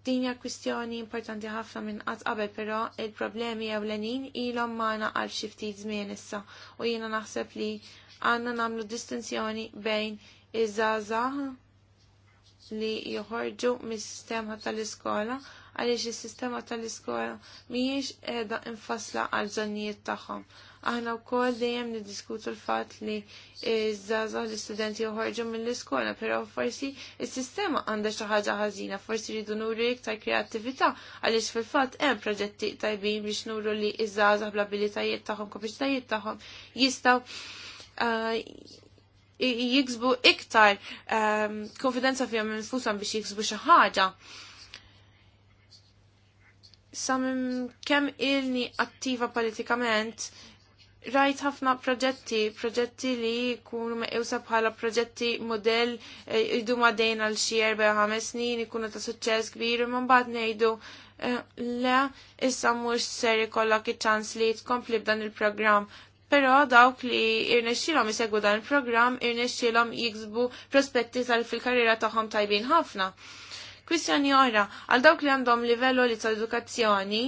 Din hija kwistjoni importanti ħafna minn qatt qabel però il-problemi ewlenin ilhom magħna għal xi ftit żmien issa u jiena naħseb li għandna nagħmlu distinzjoni bejn iż-żgħażagħ li joħorġu mis-sistema tal-iskola għaliex is-sistema tal-iskola mhijiex qiegħda infasla għal żonnijiet tagħhom. Aħna wkoll dejjem niddiskutu l-fatt li żgħażagħ l-istudenti joħorġu mill-iskola, però forsi il sistema għandha xi ħaġa ħażina, forsi rridu nuru iktar kreattività għaliex fil-fatt hemm proġetti tajbin biex nuru li iż-żgħażagħ bl-abilitajiet tagħhom, kapaċitajiet tagħhom jistgħu uh, jiksbu iktar um, konfidenza um, fihom infushom biex jiksbu xi ħaġa sam kem ilni attiva politikament, rajt ħafna proġetti, proġetti li jkunu meqjusa bħala proġetti model eh, jiddu madejn għal xier erba' ħames snin ikunu ta' suċċess kbir ma mbagħad ngħidu eh, le issa mhux ser kolla iċ-ċans li tkompli b'dan il-programm. Però dawk li irnexxilhom isegwu dan il-programm irnexxilhom jiksbu prospetti tal fil-karriera tagħhom tajbin ħafna. Kwistjoni oħra, għal dawk li għandhom livello li ta' edukazzjoni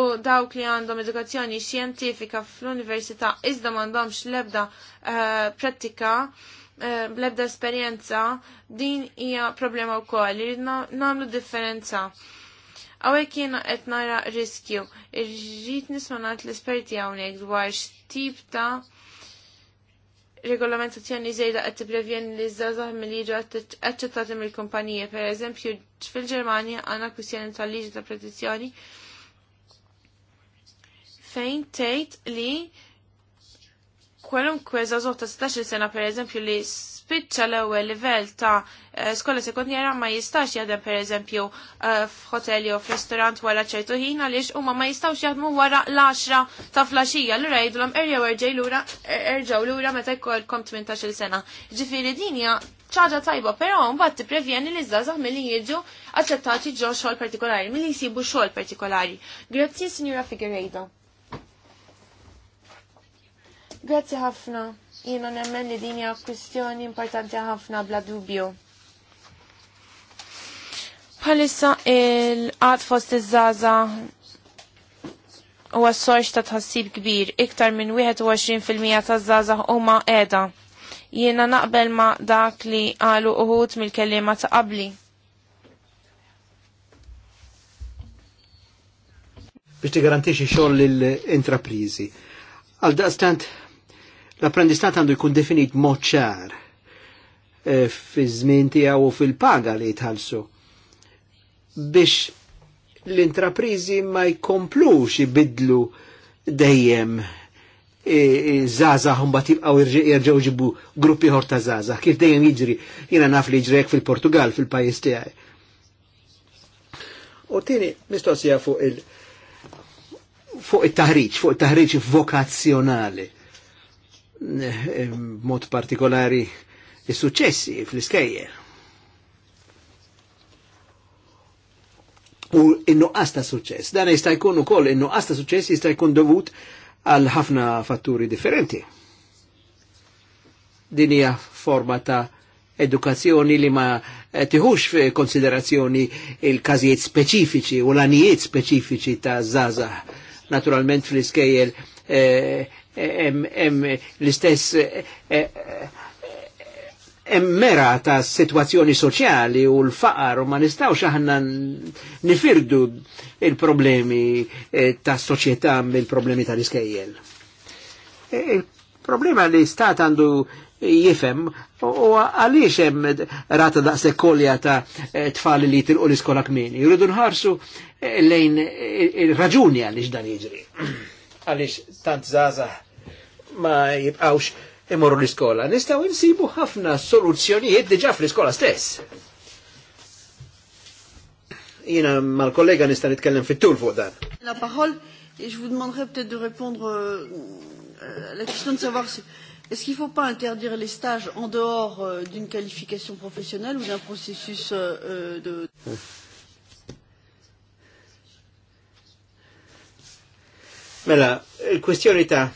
u dawk li għandhom edukazzjoni xjentifika fl-università iżda m'għandhomx l-ebda uh, prattika uh, eh, ebda esperjenza, din hija problema wkoll li nagħmlu differenza. Għawek jena etnara nara riskju, irrid nisma' l-esperti hawnhekk dwar x'tip ta' regolamentazzjoni zejda qed tipprevjen li z-zazah mill t aċċettati mill-kumpanija. Pereżempju, fil-Ġermanja għandna kwistjoni tal-liġi ta' protezzjoni fejn tgħid li kwalunkwe żgħażagħ ta' 16 sena pereżempju li Spiċċa l-ewwel livell ta' eh, skola sekondjera ma jistax jaħdem pereżempju eh, f'hotel jew f'ristorant wara ċertu ħin għaliex huma ma jistgħux jaħdmu wara l-10 ta' flaxija l jgħidulhom erjew erġej lura er-, erġgħu lura meta jkollkom 18-il sena. Ġifieri din hija ċaġa tajba, però mbagħad tipprevjeni li żgħażagħ milli jiġu aċċettati ġo xogħol partikolari, milli jsibu xogħol partikolari. Grazzi, Signora Figueiredo. Grazzi ħafna. Jiena nemmen li din hija kwistjoni importanti ħafna bla dubju. Bħalissa il-qat fost iż-żaza huwa sorx ta' tħassib kbir, iktar minn 21% ta' żaza huma qiegħda. Jiena naqbel ma' dak li qalu uħut mill-kelliema ta' qabli. biex garantiċi xogħol lill-intraprizi. Għal daqstant L-apprendistat għandu jkun definit moċar eh, fi żmien tiegħu u fil-paga li jitħallsu biex l-intraprizi ma jkomplux ibidlu dejjem e, e, zazah humba tibqaw jirġaw ġibu gruppi ħor ta' Kif dejjem jiġri, jina naf li ġrek fil-Portugal, fil-pajis tiegħi. U tini, mistoqsija fuq il- fuq it-taħriġ, fuq it-taħriġ vokazzjonali. Eh, mod partikolari is-suċessi fl-iskejjer. u innu għasta suċċess. Dan jista' jkun ukoll innu għasta suċċess jista' jkun dovut għal ħafna fatturi differenti. Din hija forma ta' edukazzjoni li ma eh, tiħux konsiderazzjoni il-każijiet speċifiċi u l-anijiet speċifiċi ta' zaza. Naturalment fl-iskejjel eh, l-istess eh, eh, eh, emmera ta' situazzjoni soċjali u l-faqar u ma nistaw aħna nifirdu il-problemi ta' soċjetà mill-problemi ta' l iskejjel e, Il-problema li stat għandu jifem u għaliex hemm rata da' sekolja ta' tfal li tilqu l-iskola kmini. Jridu nħarsu lejn il-raġuni għaliex dan jiġri. Għalix tant zazah ma jibqawx imorru l-iskola. Nistaw insibu ħafna soluzzjonijiet diġa fl-iskola stess. Jina mal-kollega nista' nitkellem fit-tul fuq dan. La parol, et je vous demanderai peut-être de répondre euh, euh, la question de savoir si est-ce qu'il ne faut pas interdire les stages en dehors euh, d'une qualification professionnelle ou d'un processus euh, euh de... Mela, il-kwestjoni ta'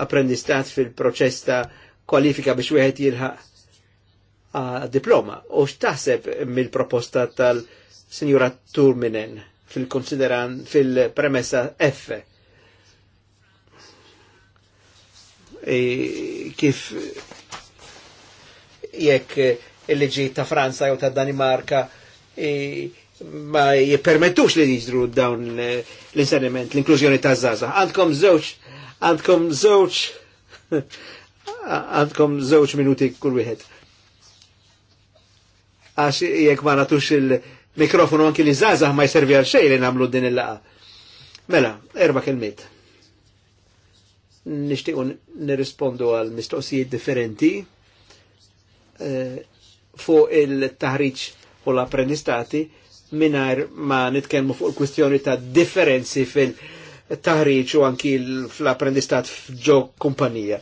apprendistat fil-proċess ta' kwalifika biex wieħed jilħaq diploma. U x'taħseb mill-proposta tal-Sinjura Turminen fil-konsideran fil-premessa F. E, kif jekk il-liġi ta' Franza jew ta' Danimarka e, ma jippermettux li jiġru dawn eh, l-inserimenti, l-inklużjoni ta' zaza. Għandkom zewċ Għandkom zewċ, għandkom zewċ minuti kull wieħed. Għax jek ma natux il-mikrofonu anki li zazah ma jservi għal xej li namlu din il-laqa. Mela, erba kelmiet. Nishtiqu nirrispondu għal mistoqsijiet differenti eh, fuq il-taħriċ u l-apprendistati minar ma nitkelmu fuq il-kwistjoni ta' differenzi fil- taħriġ u anki l apprendistat ġo kumpanija.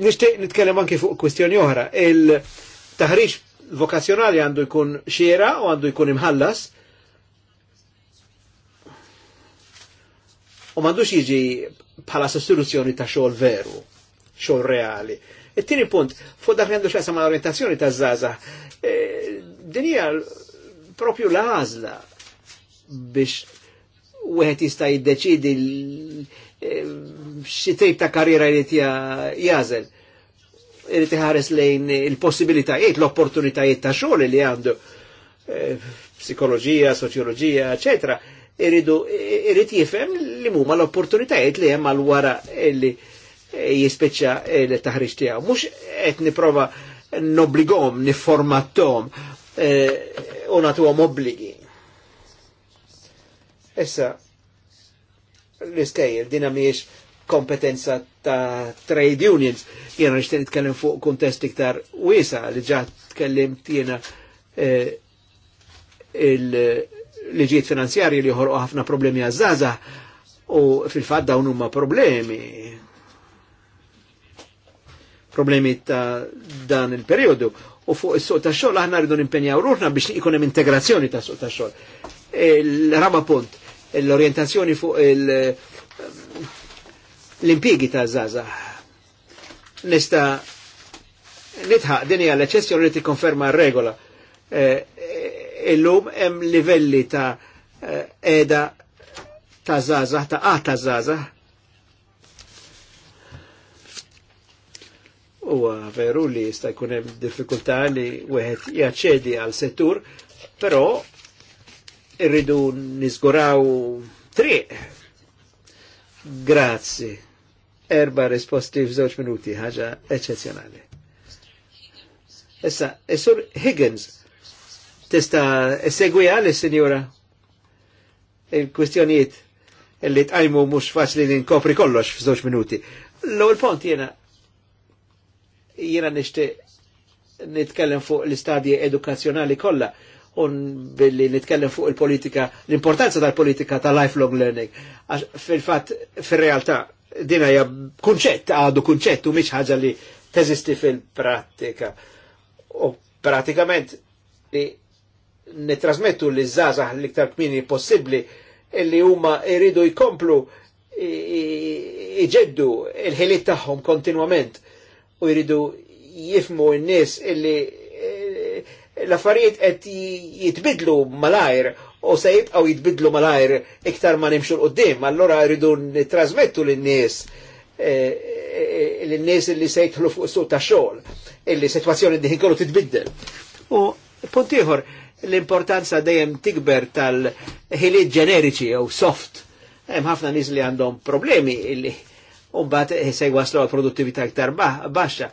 Nishtiq nitkellem anki fuq kwistjoni oħra. Il-taħriġ vokazzjonali għandu jkun xiera u għandu jkun imħallas. U mandux jiġi bħala sostituzzjoni ta' xogħol veru, xogħol reali. It-tieni punt, fuq dak li għandu xaqsam ma' orientazzjoni ta' zaza, e, propju l biex wieħed jista' jiddeċidi eh, xi ta' karriera li jazel. Li iħares lejn il-possibilitajiet, l-opportunitajiet ta' xogħol li għandu eh, psikologija, soċjologija, ecc. iridu irid jifem li huma l-opportunitajiet li hemm l wara li jispeċa l Mux tiegħu. Mhux qed nipprova n nifformattom, eh, unatu għom obbligi Issa, l-iskejjel, dina miex kompetenza ta' trade unions. Jena nishtin nitkellem fuq kontest iktar wisa li ġa tkellimt tjena eh, il-liġijiet finanzjarji li joħorqu ħafna problemi għazzaza u fil-fat dawn huma problemi. Problemi ta' dan il-periodu. U fuq is-suq ta' xogħol aħna rridu nimpenjaw ruħna biex ikun hemm integrazzjoni ta' suq ta' xogħol. Il-raba eh, punt l-orientazzjoni fuq l-impiegi ta' Zaza. Nista nitħaq din hija l-eċessjoni li tikkonferma r-regola. Eh, eh, illum hemm livelli ta' eh, eda ta' Zaza, ta' A ta' Zaza. Huwa veru li jista' jkun hemm diffikultà li wieħed jaċċedi għal settur, però irridu nizguraw triq. Grazzi. Erba risposti f'żewġ minuti, ħaġa eccezjonali. Issa, Isur Higgins, tista' segwi għal sinjura il-kwistjonijiet li tqajmu mhux faċli li nkopri kollox f'żewġ minuti. L-ewwel pont jiena jiena nixtieq nitkellem fuq l-istadji edukazzjonali kollha un billi nitkellem fuq il-politika, l-importanza tal-politika tal-lifelong learning. Fil-fat, fil-realtà, dina hija kunċett, għadu kunċett u miex ħaġa li teżisti fil-pratika. U pratikament li nitrasmettu li zazah l-iktar kmini possibli illi huma iridu jkomplu iġeddu il-ħiliet tagħhom kontinwament u jridu jifmu n-nies illi l-affarijiet qed jitbidlu malajr u se jibqaw jitbidlu malajr iktar ma nimxu l-qoddim, allora rridu nitrasmettu l-nies eh, eh, l-nies li se jitħlu fuq suq ta' xogħol, illi sitwazzjoni din kollu titbiddel. U punt ieħor, l-importanza dejjem tikber tal-ħiliet ġeneriċi jew soft. Hemm ħafna nies li għandhom problemi illi u mbagħad se jwaslu għal produttività iktar baxxa.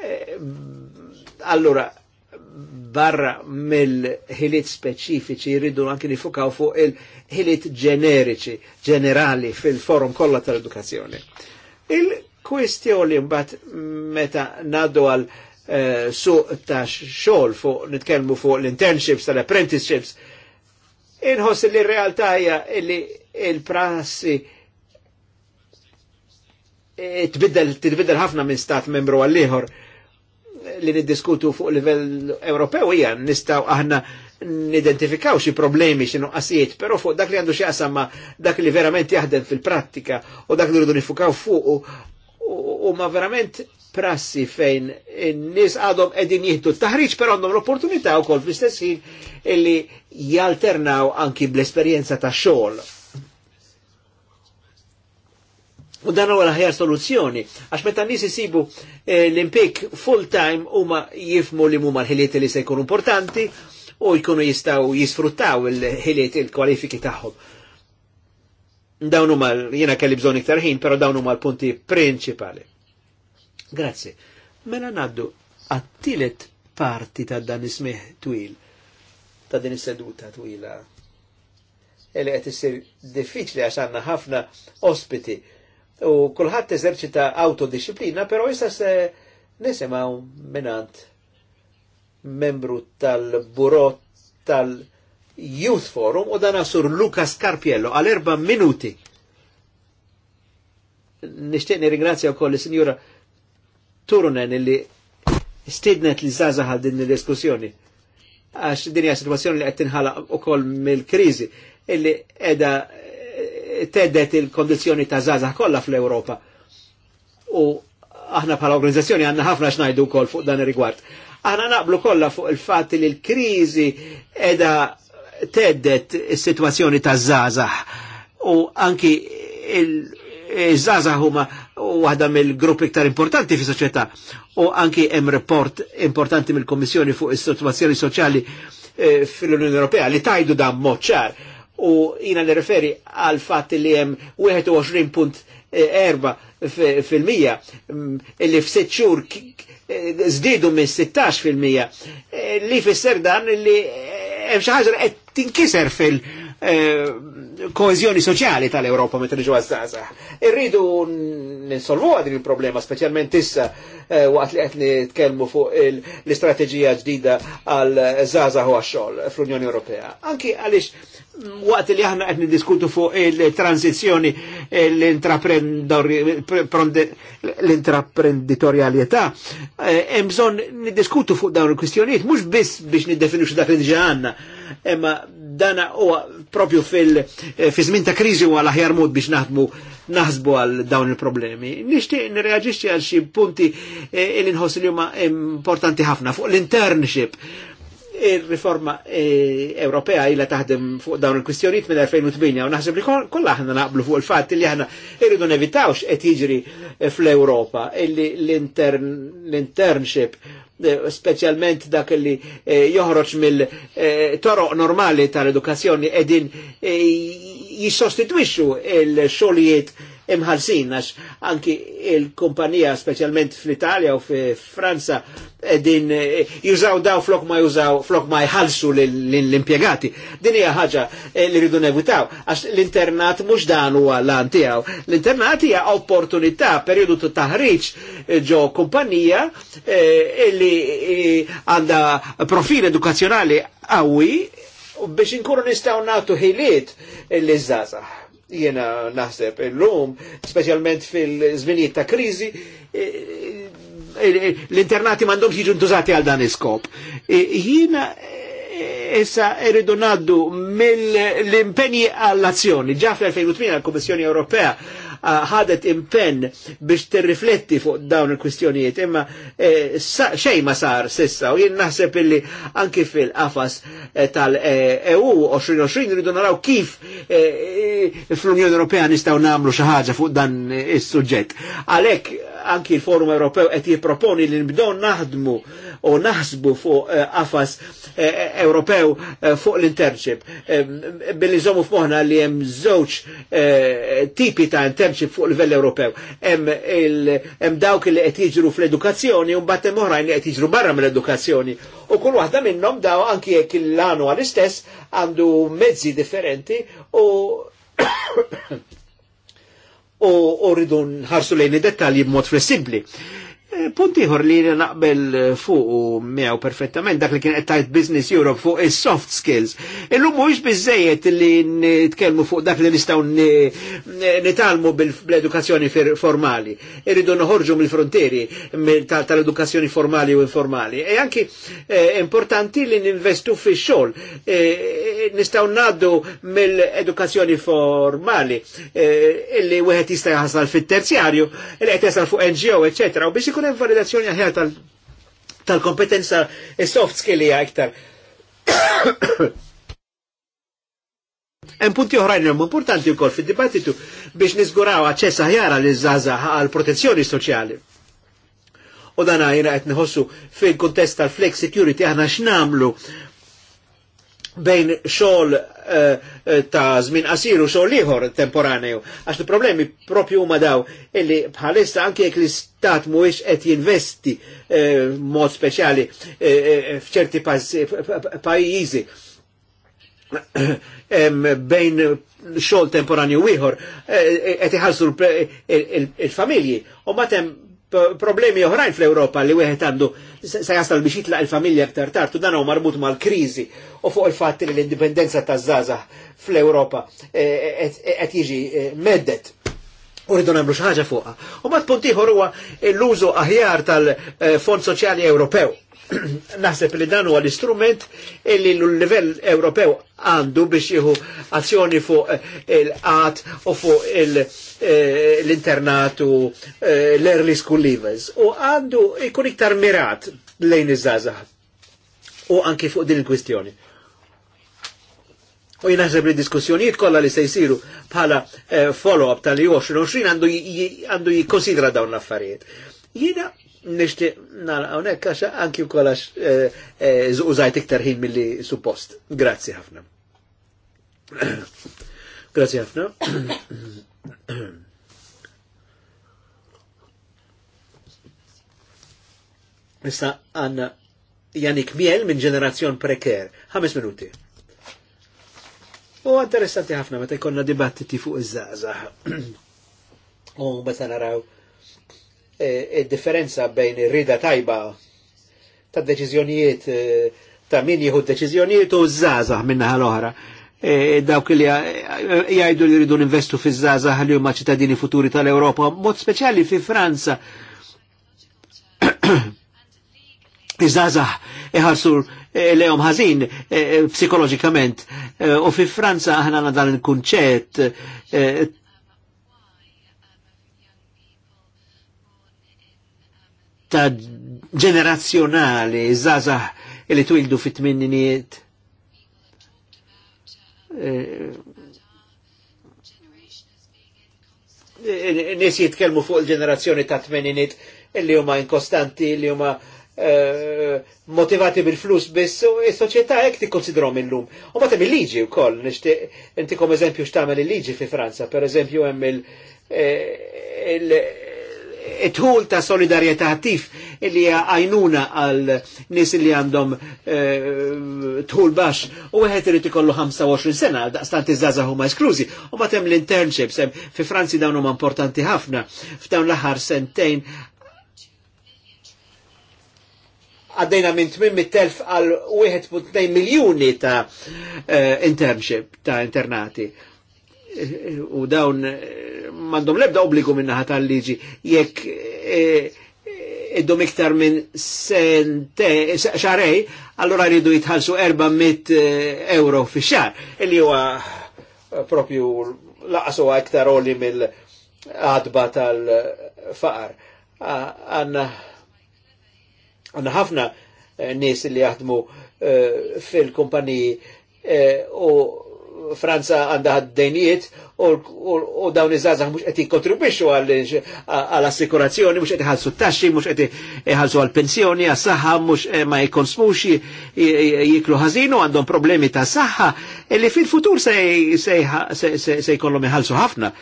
Eh, Allora, barra mill-ħiliet speċifiċi jridu anki nifukaw fuq il-ħiliet ġeneriċi, ġenerali fil-forum kollha tal-edukazzjoni. Il-kwistjoni mbagħad meta ngħaddu għal eh, suq ta' xogħol fuq nitkellmu fuq l-internships tal-apprenticeships, inħoss li r-realtà hija li il-prassi eh, tbiddel ħafna minn stat membru għall-ieħor li niddiskutu fuq livell Ewropew hija nistgħu aħna nidentifikaw xi problemi xi nuqqasijiet, però fuq dak li għandu xi ma dak li verament jaħdem fil-prattika u dak li rridu nifukaw fuq u ma verament prassi fejn in-nies għadhom qegħdin jihdu taħriġ però għandhom l-opportunità wkoll fl-istess illi jalternaw anki bl esperjenza ta' xogħol U dan huwa l-aħjar soluzzjoni, għax meta nies isibu e, l-impik full-time huma jifmu li huma l-ħiliet li se jkunu importanti u jkunu jistaw jisfruttaw il-ħiliet il-kwalifiki tagħhom. Dawn huma jiena kelli bżonn iktar ħin, però dawn huma l-punti prinċipali. Grazzi. Mela ngħaddu għat-tielet parti ta' dan ismih twil, ta' din is-seduta twila. Ele qed issir diffiċli għax għandna ħafna ospiti u kullħat eżerċita autodisciplina, pero jissa se nisimaw minant membru tal-buro tal-Youth Forum u dana sur Lukas Carpiello għal erba minuti. Nishtiq ringrazja u koll signora Turunen illi stidnet li zaza din il-diskussjoni. Għax din hija situazzjoni li ħala u ukoll mill krizi illi edha tedet il-kondizjoni ta' zazah kollha fl europa U aħna bħala organizzazzjoni għandna ħafna xnajdu kol fuq dan ir-rigward. Aħna naqblu kollha fuq il fat li l-kriżi edha teddet is-sitwazzjoni ta' zazah u anki il eh, zazah huma waħda mill-grupp iktar importanti fi soċjetà u anki hemm report importanti mill-Kommissjoni fuq is situazzjoni soċjali eh, fil-Unjoni Ewropea li tajdu dan moċċar. ċar u jina li referi għal fatt li jem 21.4 fil-mija mm, illi f'sitt xhur zdidu minn 16 fil-mija e, li fisser dan li e, hemm xi ħaġa qed tinkiser fil-, -mija Eh, koezjoni soċjali tal-Europa meta niġu għazzaza. Irridu ninsolvu għadin il-problema, specialment issa eh, waqt li qed nitkellmu fuq l istrategija ġdida għal zaza u għaxxol fl-Unjoni Ewropea. Anki għalix mm, waqt li għahna għetni diskutu fuq il transizjoni l intraprenditorialieta eh, hemm bżonn niddiskutu fuq dawn il kwistjoniet mux biss biex niddefinixu dak li diġà emma dana u propju fil-fizmin eh, ta' krizi u għal-ħjar mod biex naħdmu naħsbu għal dawn il-problemi. Nishtiq nirreagġiċi għal xi punti eh, il-inħoss li huma importanti ħafna fuq l-internship il-riforma eh, Ewropea illa taħdem fuq dawn il-kwistjoniet minn 2008 u naħseb li kollha aħna naqblu fuq il-fatt li aħna irridu nevitawx qed jiġri fl-Ewropa illi l-internship Eh, specialment dak li eh, joħroġ mill-toroq eh, normali tal-edukazzjoni edin jissostitwixxu il-xogħlijiet imħalsin għax anki il-kumpanija specialment fl-Italja u fl-Franza din eh, jużaw daw flok ma jużaw flok ma jħalsu l-impiegati. Din hija ħaġa eh, li rridu nevitaw għax l-internat mux dan huwa lan tiegħu. L-internat hija opportunità periodu ta' taħriġ eh, ġo kumpanija li għanda profil edukazzjonali għawi biex inkunu nistgħu natu ħiliet l-iżżażaħ jena naħseb l-lum, specialment fil-żminijiet ta' krizi, e, e, e, l-internati mandom jiġu ntużati għal dan iskop. Jena essa irridu naddu mill-impenji għall-azzjoni. Ġa fl-2008 l-Kommissjoni Ewropea ħadet impenn biex tirrifletti fuq dawn il-kwistjonijiet, imma e, xej ma sar sissa u jien naħseb illi anki fil-qafas e, tal-EU 2020 rridu naraw kif e, fl-Unjoni Ewropea nistgħu nagħmlu xi ħaġa fuq dan is-suġġett. Għalhekk anki l-Forum Ewropew qed jipproponi li nibdew naħdmu u naħsbu fuq eh, qafas eh, eh, Ewropew fuq l-internship. Billi zomu f'moħna li hemm żewġ tipi ta' internship fuq livell Ewropew. Hemm dawk li qed jiġru fl-edukazzjoni u mbagħad hemm oħrajn li qed jiġru barra mill-edukazzjoni. U kull waħda minnhom daw anki jekk l-għanu għal-istess għandu mezzi differenti u u rridu nħarsu lejn id-dettalji b'mod flessibbli. Eh, Puntiħor li naqbel eh, fuq u miaw perfettament dak li kien qed Business Europe fuq is-soft skills. Illum mhuwiex biżejjed li nitkellmu fuq dak li nistgħu nitalmu bl-edukazzjoni formali. Irridu noħorġu mill-frontieri tal-edukazzjoni formali u informali. E anki eh, importanti li ninvestu fi xogħol Nistgħu ngħaddu mill-edukazzjoni formali illi wieħed jista' jaħsal fit-terzjarju, li qed jasal fuq NGO, eċċetera, u biex ikun jkun hemm validazzjoni aħjar tal-kompetenza tal e soft skill hija iktar. Hemm punti oħrajn hemm importanti wkoll fid-dibattitu biex niżguraw aċċess aħjar għal iż-żgħażagħ għal protezzjoni soċjali. U dan jina qed nħossu fil-kuntest tal-flex security aħna x'namlu bejn xol eh, eh, ta' zmin qasir u xogħol ieħor temporaneju. Għax il-problemi propju huma daw illi bħalissa anke jekk l-istat mhuwiex qed jinvesti eh, mod speċjali f'ċerti pajjiżi bejn xol temporanju ieħor qed iħallsu il-familji u matem problemi oħrajn fl-Europa li wieħed għandu se jasal biex jitlaq il-familja aktar tartu dan huwa marbut mal-kriżi u fuq il-fatt li l-indipendenza taż-żgħażagħ fl-Ewropa e, e, e, qed jiġi meddet. U rridu nagħmlu xi ħaġa fuqha. U mat punt ieħor huwa l-użu aħjar tal-Fond Soċjali Ewropew naħseb li dan huwa l-istrument illi l-livell Ewropew għandu biex jieħu azzjoni fuq eh, il-qat u fuq eh, l-internat u eh, l-early school leavers. U għandu ikun iktar mirat lejn iż-żazax. U anki fuq din il-kwistjoni. U jinaħseb li diskussjonijiet kollha li sejsiru bħala follow-up tal 20-20 għandu jikonsidra dawn l-affarijiet. Jina nishti nara għonek, għaxa anki u kolax eh, eh, użajt iktar ħin mill-li suppost. Grazzi ħafna. Grazzi ħafna. Issa għanna Janik Miel minn ġenerazzjon preker. Ħames minuti. U interessanti ħafna meta jkollna dibattiti fuq iż żazax U meta naraw E, e differenza bejn rida tajba ta' deċiżjonijiet e, ta' min jieħu deċiżjonijiet u zazah minna l-oħra. Dawk li jgħidu li rridu investu fi zazah li huma ċittadini futuri tal europa mod speċjali fi Franza. Iżgħażagħ iħarsu lejhom ħażin psikoloġikament u fi Franza aħna dan il-kunċett ta' ġenerazzjonali, zazah li twildu fit minniniet e, Nis jitkelmu fuq il-ġenerazzjoni ta' tminniniet illi huma inkostanti, illi huma e, motivati bil-flus biss u s-soċieta ek ti konsidrom il-lum. U ma temmi liġi u koll, inti kom eżempju xtamel il-liġi fi Franza, per eżempju hemm il- e, It tħul ta' solidarieta attiv illi għajnuna għal nis li għandhom eh, tħul bax u għed irrit ikollu 25 sena għal daqstan iż huma esklużi u matem l-internships fi Franzi dawn huma importanti ħafna f'dawn l-aħħar sentejn għaddejna minn 800.000 għal 1.2 miljoni ta' eh, internship ta' internati u dawn eh, mandom lebda obbligu minna tal-liġi jekk eh, eh, iddum iktar minn sente xarej, allora rridu jitħalsu 400 euro fi xar, illi huwa propju laqasu iktar oli mill-adba tal-faqar. Għanna għanna ħafna nis li jaħdmu fil-kumpaniji u Franza għandha dejnijiet u dawn iż żazax mux qed jikkontribwixxu għall-assikurazzjoni, mhux qed iħallsu t-taxxi, mhux qed iħallsu għall-pensjoni, għas-saħħa mux eh, ma jkonsmux jiklu ħażin għandhom problemi ta' saħħa li fil-futur se jkollhom iħallsu ħafna.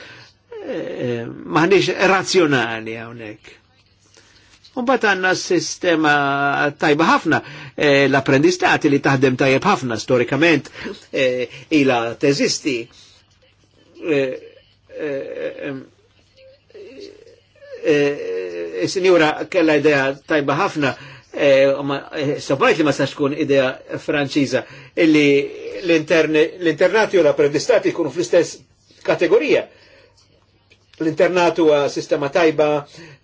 Eh, eh, maħniex razzjonali hawnhekk. Umbat għanna sistema tajba ħafna, e, l-apprendistati li taħdem tajjeb ħafna storikament e, ila teżisti. E, kella idea tajba ħafna, sabajt li ma saċkun idea franċiza, illi l-internati u l-apprendistati kunu fl-istess kategorija L-internat huwa sistema tajba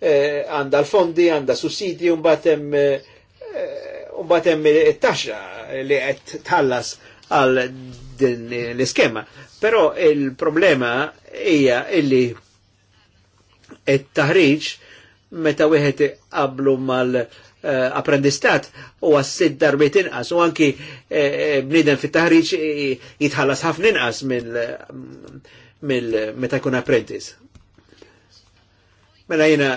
eh, għandha l-fondi, għandha sussidi mbagħad hemm eh, hemm it-taxxa li qed tħallas għal din l-iskema. Però il-problema hija illi it-taħriġ meta wieħed qablu mal- Uh, apprendistat u għassid darbit inqas u anki eh, bniden fit taħriġ jitħallas ħafna inqas mill meta jkun apprentice. Mela jena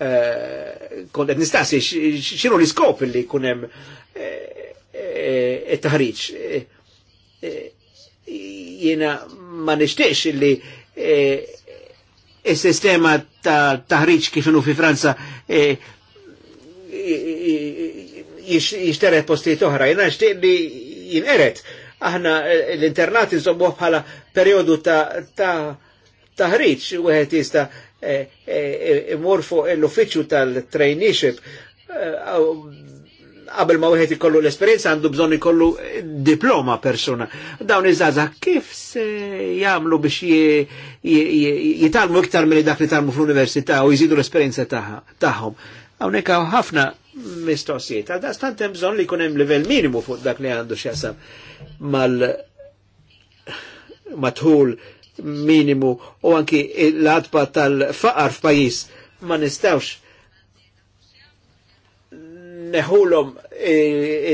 eh, kont qed xinu x'inhu l-iskop li kunem hemm eh, eh, it-taħriġ. ma nishtiex li il sistema ta' taħriġ kif inhu fi Franza jishteret posti oħra, jena nixtieq li jineret Aħna l-internat insommuh bħala periodu ta' taħriċ u għet jista' e, e, e, imur fuq l uffiċu tal-traineeship qabel ma wieħed ikollu l-esperjenza għandu bżonn ikollu diploma persuna. Dawn iż-żgħażagħ kif se jagħmlu biex jitalmu iktar milli dak li talmu fl-università u jżidu l-esperjenza tagħhom. Hawnhekk hawn ħafna mistoqsijiet. Għal dastant hemm bżonn li jkun hemm livell minimu fuq dak li għandu x'jasam mal matħul minimu u anki l-adba tal-faqar f'pajis ma nistawx neħulom e,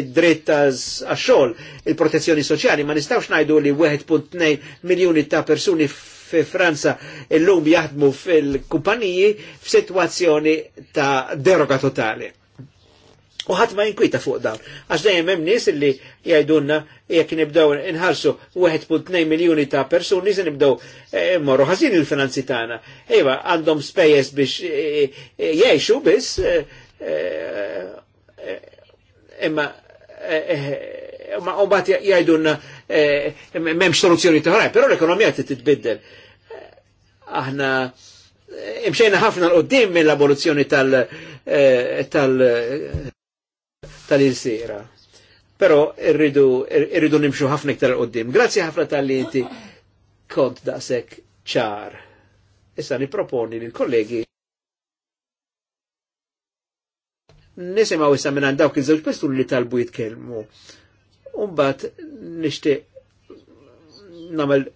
id-dritt għax-xogħol, il-protezzjoni soċjali, ma nistawx najdu li 1.2 miljoni ta' persuni fi Franza l-lum jaħdmu fil-kumpaniji f'sitwazzjoni ta' deroga totali. U ħadd ma jinkwita fuq dawn. Għax dejjem hemm nies illi jgħidunna jekk nibdew inħarsu 1.2 miljuni ta' persuni se nibdew eh, morru ħażin il-finanzi tagħna. Iva għandhom spejjeż biex eh, eh, jgħixu biss imma ma umbat jgħidunna memx soluzzjoni ħraj, però l-ekonomija titbiddel. Aħna imxejna ħafna l-qoddim mill-abolizzjoni tal- tal- tal-insira. Però irridu, irridu nimxu ħafna iktar qoddim. Grazzi ħafna tal-li inti kont daqsek ċar. Issa niproponi l kollegi nisimaw issa minn dawk iż-żewġ li talbu jitkellmu. Umbat nishti namel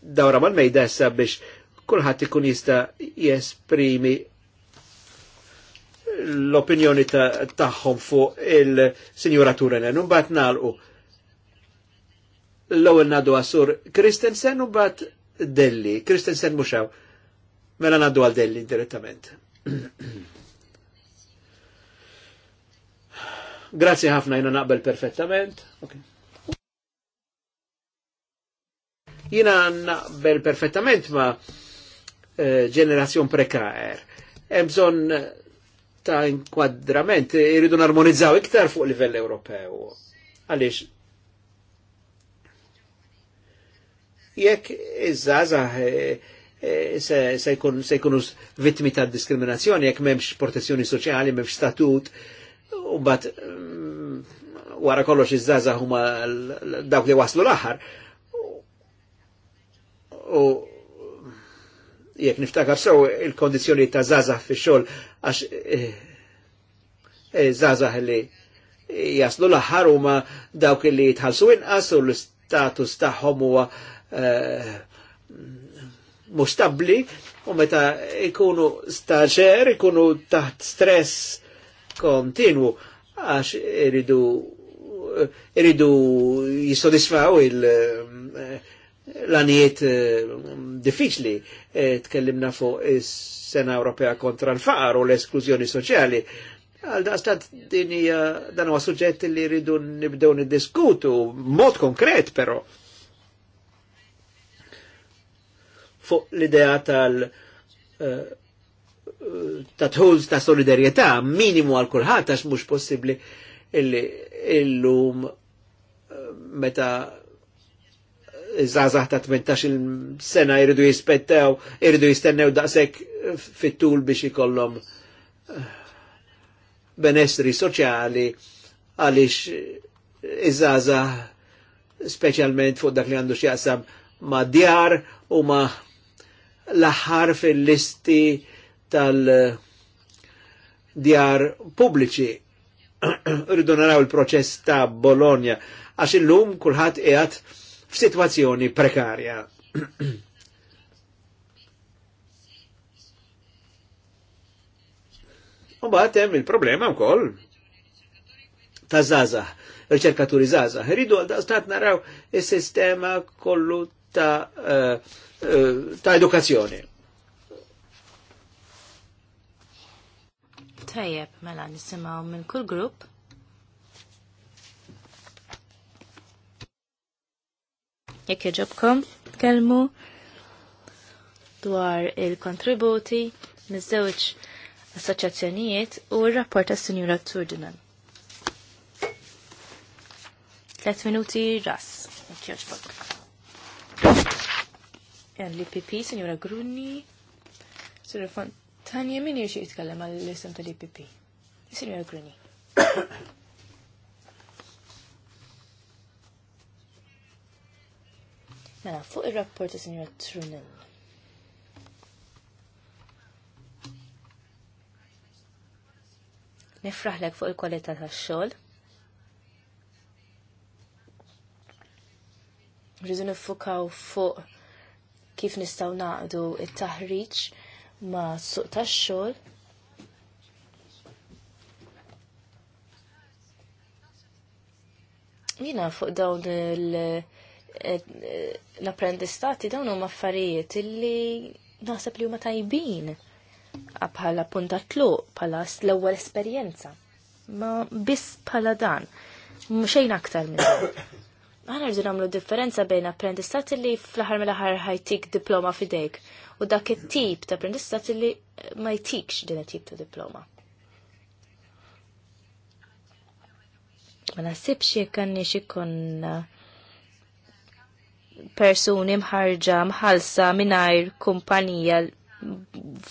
dawra mal-mejda issa biex kulħadd ikun jista' jesprimi l-opinjoni tagħhom fuq il-Sinjura Turenen, un bat nalqu l-ewwel nadu għasur Kristensen u bat Delli, Kristensen muxaw, mela nadu għal Delli direttament. Grazie ħafna jina naqbel perfettament. Okay. Jina naqbel perfettament ma eh, ġenerazzjon eh, prekaer. Hemm bżonn ta' inkwadrament irridu narmonizzaw iktar fuq livell Ewropew. Għaliex jekk iż żaza eh, eh, se jkunu vittmi ta' diskriminazzjoni jekk m'hemmx protezzjoni soċjali, m'hemmx statut, u bat mm, wara kollox iż-żgħażagħ huma dawk li waslu l-aħħar. U jekk niftakar sew il-kondizzjoni ta' żgħażagħ fi xol għax eh, eh, zazah li jaslu laħar aħħar huma dawk li jitħalsu inqas u l-istatus tagħhom huwa eh, mustabli u meta ikunu staġer ikunu taħt stress kontinwu għax iridu iridu jisodisfaw il- l-anijiet eh, diffiċli eh, tkellimna fuq is-Sena Ewropea kontra l-faqar u l-esklużjoni soċjali. Għal daqstat din hija dan huwa suġġett li rridu nibdew niddiskutu mod konkret però. Fuq l-idea tal- eh, ta' tħulz ta' solidarietà minimu għal kulħadd għax mhux possibbli illum meta zazah ta' 18 sena jridu jispettew, jridu jistennew daqsek fit-tul biex ikollom eh, benessri soċjali għalix iż-żaza speċjalment fuq dak li għandu x'jaqsam ma' djar u ma' l-aħħar fil-listi tal-djar pubbliċi. Rridu naraw il-proċess ta' Bologna għax illum kulħadd qiegħed f'sitwazzjoni prekarja. U hemm il-problema wkoll ta' zazah, riċerkaturi Zaza. Rridu għal-daqstat naraw il-sistema kollu ta', uh, ta edukazzjoni. Tajjeb, mela nisimaw minn kull grupp jekk jġobkom kelmu dwar il-kontributi miż-żewġ assoċjazzjonijiet u r-rapport tas-Sinjura Turdinan. Tlet minuti ras, jekk Jan L-IPP, Sinjura Grunni, Sinjura Fontanje, min jirxie jitkellem għal isem tal-IPP? Signora Grunni. Mela, fuq il-rapport ta' Sinjor Trunin. Nifraħlek fuq il-kwalità tax-xogħol. Rridu nifukaw fuq kif nistgħu naqdu it-taħriġ ma' suq tax-xogħol. Jina fuq dawn il- Eh, l-apprendistati dawn huma affarijiet illi naħseb li huma tajbin ah, bħala punta tluq bħala l-ewwel esperjenza. Ma biss bħala dan, xejn aktar minn dan. Aħna rridu nagħmlu differenza bejn apprendistati li fl-aħħar mill-aħħar ħajtik diploma f'idejk u dak it-tip ta' apprendistati li ma jtikx din it-tip ta' diploma. Ma nasibx jekk għandniex ikonna persuni mħarġa mħalsa mingħajr kumpanija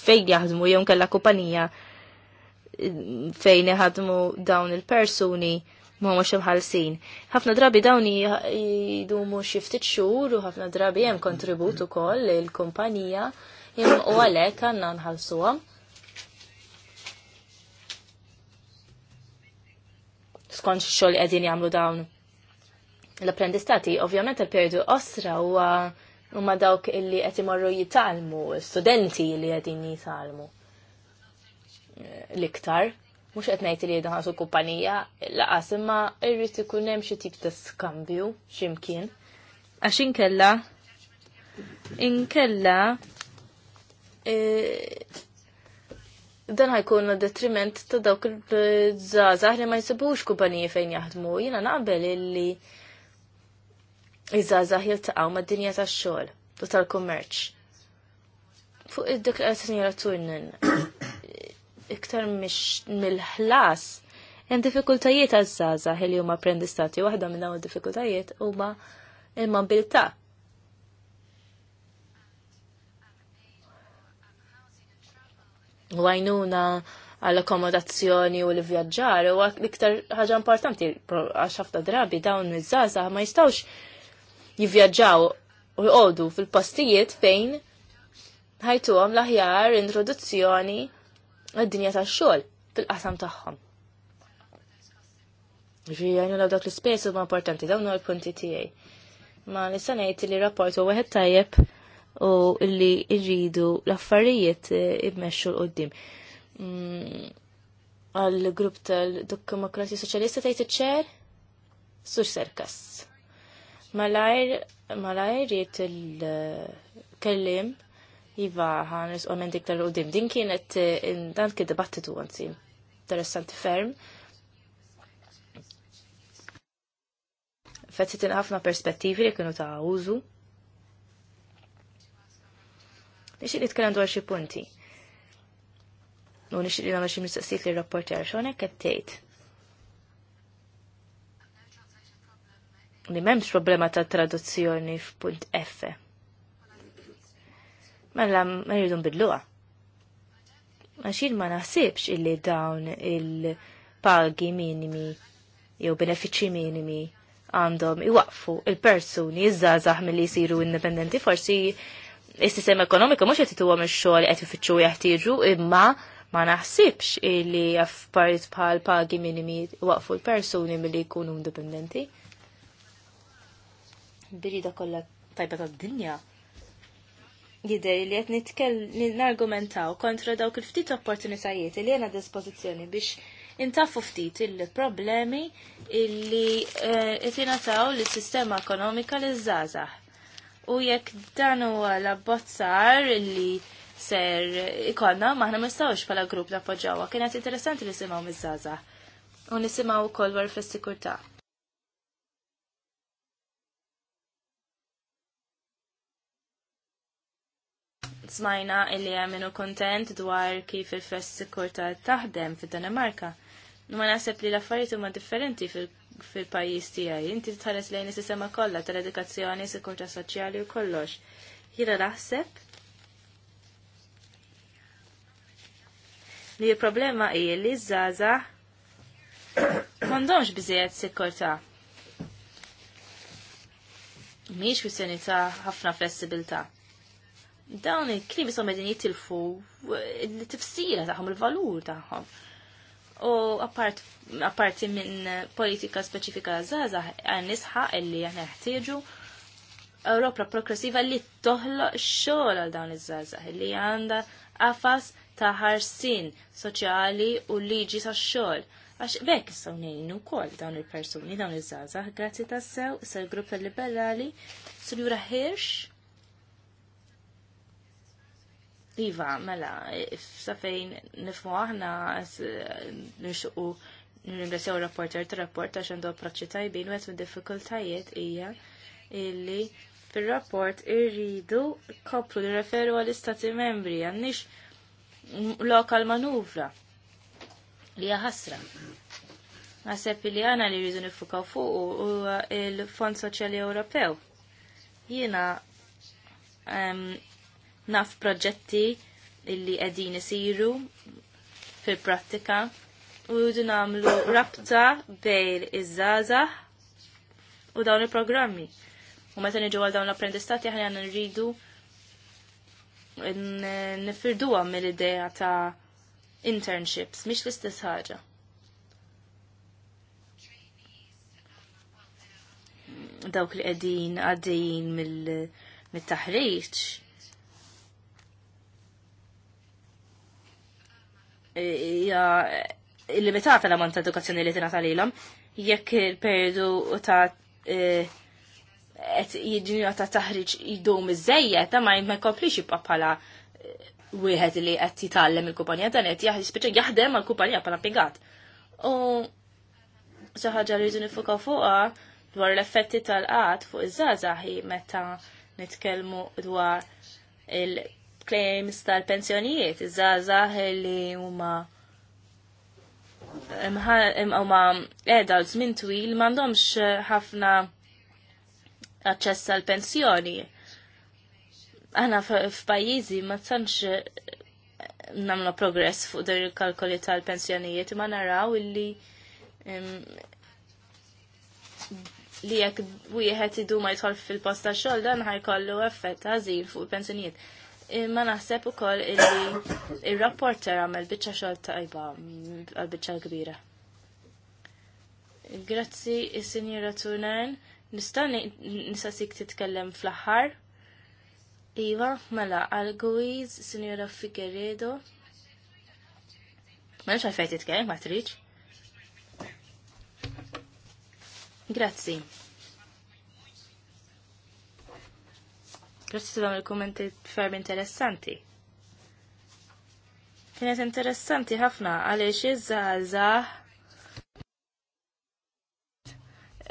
fejn jaħdmu jew kellha kumpanija eh, fejn iħadmu dawn il-persuni ma mhux imħallsin. Ħafna drabi dawni jidumu xi ftit xhur u ħafna drabi hemm kontribut ukoll il-kumpanija u għalhekk għandna nħallsuhom. Skont xogħol qegħdin jagħmlu dawn l-apprendistati ovvjament il-periodu osra u huma dawk illi qed imorru jitalmu, studenti li qegħdin jitalmu l-iktar. Mhux qed ngħid li jidħasu kumpanija, laqas imma irrid ikun hemm xi tip ta' skambju x'imkien. Għax inkella inkella e, dan ħajkun detriment ta' dawk il-żgħażagħ li ma jisibux kumpaniji fejn jaħdmu. Jiena naqbel illi iż-żgħażagħ jiltaqgħu mad-dinja tax-xogħol u tal-kummerċ. Fuq id-deklarazzjoni ra turnin iktar mill-ħlas hemm diffikultajiet għaż-żgħażagħ li huma apprendistati waħda minn dawn id-diffikultajiet huma il-mobilità għajnuna għall-akkomodazzjoni u l-vjaġġar u iktar ħaġa importanti għax ħafna drabi dawn iż-żaza ma jistawx jivvjaġġaw u jqogħdu fil-postijiet fejn ħajtuhom l-aħjar introduzzjoni għad-dinja tax-xogħol fil-qasam tagħhom. Ġi għajnu law l-ispejs huma importanti dawnu għal punti tiegħi. Ma nista' ngħid li rapport u wieħed tajjeb u li iġidu l-affarijiet immexxu l qoddim mm, Għal grupp tal-Demokrati Soċjalista tgħid iċ-ċer? Sur Serkas. Malajr, malajr jiet il-kellim jiva ħanis u għamendik tal-qoddim. Din kienet eh, dan kien dibattitu għanzi. Interessanti ferm. Fetzitin ħafna perspettivi li kienu ta' użu. Nixi li tkellem dwar xi punti. U nixi li nagħmel xi mistaqsijiet li għal x'hawnhekk qed tgħid li memx problema ta' traduzzjoni f'punt F. Mela, ma jridun nbidluha. Għaxin ma naħsibx illi dawn il-pagi minimi jew benefiċċji minimi għandhom iwaqfu il-persuni iż mill milli jsiru indipendenti forsi is-sistema ekonomika mhux qed għom ix-xogħol qed ifittxu jeħtieġu imma ma naħsibx illi affarijiet bħal pagi minimi waqfu l-persuni milli jkunu indipendenti birida kollha tajba tad-dinja Jidej li qed nitkell nargumentaw kontra dawk il-ftit opportunitajiet li għandna dispozizjoni biex intaffu ftit il-problemi illi eh, qed taw lis-sistema ekonomika li zaza. U jekk dan huwa l-abbozzar illi ser ikonna maħna mistawx pala grupp nappoġġawha. Kienet interessanti li simgħu miż-żgħażagħ u nisimgħu wkoll war fis-sikurtà. smajna illi għamenu kontent dwar kif il-fest sikurta taħdem fil-Danimarka. Ma naħseb li l-affarijiet huma differenti fil-pajjiż tiegħi. Inti tħares lejn is-sistema kollha tal-edukazzjoni, sikurta soċjali u kollox. Jiena naħseb li l-problema hi li żgħażagħ m'għandhomx biżejjed sikurta. Mhix kwistjoni ta' ħafna flessibilta' dawn il-klim jisom edin jitilfu il-tifsira taħħom, il-valur taħħom. U apparti minn politika specifika zaza, nisħa illi aħna ħtieġu Ewropa progressiva li toħloq xogħol għal dawn iż-żaza, li għandha qafas ta' ħarsin soċjali u liġi ta' xogħol. Għax bekk saw nejnu kol dawn il-persuni, dawn iż-żaza, grazzi ta' sew, sew grupp tal-liberali, Sinjura Hirsch, Iva, mela, safejn nifmu aħna nixuqu nirringrazzjaw rapporter ta' rapport għax għandu approċċi tajbin wet minn diffikultajiet hija illi fir-rapport irridu koplu li referu għall-istati membri għandix lokal manuvra li ħasra. Għaseb li għana li rridu nifukaw fuq u il-Fond Soċjali Ewropew. Jiena naf proġetti illi qegħdin isiru fil-prattika u jdu nagħmlu rabta bejn iż-żgħażagħ u dawn il-programmi. U meta niġu għal dawn l-apprendistati aħna għandna nridu nifirduha mill-idea ta' internships, mhix l-istess ħaġa. Dawk li qegħdin għaddejjin mill-taħriġ hija limitata l-ammont ta' edukazzjoni li tingħata lilhom jekk il-periodu ta' e, qed jiġri ta' taħriġ jidum iżejjed ta' ma jkomplix jibqa' bħala e, wieħed li qed jitgħallem il-kumpanija dan qed jispiċċa jaħdem għall-kumpanija bħala pigat. U xi ħaġa li rridu nifukaw fuqha dwar l-effetti tal-qat fuq iż-żgħażagħ meta nitkellmu dwar il- claims tal-pensjonijiet, iż-żazah li huma huma adults minn twil m'għandhomx ħafna aċċess għal pensjoni. Aħna f'pajjiżi ma tantx nagħmlu progress fuq dur il-kalkoli tal-pensjonijiet ma naraw illi li jekk wieħed idu ma jidħol fil-posta xogħol dan ħajkollu effett għażil fuq il-pensjonijiet. Imma naħseb ukoll illi ir-rapporter għamel biċċa xogħol tajba mm, għal biċċa kbira. Grazzi il sinjura Tunen. Nista' nisasik titkellem fl-aħħar. Iva, mela, għal Guiz, Sinjura Figueredo. Mela xalfejn titkellem ma tridx. Grazzi. Grazzi ta' il-kommenti ferm interessanti. Kienet interessanti ħafna għaliex iż-żgħażagħ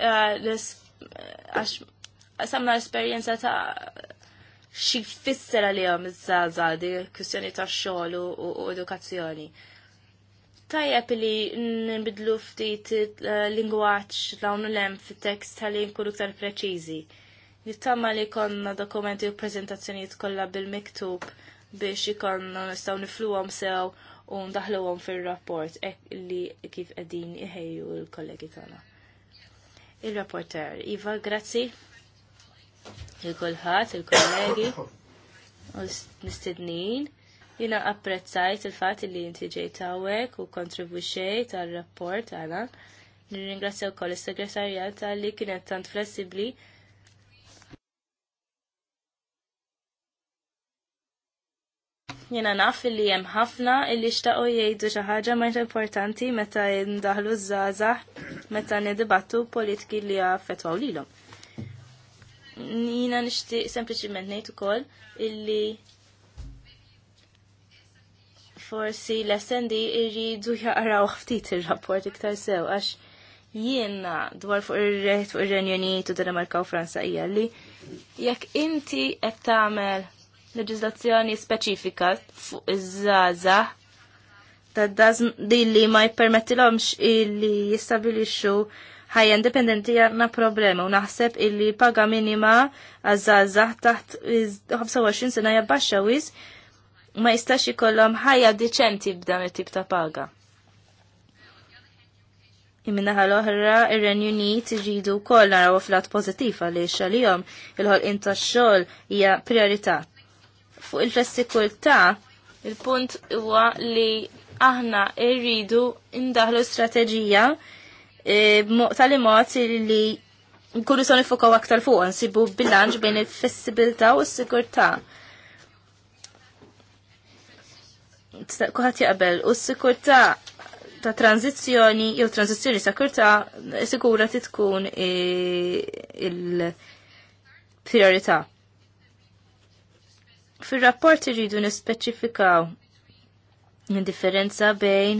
eh, eh, samna esperjenza ta' xi jfisser għalihom iż-żgħażagħ di kwistjoni tax-xogħol u edukazzjoni. Tajjeb li nbidlu ftit eh, lingwaġġ dawn l-hemm fit-tekst ħalli nkunu aktar preċiżi. Nittama li konna dokumenti u prezentazzjoniet kollha bil-miktub biex ikonna nistaw nifluhom sew u ndaħluhom fir-rapport li kif qegħdin iħejju l-kollegi tagħna. Il-rapporter, Iva, grazzi. Il-kulħadd, il-kollegi, u nistednin. Jina apprezzajt il-fat li inti ġejtawek hawnhekk u kontribuċejt għal-rapport għana. Nirringrazzja wkoll is-segretarjat li kienet tant flessibbli Jena naf li hemm ħafna illi xtaqgħu jgħidu xi ħaġa ma importanti meta ndaħlu żgħażagħ meta nidibattu politiki li affettwaw lilhom. Jina nixtieq sempliċiment ngħid ukoll illi forsi l-essendi irridu jaqraw ftit ir-rapport iktar sew għax jiena dwar fuq ir-Rejt fuq ir-Renju Unit u Danimarka u Franza hija li jekk inti qed tagħmel leġislazzjoni speċifika fuq iż-żaza ta' li ma jippermettilhomx illi jistabilixxu ħajja indipendenti għandna problema u naħseb illi paga minima għaż-żgħażagħ taħt 25 sena jabbaxxa wis ma jistax ikollhom ħajja diċenti b'dan it-tip ta' paga. Imminna ħal-oħra, ir-Renju Unit iġidu wkoll naraw flat pożittiv għaliex għalihom il-ħolqien tax-xogħol hija priorità fuq il-flessikulta. Il-punt huwa li aħna irridu indaħlu strateġija e, tal mod li nkunu sa nifokaw aktar fuq, nsibu bilanċ bejn il festibilità u s sikurtà Kuħat jaqbel, u s sikurtà ta' tranzizjoni, jew tranzizjoni sakurta, sikura titkun e, il-priorità. Fil-rapport irridu nispeċifikaw differenza bejn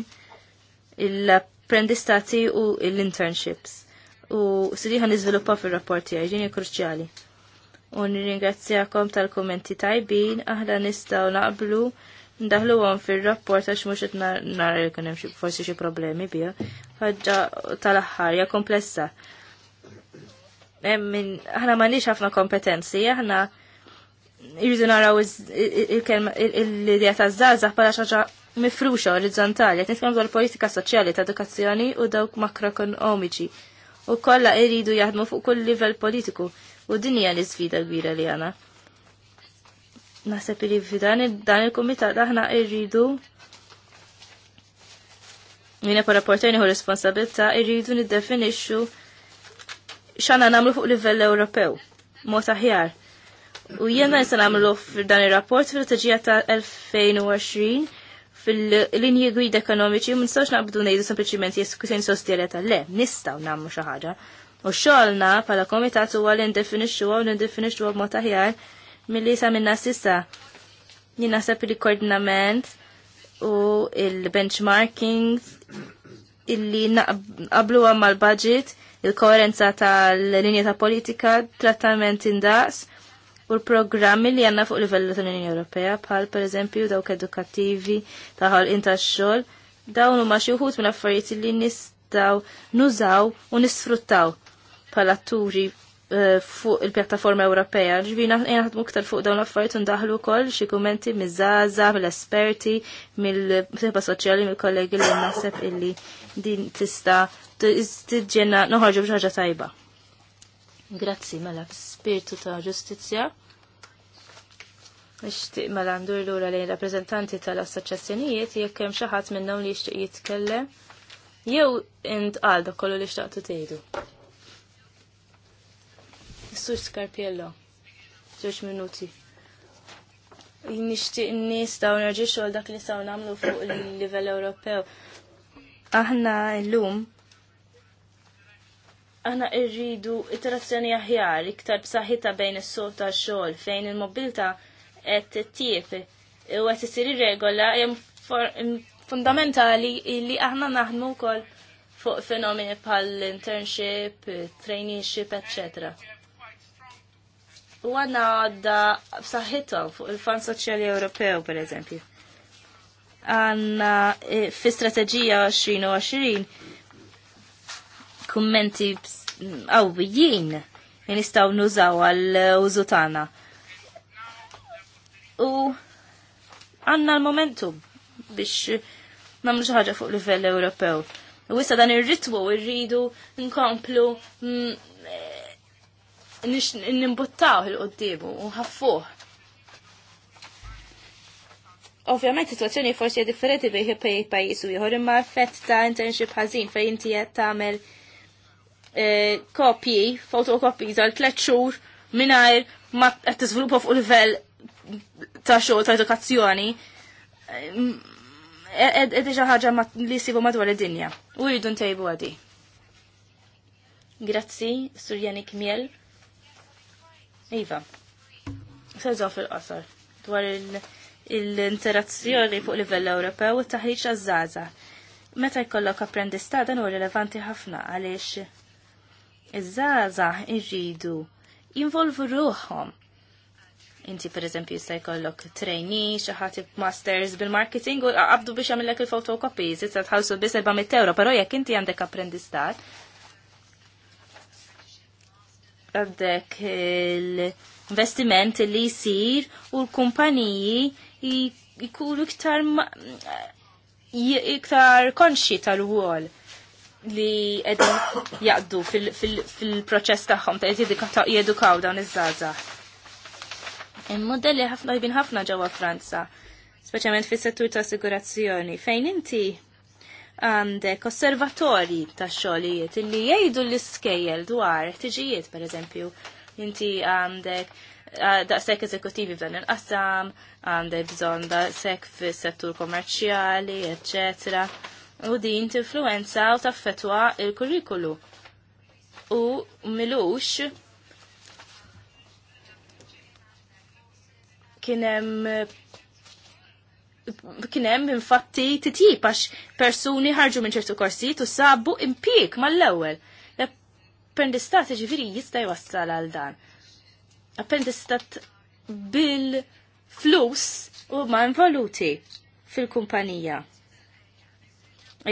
l-apprendistati u l-internships. U s sidiħan nizviluppa fil-rapporti għaj, ġinja kruċjali u nirringrazzjakom tal-kommenti tajbin, aħna nistaw naqblu ndaħlu għom fil-rapport għax muxet nara li kunem forsi xie problemi bija, ħagġa tal-ħarja komplessa. Aħna ma nix ħafna kompetenzi, aħna irridu naraw l-idea ta' zazax bħala xaġa mifruxa orizzontali, għet nitkellmu dwar politika soċjali ta' edukazzjoni u dawk makroekonomiċi. U kollha jridu jaħdmu fuq kull livell politiku u din hija l-isfida kbira li għana. Naħseb li f'dan dan il-kumitat aħna jridu Mina pa rapportajni hu responsabilta irridu niddefinixxu x'Ana nagħmlu fuq livell Ewropew. Mod aħjar U jenna nisanamlu f'dan il-rapport fil-strategija ta' 2020 fil-linji gwida ekonomiċi u nistax naqbdu nejdu sempliciment jeskusen ta' Le, nistaw namlu xaħġa. U xoħalna pala komitat u għal indefinixu għal indefinixu għal motaħjar mill-li sa minna sissa. Jina sepp il koordinament u il-benchmarking illi naqblu għamma mal-budget il-koerenza tal-linja ta' politika, trattament indaqs u l-programmi li għanna fuq livell tal-Unjoni Ewropea bħal per eżempju dawk edukattivi taħal intax-xogħol dawn huma xi wħud minn affarijiet li nistgħu nużaw u nisfruttaw bħala atturi eh, fuq il-pjattaforma Ewropea. jena naħdmu ktar fuq dawn l-affarijiet ndaħlu wkoll xi kumenti miż-żgħażagħ, mill-esperti, mill-sieħba soċjali, mill-kollegi li naħseb illi din tista' t-ġenna b'xi ħaġa tajba. Grazzi mela spiritu ta' ġustizzja Nixtieq ma mela l lura lejn rappreżentanti tal-assoċjazzjonijiet jekk hemm xi ħadd minnhom li jixtieq jitkellem jew int dak kollu li xtaqtu tgħidu. Sur skarpjello, ġewġ minuti. Nixtieq n-nies daw nerġi' xogħol dak li saw nagħmlu fuq il-livell Ewropew. Aħna llum aħna irridu interazzjoni aħjar iktar b'saħħitha bejn is-sota xogħol fejn il-mobilta' et tief u qed isir regola jem fundamentali li aħna naħdmu wkoll fuq fenomeni pal internship, traineeship, etc. U għanna għadda b'saħħithom fuq il-Fond Soċjali Ewropew, per eżempju. Għanna eh, fi strategija 2020 kummenti għawijin jenistaw nużaw għal użutana. Uh, u għanna l-momentum biex namlu xaħġa fuq livell Ewropew. U issa dan ir-ritmu irridu nkomplu mm, eh, nimbuttaw il-qoddimu u ħaffuħ. Ovvjament situazzjoni forsi hija differenti bejn pej pajjiż u ieħor imma effett ta' internship ħażin fejn inti qed tagħmel eh, kopji, fotokopji għal tliet xhur mingħajr ma qed tiżviluppa fuq livell ta' xogħol ta' edukazzjoni ed eh, eh, eh, xi ħaġa li jsibu madwar id-dinja. U rridu ntejbu għadi. Grazzi, Surjani Kmiel. Iva. Seżaw fil-qasar dwar l-interazzjoni fuq livell Ewropew u t-taħriġ għaż-żaża. Meta jkollok apprendista dan huwa rilevanti ħafna għaliex iż żaza irridu jinvolvu ruħhom Inti per eżempju jista' jkollok trejni, xi ħadd masters bil-marketing u qabdu biex jagħmilek il-fotokopies, issa tħallsu biss 400 euro, però jekk inti għandek apprendistat għandek l-investiment li jsir u l-kumpaniji jkunu iktar iktar konxi tal-wol li edin jaqdu fil-proċess tagħhom ta' jedukaw dawn iż-żgħażagħ il modelli ħafna jbin ħafna ġewwa Franza, speċjalment fis-settur ta' assigurazzjoni, fejn inti għandek osservatorji ta' xogħlijiet illi jgħidu l-iskejjel dwar ħtiġijiet pereżempju. Inti għandek daqshekk eżekutivi f'dan il-qasam, għandek bżonn daqshekk fis-settur kommerċjali, eċċetera. U din tinfluwenza u taffetwa il-kurrikulu. U milux kienem kienem infatti titjib għax persuni ħarġu minn ċertu korsijiet u sabu impik mal-ewwel. L-appendistat ġifiri jista' jwassal għal dan. Appendistat bil-flus u ma' involuti fil-kumpanija.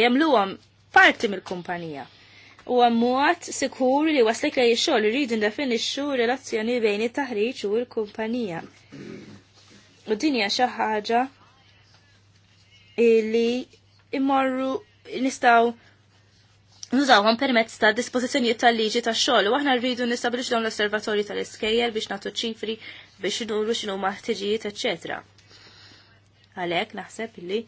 Jamluhom parti mill-kumpanija. U għammuat sikur li waslek li da' rridu ndefinixxu relazzjoni bejn it-taħriġ u l-kumpanija. U din hija xi ħaġa li immorru nistgħu Nużawhom permezz ta' dispożizzjonijiet tal-liġi tax-xogħol u aħna rridu nistabilix dawn l osservatori tal-iskejjer biex nagħtu ċifri biex nuru xinu maħtiġijiet eċetera. Għalhekk naħseb li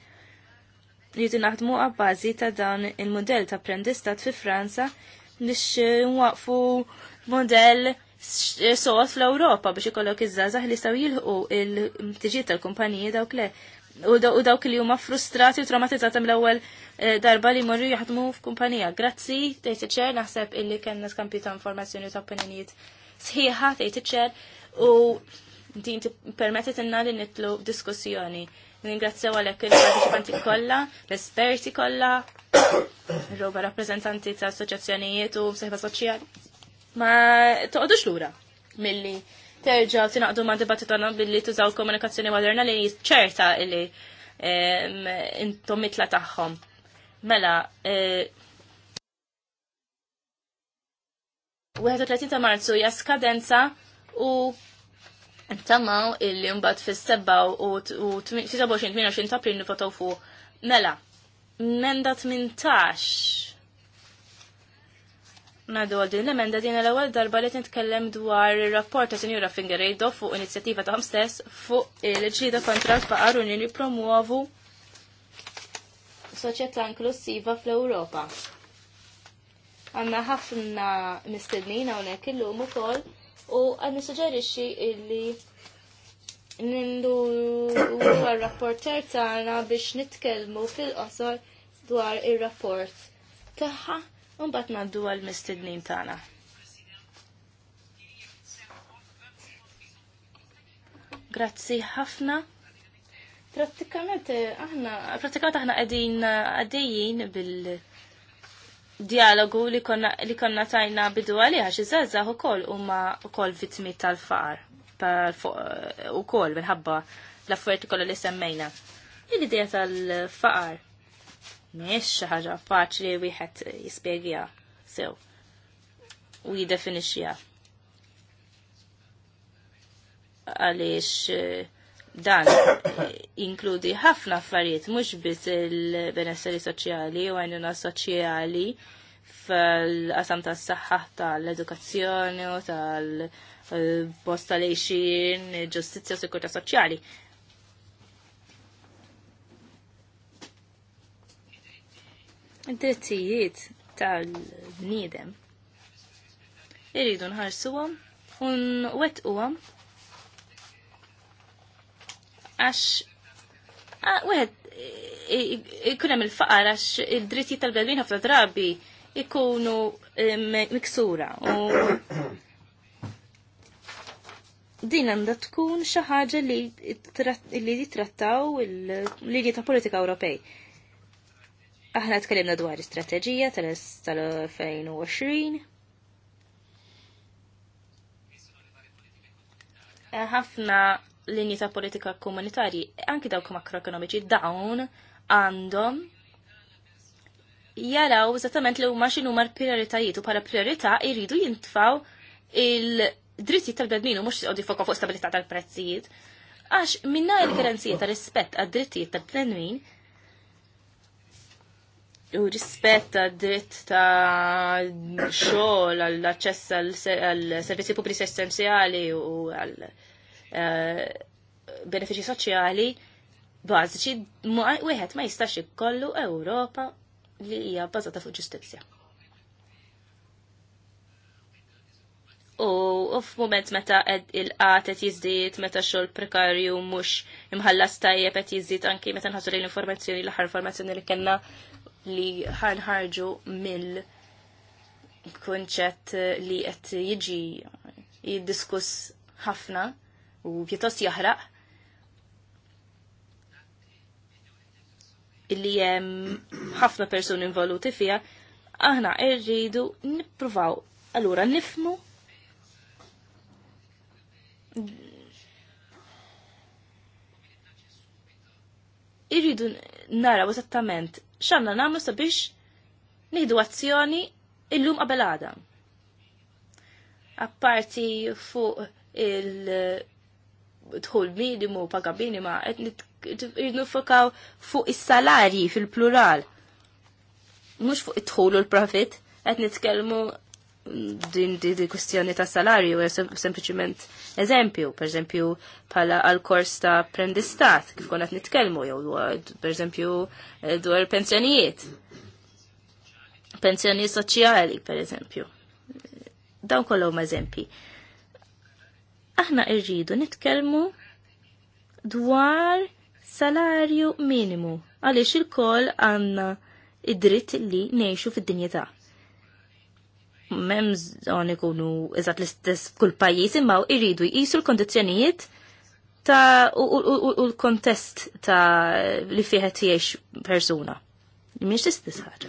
rridu naħdmu għabbażi ta' dan il-modell ta' prendistat fi Franza biex nwaqfu modell soqgħod fl-Ewropa biex ikollok iż-żgħażagħ li jistgħu jilħu il-mtiġiet tal-kumpaniji dawk le. U dawk li huma frustrati u traumatizzati mill-ewwel eh, darba li morru jaħdmu f'kumpanija. Grazzi, tgħid iċer naħseb illi kellna skampi ta' informazzjoni ta' opinjonijiet sħiħa tgħid iċer u din permettet inna li nitlu diskussjoni. Ningrazzjaw għalhekk il-partiċipanti kollha, l-esperti kollha, roba rappreżentanti ta' assoċjazzjonijiet u msejħba soċjali ma toqgħodux lura milli terġa' tinaqdu ma' dibattit tagħna billi tużaw komunikazzjoni moderna li ċerta illi intom mitla tagħhom. Mela, 31 e, ta' Marzu hija skadenza u tamaw illi mbagħad fis-7 u 28 ta' April nifotaw fuq. Mela, menda 18 Nadu għal din l-emenda din l-ewwel darba li nitkellem dwar ir-rapport ta' Sinjura Fingerejdo fuq inizjativa ta' stess fuq il-ġlida kontra l-faqar li promuovu soċjetà inklusiva fl-Ewropa. Għanna ħafna mistednin hawnhekk illum ukoll u għad nissuġġerixxi illi nindu għal-rapporter tagħna biex nitkellmu fil-qosor dwar ir-rapport tagħha bat naddu għal-mistednin tagħna. Grazzi ħafna. Pratikament eh, aħna, pratikament aħna qegħdin eh, għaddejjin bil dialogu li konna, bidu konna tajna bidu u xi u ukoll huma kol vittmi tal-faqar eh, ukoll minħabba l-affarijiet kollha li semmejna. Il-idea tal-faqar Mhijiex xi ħaġa faċli wieħed jispjegija sew u ya. Għaliex eh, dan inkludi ħafna affarijiet mhux biss il-benesseri soċjali u għajnuna soċjali fil-qasam tas-saħħa tal-edukazzjoni u tal-post tal ġustizzja u sikurta soċjali. id-drittijiet tal-bniedem. Irridu nħarsuhom u nwettquhom għax wieħed ikun hemm il-faqar għax id-drittijiet tal-bnedmin ħafna drabi ikunu miksura u din għandha tkun xi ħaġa li li jitrattaw il-linji ta' politika Ewropej Aħna tkellimna dwar istrateġija tal-2020. Ħafna linji ta' politika komunitarji, anki dawk makroekonomiċi, dawn għandhom jaraw eżattament li huma x'inhuma l-prijoritajiet u bħala priorità jridu jintfaw il-drittijiet tal-bnedmin u mhux jqogħdu jfokka fuq stabilità tal-prezzijiet. Għax minna l-garanzija ta' rispett għad drittijiet tal-bnedmin u rispetta dritt ta' xogħol għall aċċess għall servizzi pubbliċi essenzjali u għall eh, benefiċi soċjali bażiċi wieħed ma jistax ikollu Ewropa li hija bbażata fuq ġustizzja. U f'mument meta il-qat qed jiżdied, meta xogħol prekarju mhux imħallas tajjeb qed jiżdied anki meta nħassu lill informazzjoni l-aħħar informazzjoni li kellna li ħarġu mill kunċett li qed jiġi jiddiskuss ħafna u pjuttost jaħraq li hemm ħafna persuni involuti fija, aħna rridu nippruvaw allura nifmu irridu naraw esattament xanna nagħmlu sabiex nihdu azzjoni illum qabel għada. Apparti fuq il-dħul minimu, paga minima, qed nifokaw fuq is-salarji fil-plural. Mhux fuq id-dħul u l-profit, qed nitkellmu din di, di kustjoni ta' salarju e sempliciment eżempju, per eżempju pala għal kors ta' prendistat, kif konat nitkelmu, jew per eżempju eh, dwar pensjonijiet, Pensjonijiet soċjali, per eżempju. Dawn kollu ma' eżempi. Aħna irridu nitkelmu dwar salarju minimu, għaliex il-koll għanna id-dritt li neħxu fid-dinjeta mem ikunu eżat l-istess kull pajjiż imma irridu jqisu l-kondizzjonijiet ta' u l-kontest ta' li fieħed jgħix persuna. M'hiex l-istess ħaġa.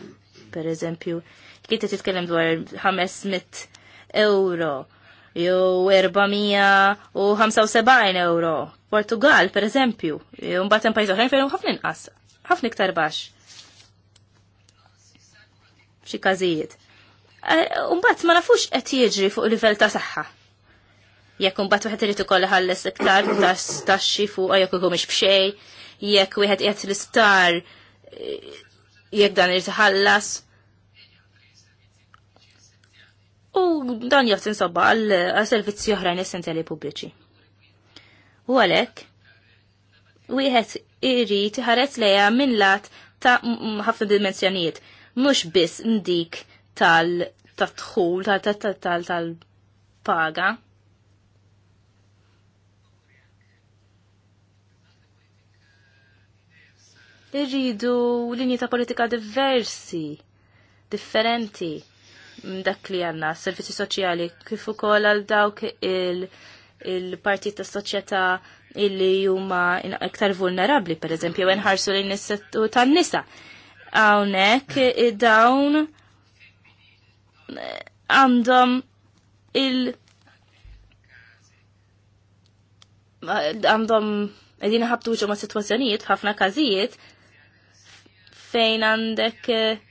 Per eżempju, qed titkellem dwar 500 euro jew 475 euro. Portugal, per eżempju, jew mbagħad hemm pajjiż oħrajn fejn ħafna inqas, ħafna iktar baxx. Xi każijiet Eh, umbat ma nafux qed jiġri fuq livell ta' saħħa. Jekk umbat wieħed irid ukoll iħalles iktar taxxi fuq jekk mhix b'xej, jekk wieħed qed l-isptar eh, jekk dan irid iħallas. U dan jgħat insabba għal servizzi oħrajn essenzjali pubbliċi. U għalhekk wieħed irid iħares lejha minn lat ta' ħafna dimensjonijiet, mhux biss ndik tal ta' tħul tal-paga. Irridu linji ta' politika diversi, differenti dak li għanna, servizzi soċjali, kif ukoll għal dawk il- il-partit ta' soċjetà illi huma iktar vulnerabbli, per eżempju, nħarsu lejn is-settu tan-nisa. Hawnhekk dawn għandhom il għandhom edin ħabtuġu ma' situazzjonijiet ħafna każijiet fejn għandek eh,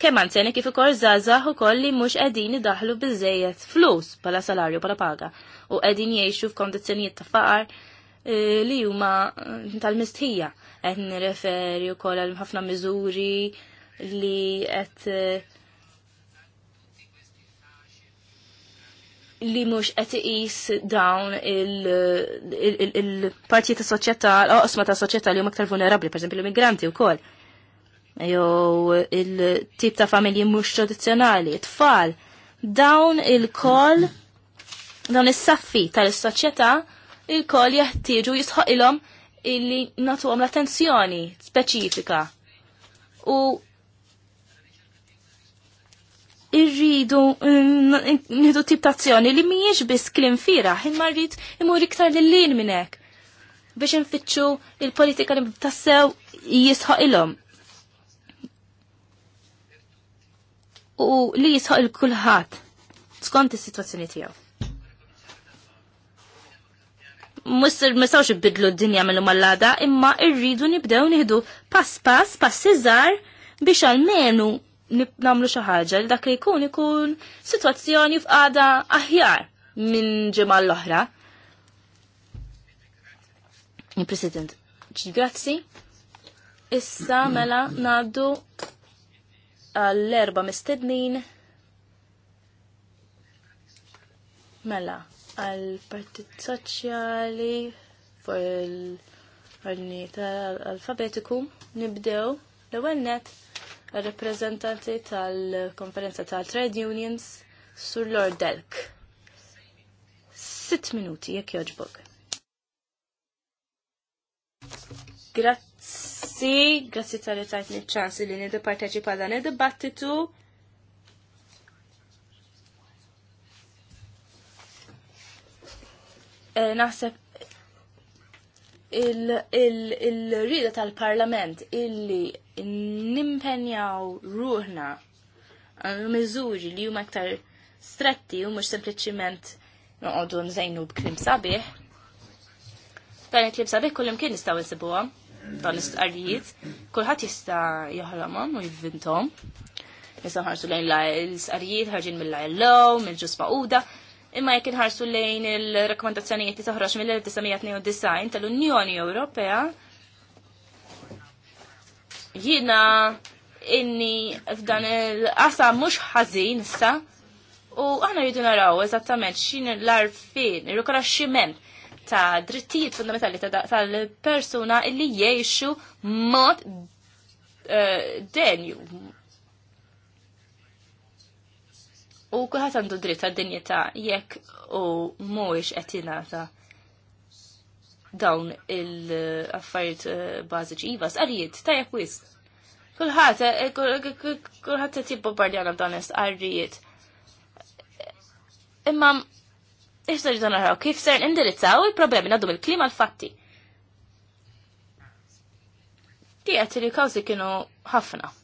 kemm għandsenek kif ukoll żgħażagħ ukoll li mhux qegħdin idaħlu biżejjed flus bħala salarju bħala paga u qegħdin jgħixu f'kondizzjonijiet ta' faqar eh, li huma eh, tal-mistħija qed nirreferi wkoll għal ħafna miżuri li qed li mhux qed iqis dawn il parti ta' soċieta, l osma ta' soċieta li huma aktar vulnerabbli, esempio l-immigranti wkoll. Jew il-tip ta' familji mhux tradizzjonali, tfal. Dawn il kol dawn is-saffi tal-soċjetà il kol jahtiġu jisħoq ilhom illi nagħtuhom l-attenzjoni speċifika. U irridu mm, nħidu tip li mhijiex biss klim fira, imma rrid imur iktar lil-lin minn hekk biex nfittxu il-politika li tassew jisħaq ilhom. U li jisħaq il kulħat skont is-sitwazzjoni tiegħu. Mister mistawx ibidlu d-dinja mill mallada, imma irridu nibdew nieħdu pass pass pass iżgħar biex għal-menu namlu xi ħaġa li dak li jkun ikun sitwazzjoni f'qada aħjar minn ġimgħa l-oħra. President, grazzi. Issa mela naddu għall-erba mistednin mela għall-Partit Soċjali for l-Ordni tal-Alfabetiku nibdew l-ewwel rappresentanti tal-konferenza tal-Trade Unions sur Lord Delk. Sitt minuti, jekk joġbog. Grazzi, grazzi tal-li tajtni ċans li nid parteċipa dan id-dibattitu. Eh, naħseb il-rida tal-parlament illi nimpenjaw ruħna għal miżuri li huma aktar stretti u mhux sempliciment noqogħdu nżejnu b'klim sabiħ. Dan il-klim sabiħ kullim kien nistaw nsibuhom dan l-istqarrijiet, kulħadd jista' joħlamhom u jivvintom. Nistaw ħarsu lejn l-istqarrijiet ħarġin mill-ILO, mill-ġus Uda, imma jekk inħarsu lejn il-rakkomandazzjonijiet li toħroġ mill-1992 tal-Unjoni Ewropea Jina inni f'dan il-qasa mhux ħażin sa u aħna rridu naraw eżattament x'in l-arfin, il rikonoxximent ta' drittijiet fundamentali tal-persuna illi jgħixu mod eh, denju. U kulħadd għandu dritt għad-dinjità jekk u mhuwiex qed jingħata dawn il-affarijiet eh, bażiċi iva, ta' tajjeb Kulħat, Kulħadd eh, kulħadd qed jibbombardjana b'dan l-istqarrijiet. Imma issa ġidan naraw kif ser indirizzaw il-problemi nagħdu il-klima l-fatti. Tiegħet li kawżi kienu ħafna.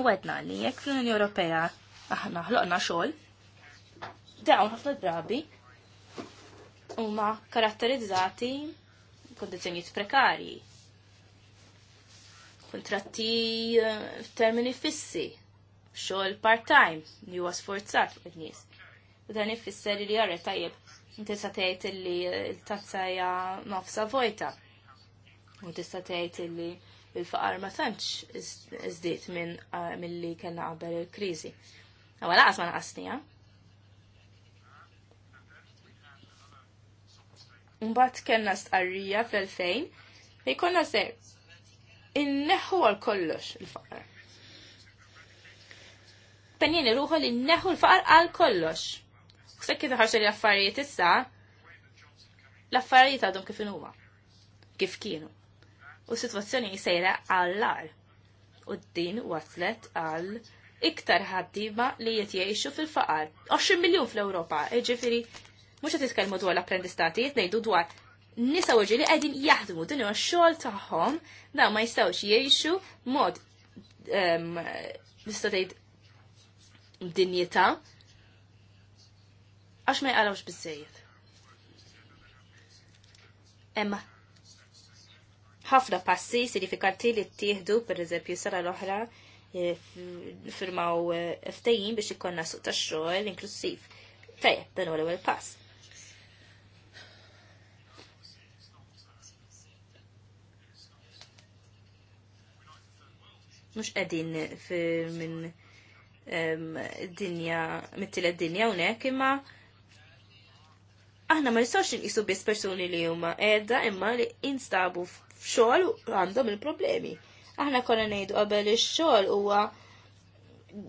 U għedna li jekk fl-Unjoni Ewropea aħna ħloqna xogħol, dawn ħafna drabi huma karatterizzati kondizzjonijiet prekarji. Kontratti eh, f'termini fissi, xogħol part-time li huwa sforzat fuq in-nies. U dan ifisser li jarre tajjeb inti sa tgħid li eh, l-tazza hija nofsa vojta. U tista' tgħid li l faqar ma tantx żdiet minn eh, milli kellna qabel il-kriżi. Awa laqas ma naqasnija. Mbagħad kellna stqarrija fl-2000 fejn konna se inneħħu għal kollox il-faqar. Penjen ruħu li nneħħu l-faqar għal kollox. Sekk kif ħarġu l-affarijiet issa, l-affarijiet għadhom kif huma. Kif kienu. U s-sitwazzjoni jsejra għall U d-din waslet għal iktar ħaddiema li jitjiexu fil-faqar. 20 miljon fl-Europa, ġifiri mhux qed nitkellmu dwar l-apprendistati, qed ngħidu dwar nisa uġi li qegħdin jaħdmu din huwa x-xogħol tagħhom da ma jistgħux jgħixu mod l-istatajt ehm, dinjeta, għax ma jgħalawx biżejjed. Emma, ħafna passi sinifikanti li ttieħdu pereżempju sara l-oħra e, firmaw e, ftejjin biex ikonna suq tax-xogħol inklusiv. Tajjeb, dan huwa l-ewwel pass. mux edin minn dinja, mittilet dinja unek, imma aħna ma nistawx nqisu biss persuni li huma edda imma li instabu f'xogħol għandhom il-problemi. Aħna konna ngħidu qabel ix-xogħol huwa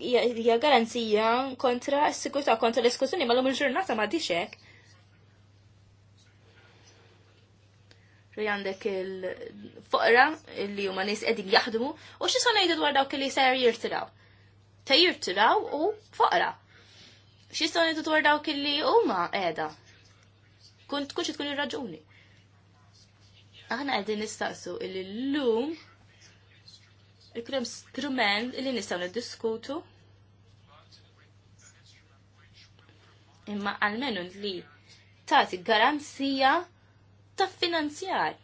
hija garanzija kontra s-sikurtà kontra l-eskursjoni ma l-lum il-ġurnata ma dixek. ri għandek il-foqra li huma nies qegħdin jaħdmu u xi son ngħidu dwar dawk li ser jirtiraw. Ta' jirtiraw u foqra. Xi son ngħidu dwar dawk li huma qiegħda. Kunt tkunx tkun irraġuni? Aħna qegħdin nistaqsu illi llum ikrem strument li nistgħu niddiskutu imma għalmenu li tagħti garanzija ta' finanzjar.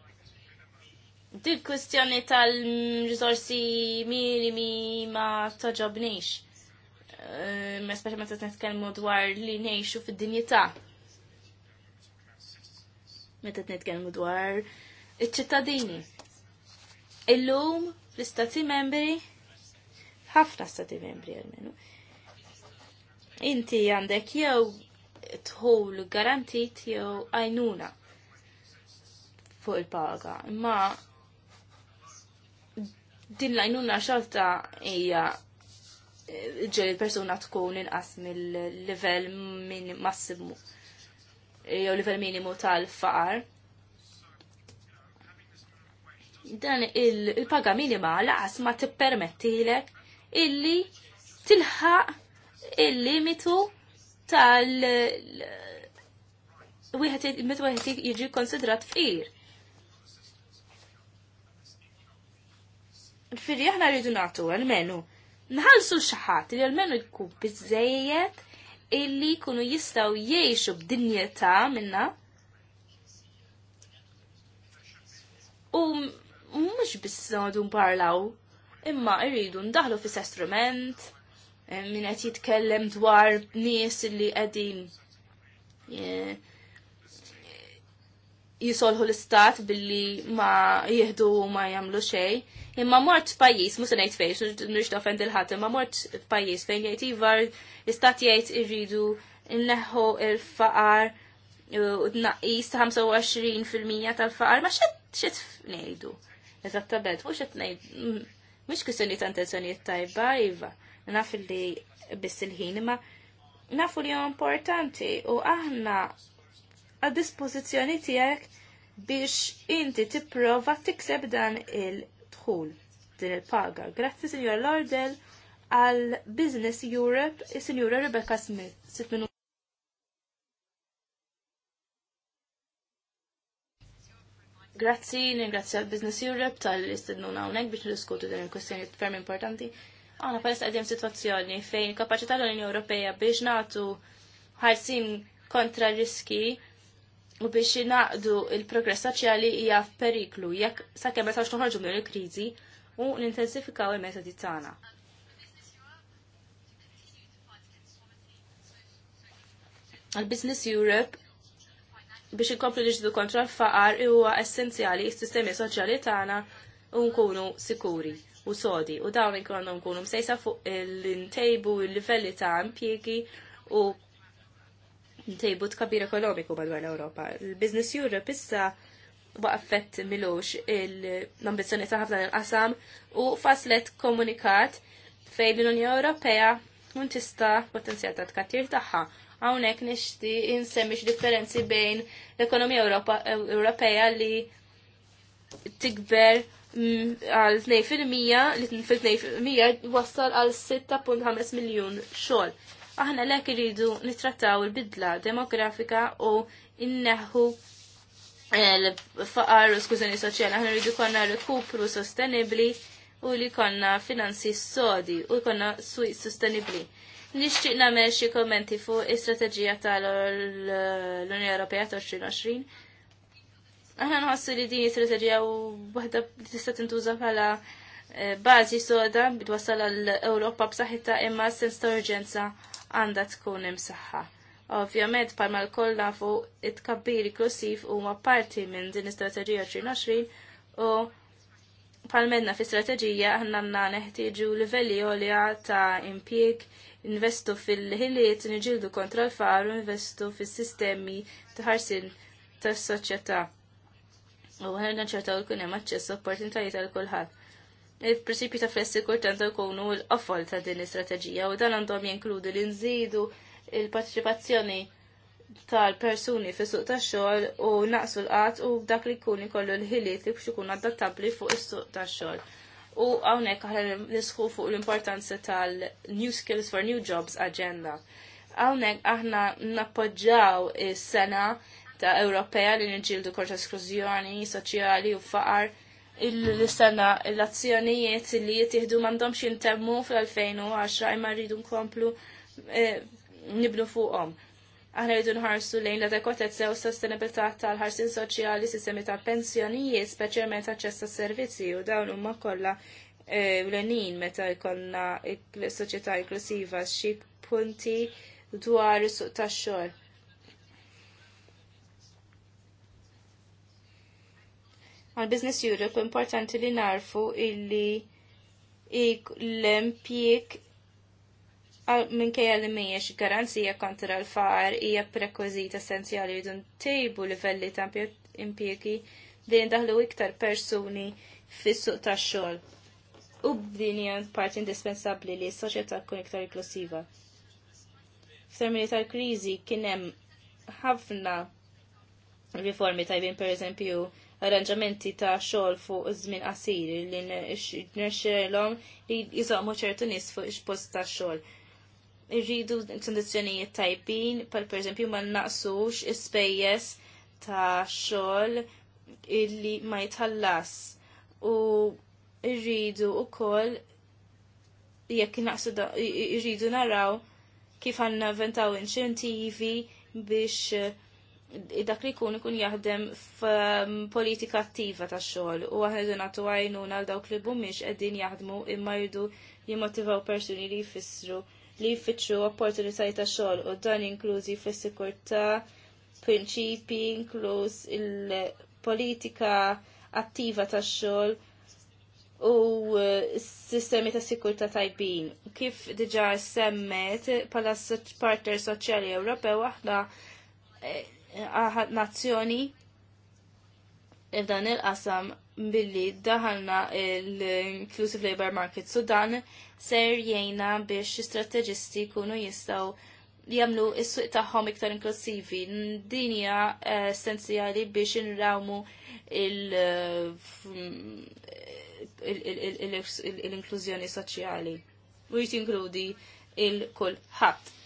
Dik kwestjoni tal-rizorsi mi ma toġobnix. Eh, ma speċjalment qed nitkellmu dwar li ngħixu fid-dinjità. Meta t nitkellmu dwar iċ-ċittadini. Illum l-istati membri ħafna stati membri għalmenu. Inti għandek jew tħol garantit jew għajnuna fuq il-paga. Ma din lajnuna xalta hija eh, ġeri persuna tkun inqas mill-level massimu eh, jew level minimu tal-faqar. Dan il-paga minima laqas ma tippermettilek illi tilħaq il-limitu tal- wieħed meta wieħed jiġi konsidrat fqir. Firri aħna rridu nagħtu għal-menu. Nħallsu xaħat li għal-menu jkun bizzejiet illi kunu jistaw jiexu b'dinjeta minna u mux bissadu mparlaw imma irridu ndaħlu fis strument eh, minn qed jitkellem dwar nies illi qegħdin eh, jisolħu l-istat billi ma jihdu ma jamlu xej. Imma mort f'pajjiż, musa nejt ngħid nux nix offend il ħat imma mort pajis fejn jgħid ivar istat jgħid irridu nneħħu il-faqar u tnaqqis ta' 25% tal-faqar, ma xed xed ngħidu. Eżattament, mhux qed ngħid mhux kwistjoni ta' intenzjonijiet tajba, iva, naf li biss il-ħin, imma nafu li importanti u aħna għad dispozizjoni tiegħek biex inti tipprova tikseb dan il-dħul, din il-paga. Grazzi, Signor Lordel, għal Business Europe, e Signora Rebecca Smith. Grazzi, ringrazzi għal Business Europe tal-istednuna nawnek biex niskutu din il-kwestjoni ferm importanti. Għana palest għadjem situazzjoni fejn kapacità l-Unjoni Ewropea biex natu ħarsin kontra riski u biex naqdu il-progress soċjali hija f'periklu jekk sakemm ma sawx noħorġu minn il-kriżi u nintensifikaw il-metodi tagħna. Għal-Business Europe biex inkomplu ġdu kontra l-faqar huwa essenzjali s-sistemi soċjali tagħna u nkunu sikuri u sodi u dawn inkunu nkunu msejsa fuq l-intejbu l-livelli ta' impjiegi u ntejbu tkabir ekonomiku madwar l-Ewropa. Il-Business Europe issa waqfet milux l-ambizjoni ta' ħafna l-qasam u faslet komunikat fejn l-Unjoni Ewropea un tista' potenzjal ta' tkattir tagħha. Hawnhekk nixti insemmix differenzi bejn l-ekonomija Ewropea li tikber mm, għal 2% li fil-2% wassal għal 6.5 miljun xogħol Aħna lek iridu nitrattaw il-bidla demografika u inneħu l-faqar u skużani soċjali. Aħna rridu konna rikupru sostenibli u li konna finanzi sodi u konna sui sostenibli. Nixtieq nagħmel xi kommenti fuq is-strateġija tal-Unjoni Ewropea 2020. Aħna nħossu li din is-strateġija waħda li tista' tintuża bħala eh, bażi soda bidwassal l ewropa b'saħħitha imma sens ta' urġenza għandha tkun imsaħħa. Ovvjament palma l-koll nafu it-kabbir inklusiv huma parti minn din istrateġija 2020 u palmenna fi strateġija għanna neħtieġu livelli għolja ta' impjeg, investu fil-ħiliet, niġildu kontra l-far u investu fil-sistemi taħarsin tas soċjetà U għanna ċertaw l-kunem għacċess opportunitajiet għal kulħadd il-prinċipju ta' flessikurta għandu jkunu l-qofol ta' din l-istrateġija u dan għandhom jinkludi li nżidu il-parteċipazzjoni tal-persuni fis suq tax xogħol u naqsu l-qatt u dak li jkun ikollu l-ħiliet li biex ikun adattabbli fuq is-suq tax xogħol. U hawnhekk aħna nisħu fuq l-importanza tal-New Skills for New Jobs Agenda. Hawnhekk aħna nappoġġaw is-sena ta' Ewropea li kol ta' esklużjoni soċjali u faqar l-istana l-azzjonijiet li jittieħdu m'għandhomx jintemmu fl-2010 imma rridu nkomplu eh, nibnu fuqhom. Aħna rridu nħarsu lejn l-adekwatezza u sostenibilità tal-ħarsin soċjali, sistemi ta' pensjonijiet, speċjalment aċċess ta' servizzi u dawn huma kollha eh, l-għanin meta jkollna soċjetà inklusiva xi punti dwar is-suq tax-xogħol għal Business Europe importanti li narfu illi l-impjik minkejja li mhijiex garanzija kontra l far hija prekwizit essenzjali li dun tejbu livelli ta' impjeki li jindaħlu iktar persuni fis-suq tax-xogħol. U b'din hija parti indispensabbli li s-soċjetà tkun iktar inklusiva. F'termini tal-kriżi kien hemm ħafna riformi tajbin pereżempju arranġamenti ta' xogħol fuq żmien qasir li nexxelhom li jżommu ċertu nies fuq ix-post ta' xogħol. Irridu kondizzjonijiet tajbin, per pereżempju ma naqsux ispejjeż ta' xogħol illi ma jitħallas u irridu wkoll jekk naqsu irridu naraw kif għanna ventaw inċentivi biex dak li kun ikun jaħdem f'politika attiva ta' xogħol u għahdu nagħtu għajnuna għal dawk li mhumiex qegħdin jaħdmu imma jridu jimmotivaw persuni li jfissru li jfittxu opportunitajiet ta' xogħol u dan inklużi fis-sikurtà, prinċipi, inkluż il-politika attiva ta' xogħol u s-sistemi ta' sikurta tajbin. Kif diġa semmet pala partner soċjali Ewropew aħna eh, nazzjoni f'dan il-qasam billi daħalna l-Inclusive Labor Market Sudan ser jgħina biex strateġisti kunu jistaw jamlu is suq taħħom iktar inklusivi. Dinja eh, essenzjali biex nrawmu eh, l-inklużjoni soċjali. U jinkludi il-kull ħadd.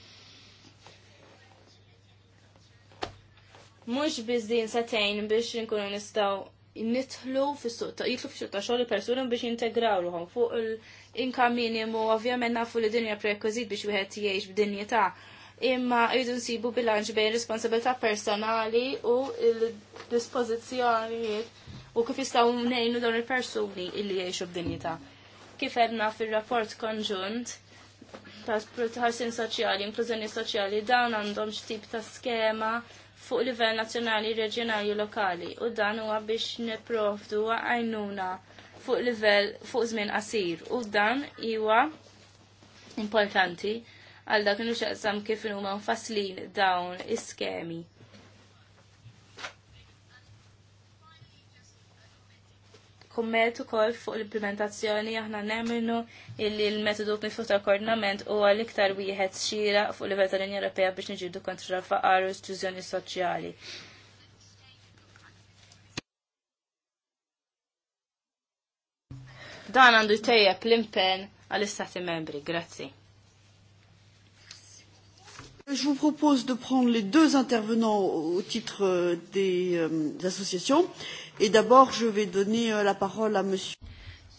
mhux biss setajn setejn biex inkunu nistgħu nitħlu fis sutta ta' jitlu fis ta' xogħol persuna biex jintegraw ruħhom fuq l inka minimu ovvijament nafu li dinja prerequisit biex wieħed jgħix b'dinjità imma jridu nsibu bilanċ bejn responsabilità personali u l-dispożizzjonijiet u kif jistgħu mnejnu dawn il-persuni illi jgħixu b'dinjità. Kif edna fir-rapport konġunt, ta' protħarsin soċjali, inklużjoni soċjali, dawn għandhom x'tip ta' skema fuq livell nazzjonali, reġjonali u lokali u dan huwa biex nipprovdu għajnuna fuq livell fuq żmien qasir u dan huwa importanti għal dak nuxaqsam kif huma mfasslin dawn is-skemi kumment ukoll fuq l-implementazzjoni aħna nemmenu illi l-metodu mifut tal-koordinament u għal iktar wieħed xira fuq livell l unjoni Ewropea biex niġidu kontra l-faqar u l-istruzzjoni soċjali. Dan għandu tejjeb l-impen għall-Istati membri. Grazzi. Je vous propose de prendre les deux intervenants au titre euh, des, euh, des associations. Et d'abord, je vais donner euh, la parole à monsieur.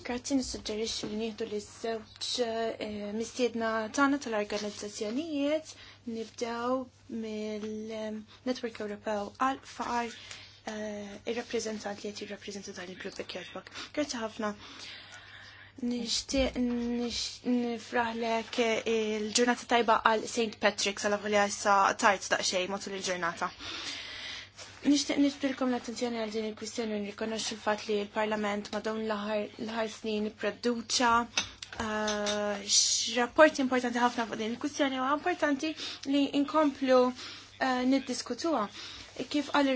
Kartin suġġerixxi li nieħdu li żewġ eh, mistiedna tagħna tal-organizzazzjonijiet nibdew mill-Network eh, Ewropew għal faqar eh, ir-rappreżentant li qed jirrappreżenta dan il-grupp ikjerbok. Grazzi ħafna. Nishtiq nifraħlek il-ġurnata tajba għal St. Patrick's għal għolja sa tajt daqxej matul il-ġurnata. Nishtiq nisbilkom l-attenzjoni għal din il-kwistjoni nirrikonoxxu l-fatt li l-Parlament ma dawn l-ħar snin produċa eh, rapporti importanti ħafna fuq din il-kwistjoni u importanti li inkomplu eh, niddiskutuha. Kif għal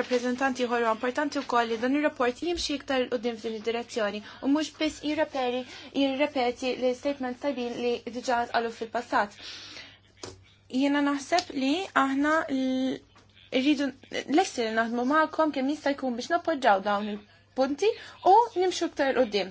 rappreżentanti ħorru importanti u koll li dan il-rapport jimxi iktar u din f'din id-direzzjoni u mhux biss jirreperi jirrepeti li statement tajbin li diġa għalu fil-passat. Jiena naħseb li aħna irridu l essir naħdmu maħkom kem jista' jkun biex nappoġġaw dawn il-punti u nimxu ktar qoddim.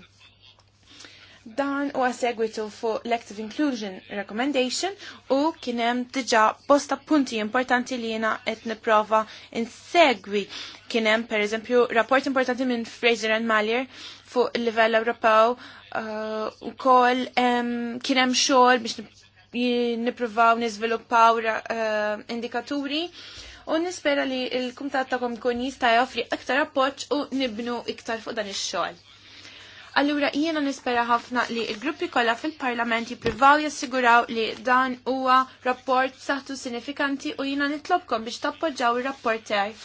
Dan u għasegwitu fuq l-Active Inclusion Recommendation u kienem diġa bosta punti importanti li jena et niprofa insegwi. Kienem per eżempju rapport importanti minn Fraser and Malier fuq il-livell Ewropew uh, u kol um, kienem xol biex niprofaw nizviluppaw uh, indikaturi. Uh, u nispera li l-kumtat ta'kom kun jista' joffri iktar appoġġ u nibnu iktar fuq dan ix-xogħol. Allura jiena nispera ħafna li il-gruppi kollha fil-Parlament jippruvaw jassiguraw li dan huwa rapport saħtu sinifikanti u jiena nitlobkom biex tappoġġaw ir-rapport tiegħi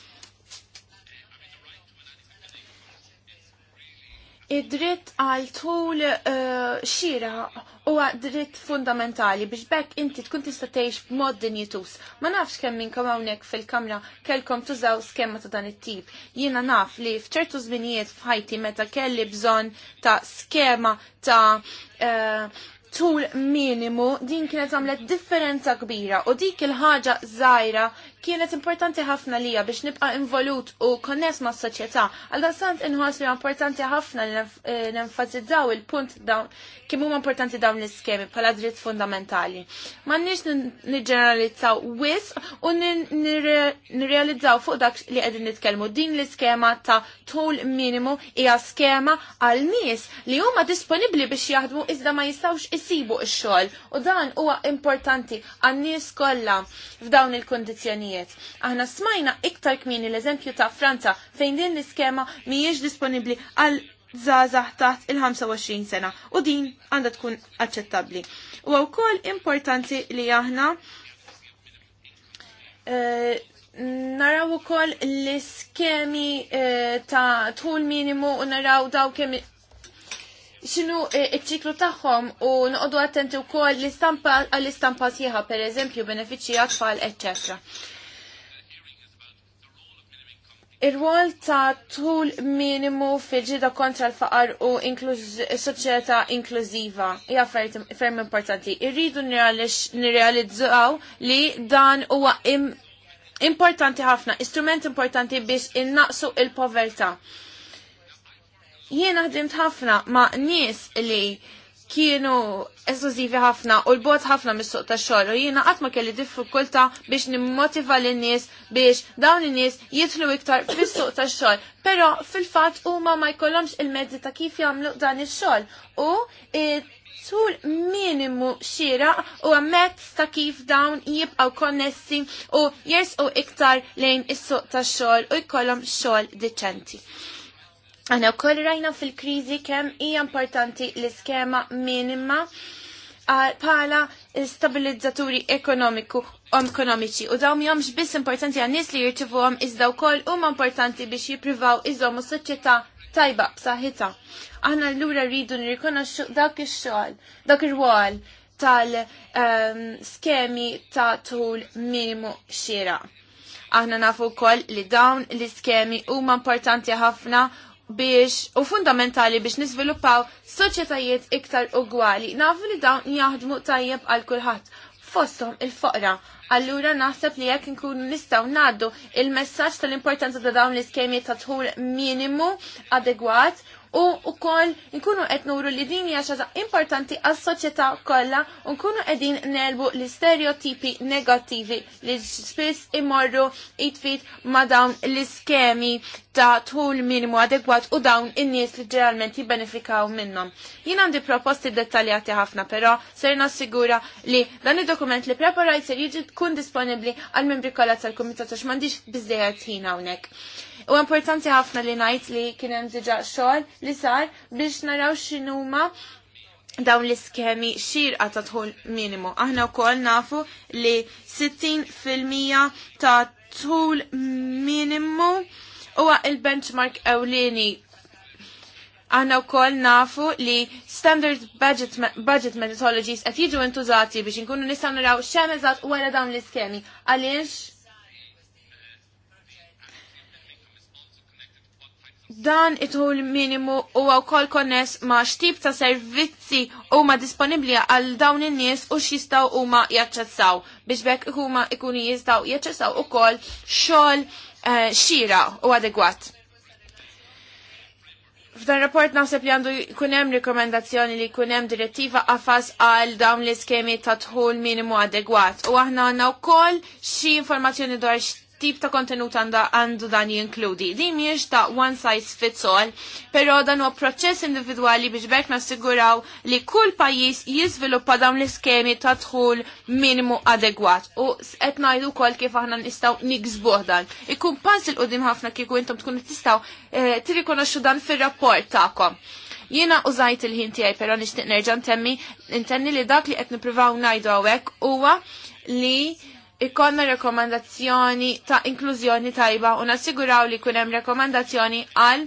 id-dritt għal tul eh, xira u dritt fundamentali biex bekk inti tkun tista' tgħix b'mod dinjitus. Ma nafx kemm minnkom hawnhekk fil-kamra kellkom tużaw skema ta' dan it-tip. Jiena naf li f'ċertu żminijiet f'ħajti meta kelli bżonn ta' skema ta' eh, tul minimu din kienet għamlet differenza kbira u dik il-ħaġa żgħira kienet importanti ħafna lija biex nibqa' involut u konness ma' soċjetà. għalda sant inħoss li importanti ħafna li eh, nenfasizzaw il-punt dawn kemm huma importanti dawn l-iskemi bħala dritt fundamentali. M'għandniex niġġeneralizzaw wis u nirrealizzaw fuq dak li qegħdin nitkellmu din l-iskema ta' tul minimu hija skema għal nies li huma disponibbli biex jaħdmu iżda ma jistgħux isibu ix xogħol u dan huwa importanti għan-nies kollha f'dawn il-kondizzjonijiet kmieniet. Aħna smajna iktar kmieni l-eżempju ta' Franza fejn din l-iskema mhijiex disponibbli għal żgħażagħ taħt il-25 sena u din għandha tkun aċċettabbli. U wkoll importanti li aħna naraw eh, naraw ukoll l-iskemi eh, ta' tul minimu u naraw daw kemm xinu eh, il-ċiklu tagħhom u noqogħdu attenti wkoll l-istampa għall-istampa sieħa pereżempju benefiċċji għatfall, eċċetera. Ir-rwol ta' tul minimu fil-ġida kontra l-faqar u soċieta inklużiva hija ferm importanti. Irridu nirrealizzaw li dan huwa importanti ħafna, istrument importanti biex innaqsu il-povertà. Jiena ħdimt ħafna ma' nies li kienu eżużivi ħafna u l-bot ħafna mis-suq ta' xogħol u jiena qatt ma kelli diffikultà biex nimmotiva lin nies biex dawn in-nies jidħlu iktar fis-suq ta' xogħol. Però fil-fatt huma ma jkollhomx il-mezzi ta' kif jagħmlu dan ix-xogħol u tul minimu xira u għammet ta' kif dawn jibqaw konnessi u jersqu iktar lejn is-suq ta' xogħol u jkollhom xogħol diċenti. Għana u koll rajna fil-krizi kem hija importanti l-iskema minima pala stabilizzaturi ekonomiku u ekonomiċi u dawn jomx biss importanti għan nis li jirċivu għom iżda u koll importanti biex jiprivaw iżomu soċieta tajba b'saħħitha. Aħna l-lura rridu nirrikonoxxu dak ix-xogħol, dak ir-rwol tal-skemi ehm, ta' tul minimu xira. Aħna nafu wkoll li dawn l-iskemi huma importanti ħafna biex u fundamentali biex nisviluppaw soċjetajiet iktar ugwali. Nafu li dawn jaħdmu tajjeb għal kulħadd fosthom il-foqra. Allura naħseb li jekk nkunu nistgħu ngħaddu il-messaġġ tal-importanza ta' dawn l-iskemi ta' tħul minimu adegwat u ukoll nkunu qed nuru li din hija xi importanti għas-soċjetà kollha u nkunu qegħdin nelbu l-istereotipi negattivi li spiss imorru jitfit ma' dawn l-iskemi ta' tħul minimu adegwat u dawn in-nies li ġeneralment jibbenefikaw minnhom. Jien għandi proposti dettaljati ħafna però ser nassigura li dan id-dokument li preparajt ser jiġi tkun disponibbli għal membri kollha tal-Kumitat għax m'għandix biżdejjed ħin hawnhekk. U importanti ħafna li najt li kienem diġa xogħol li sar biex naraw x'inhuma dawn l-iskemi xirqa ta' tħol minimu. Aħna wkoll nafu li 60% ta' tħol minimu huwa il-benchmark ewlieni aħna wkoll nafu li standard budget, budget methodologies qed jiġu intużati biex inkunu nistgħu naraw xemezat eżatt għara dawn l-iskemi. Għaliex dan it-tul minimu u wkoll konness ma' xtib ta' servizzi huma disponibbli għal dawn in-nies u u huma jaċċessaw biex bekk huma ikuni jistgħu jaċċessaw ukoll xogħol xol eh, xira u adegwat. F'dan rapport naħseb li għandu kunem rekomendazzjoni li kunem direttiva għafas għal dawn l-iskemi ta' tħul minimu adegwat. U aħna għanna u kol xie informazzjoni dwar ti-tip ta' kontenut għandu dan jinkludi. Din miex ta' one size fits all, però dan huwa proċess individwali biex bekk nassiguraw li kull pajjiż jiżviluppa dawn l-iskemi ta' dħul minimu adegwat u qed ngħidu wkoll kif aħna nistgħu niksbuh dan. Ikun pass il qudiem ħafna kieku intom tkunu tistgħu eh, tirrikonoxxu dan fir-rapport tagħkom. Jiena użajt il-ħin tiegħi però nixtieq nerġa' ntemmi intenni li dak li qed nippruvaw ngħidu hawnhekk huwa li ikonna rekomandazzjoni ta' inklużjoni tajba u nassiguraw li kunem rekomandazzjoni għal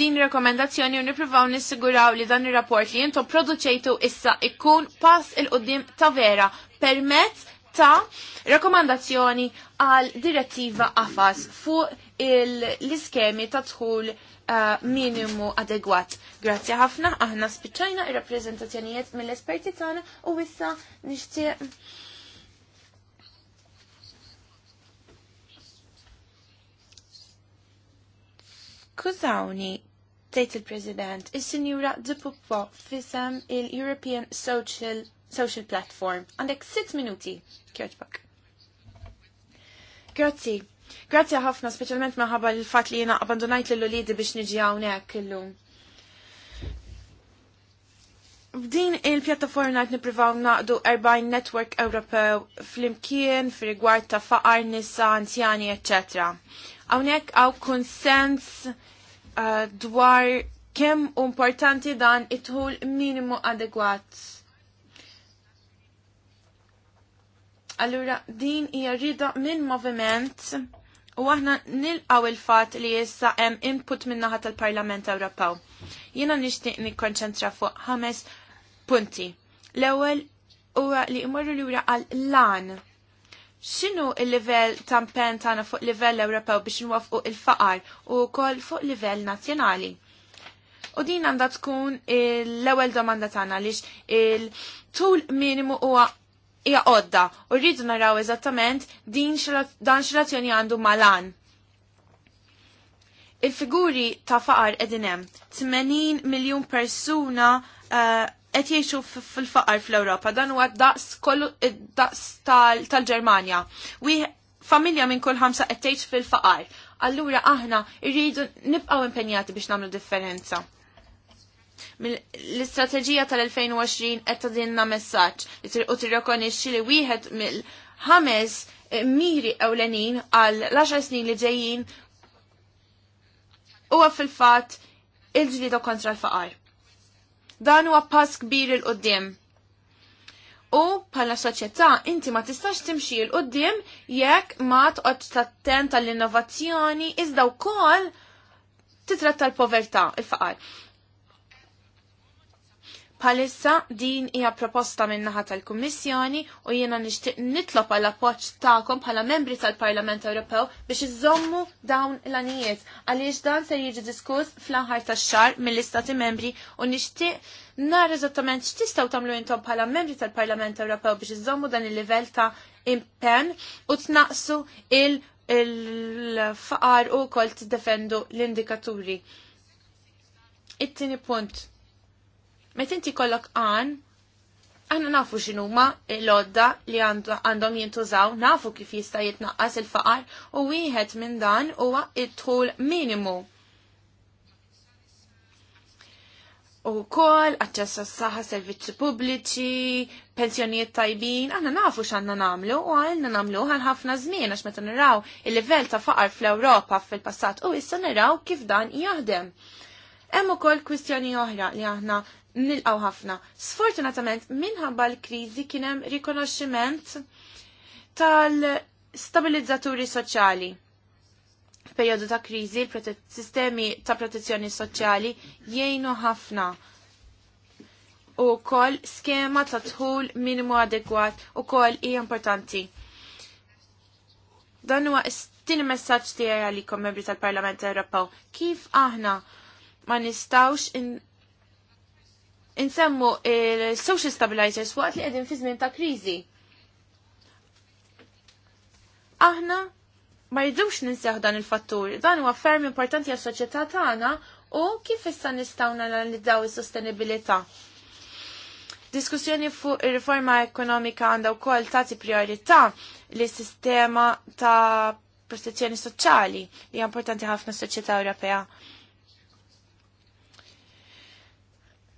din rekomendazzjoni u nipruvaw nissiguraw li dan ir-rapport li jintom produċejtu issa ikkun pass il-qoddim ta' vera permezz ta' rekomandazzjoni għal direttiva AFAS fuq l-iskemi ta' tħul eh, minimu adegwat. Grazzi ħafna, aħna spiċċajna ir-rappreżentazzjonijiet mill-esperti tagħna u wissa nixtieq Kużawni, tgħid il-President, is-Sinjura Dipuppo fisem il-European Social Social Platform. Għandek 6 minuti, kjoġbak. Grazzi. Grazzi ħafna, specialment maħabba l-fat li jena abbandonajt l-lulidi biex niġi għawnek kellu. B'din il-pjattaforma qed nippruvaw naqdu erbajn network Ewropew flimkien fil rigward ta' faqar nisa, anzjani, etc. Hawnhekk għaw konsens uh, dwar kemm importanti dan it-tħul minimu adegwat. Allura din hija rida minn moviment u aħna nilqaw il-fat li jessa hemm input minnaħa tal-Parlament Ewropew. Jiena nixtieq nikkonċentra fuq ħames punti. L-ewwel huwa li jmorru lura għal lan. X'inhu il-livell tampen tagħna fuq livell Ewropew biex nwafqu il-faqar u wkoll fuq livell nazzjonali. U din għandha tkun l-ewwel domanda tagħna għaliex il-tul minimu huwa hija għodda u rridu naraw eżattament din dan x'relazzjoni għandu malan. Il-figuri ta' faqar edinem, 80 miljon persuna eh, qed uh, jgħixu fil-faqar fl-Ewropa, dan huwa daqs kollu eh, daqs tal-Ġermanja. familja minn kull ħamsa qed tgħix fil-faqar. Allura aħna rridu nibqgħu impenjati biex nagħmlu differenza. L-istrateġija tal-2020 qed dinna messaġġ li u tirrekonixxi li wieħed mill-ħames eh, miri ewlenin għal l-10 snin li ġejjin huwa fil-fatt il-ġlieda kontra l-faqar. Dan huwa pass kbir il qudiem U bħala soċjetà inti ma tistax timxi l qudiem jekk ma tqgħodx tattent tal-innovazzjoni iżda wkoll titratta l-povertà, il-faqar. Palissa din hija proposta minn naħa tal-Kummissjoni u jiena nixtieq nitlob għal appoġġ tagħkom bħala membri tal-Parlament Ewropew biex iżommu dawn l-anijiet għaliex dan se jiġi diskuss fl-aħħar tax-xahar mill-Istati Membri u nixtieq nar eżattament x'tistgħu tagħmlu intom bħala membri tal-Parlament Ewropew biex iżommu dan il-livell ta' impenn u tnaqsu il- faqar u kol t-defendu l-indikaturi. it tieni punt Met inti kollok għan, għanna nafu xinuma l-odda li għandhom jintużaw, nafu kif jista' jitnaqqas il-faqar u wieħed minn dan huwa t-tħul minimu. U kol, aċċess s-saħħa servizzi pubbliċi, pensjonijiet tajbin, għanna nafu x'għandna namlu u għanna namlu għal ħafna żmien għax meta naraw il-livell ta' faqar fl-Ewropa fil-passat u issa naraw kif dan jaħdem. Hemm ukoll kwistjoni oħra li aħna nilqaw ħafna. Sfortunatament, minħabba l-krizi kienem rikonoxximent tal-stabilizzaturi soċjali. F'perjodu ta' krizi, sistemi ta' protezzjoni soċjali jgħinu ħafna u kol skema ta' tħul minimu adekwat u kol hija importanti. Dan huwa stini messaġġ tiegħi għalikom membri tal-Parlament Ewropew. Kif aħna ma nistawx insemmu il-social stabilizers waqt li qegħdin fi żmien ta' kriżi. Aħna ma jidux ninseħ dan il-fattur, dan huwa ferm importanti għas-soċjetà tagħna u kif issa nistgħu nanalizzaw is-sostenibilità. Diskussjoni fuq ir-riforma ekonomika għandha wkoll tagħti priorità li sistema ta' protezzjoni soċjali li hija importanti ħafna s-soċjetà Ewropea.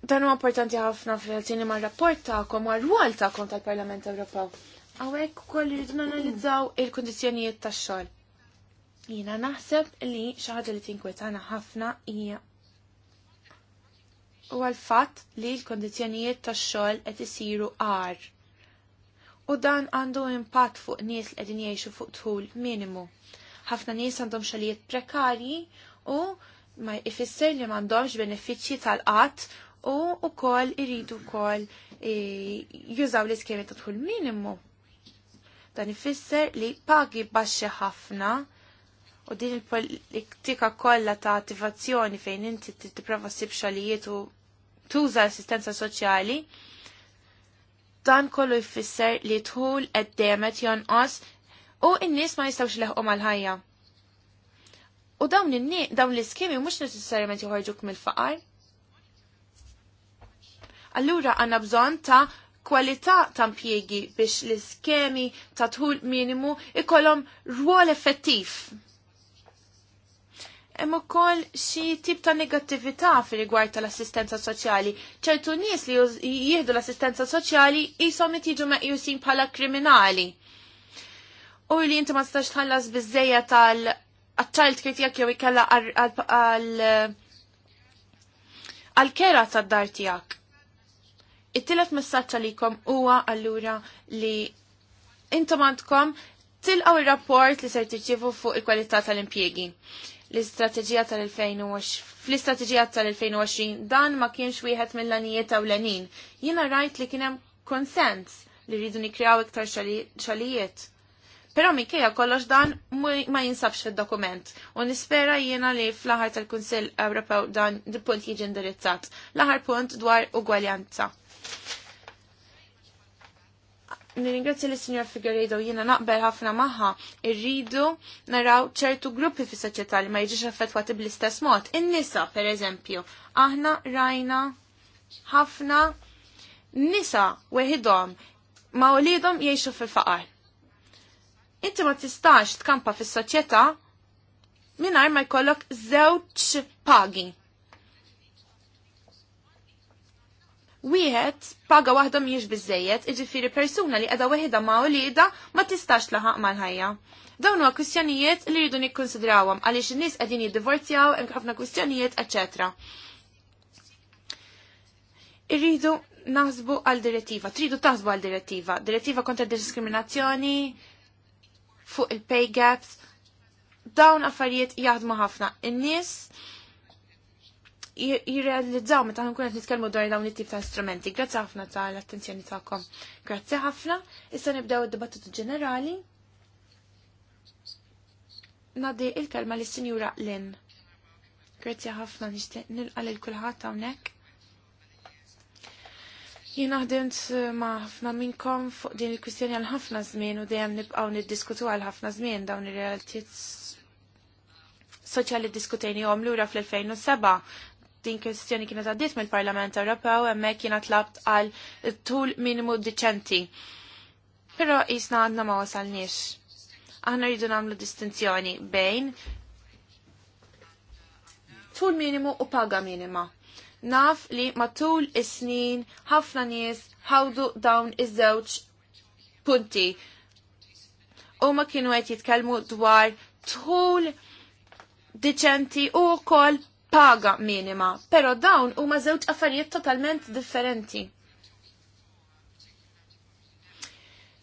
dan huwa importanti ħafna fil-relazzjoni mar-rapport tagħkom ma' rwol tagħkom tal-Parlament Ewropew. Hawnhekk ukoll irridu nanalizzaw il-kundizzjonijiet tax-xogħol. Jiena naħseb li xi ħaġa li tinkwetana ħafna hija u l-fatt li l kondizjonijiet tax-xogħol qed isiru għar. U dan għandu impatt fuq nies li qegħdin jgħixu fuq tħul minimu. Ħafna nies għandhom xogħlijiet prekarji u ma jfisser li m'għandhomx benefiċċji tal-qatt u kol iridu kol e, jużaw l-iskemi ta' dħul minimu. Dan ifisser li pagi baxxi ħafna u din il-politika kollha ta' attivazzjoni fejn inti tipprova ssib xogħlijiet u tuża assistenza soċjali dan kollu jfisser li tħul qed jonqos u n-nies ma jistgħux leħqu mal-ħajja. U dawn l-iskemi mhux necessarjament joħorġuk mill-faqar, Allura għanna bżon ta' kwalità ta' impjiegi biex l-iskemi ta' tħul minimu ikollhom rwol effettiv. Hemm ukoll xi tip ta' negattività fir-rigward tal-assistenza soċjali. ċertu nies li jieħdu l-assistenza soċjali qishom jiġu meqjusin bħala kriminali. U li inti ma tistax tħallas biżejja tal-child care tiegħek jew ikella għal kera tad-dar tiegħek it-tilef messaċċa likom huwa allura li intom għandkom tilqaw il-rapport li ser tirċivu fuq il-kwalità tal-impjegi. L-istrateġija tal-2020 fl-istrateġija tal-2020 dan ma kienx wieħed mill-lanijiet ewlenin. Jiena rajt li kien hemm konsens li rridu nikrew iktar xalijiet. Pero minkejja kollox dan ma jinsabx fil-dokument u nispera jiena li fl ħar tal-Kunsill Ewropew dan di punt jiġi indirizzat. l ħar punt dwar ugwaljanza. Nirringrazzja li Signor Figueredo jiena naqbel ħafna maħħa irridu naraw ċertu gruppi fis soċjetà li ma jiġix affettwati bl-istess mod. In-nisa, per eżempju, aħna rajna ħafna nisa weħidhom ma' ulidhom jgħixu fil-faqar. Inti ma tistax tkampa fis soċjetà mingħajr ma jkollok żewġ pagi wieħed paga waħda mhijiex biżejjed, iġifieri persuna li qiegħda weħda ma' wlieda ma tistax laħaq mal-ħajja. Dawn huwa kwistjonijiet li jridu nikkonsidrawhom għaliex in-nies qegħdin jiddivorzjaw hemm ħafna kwistjonijiet, eċetera. Irridu naħsbu għal direttiva, tridu taħsbu għal direttiva, direttiva kontra diskriminazzjoni fuq il-pay gaps, dawn affarijiet jaħdmu ħafna. In-nies jirrealizzaw meta nkun qed nitkellmu dwar dawn it-tip ta' strumenti. Grazzi ħafna ta l attenzjoni tagħkom. Grazzi ħafna. Issa nibdew id-dibattitu ġenerali. Nadi il-kelma lis sinjura Lin. Grazzi ħafna nixtieq nilqa' lil kulħadd hawnhekk. Jien ħdimt ma' ħafna minnkom fuq din il-kwistjoni għal ħafna żmien u dejjem nibqgħu niddiskutu għal ħafna żmien dawn ir-realtiet soċjali diskutejni għom l-ura fl-2007 din kwestjoni kienet għaddit mill-Parlament Ewropew hemmhekk kien tlabt għal tul minimu diċenti. Però jisna għandna ma wasalniex. Aħna rridu nagħmlu distinzjoni bejn tul minimu u paga minima. Naf li matul is-snin ħafna nies ħawdu dawn iż-żewġ punti. U ma kienu qed jitkellmu dwar tul diċenti u kol paga minima, pero dawn huma żewġ affarijiet totalment differenti.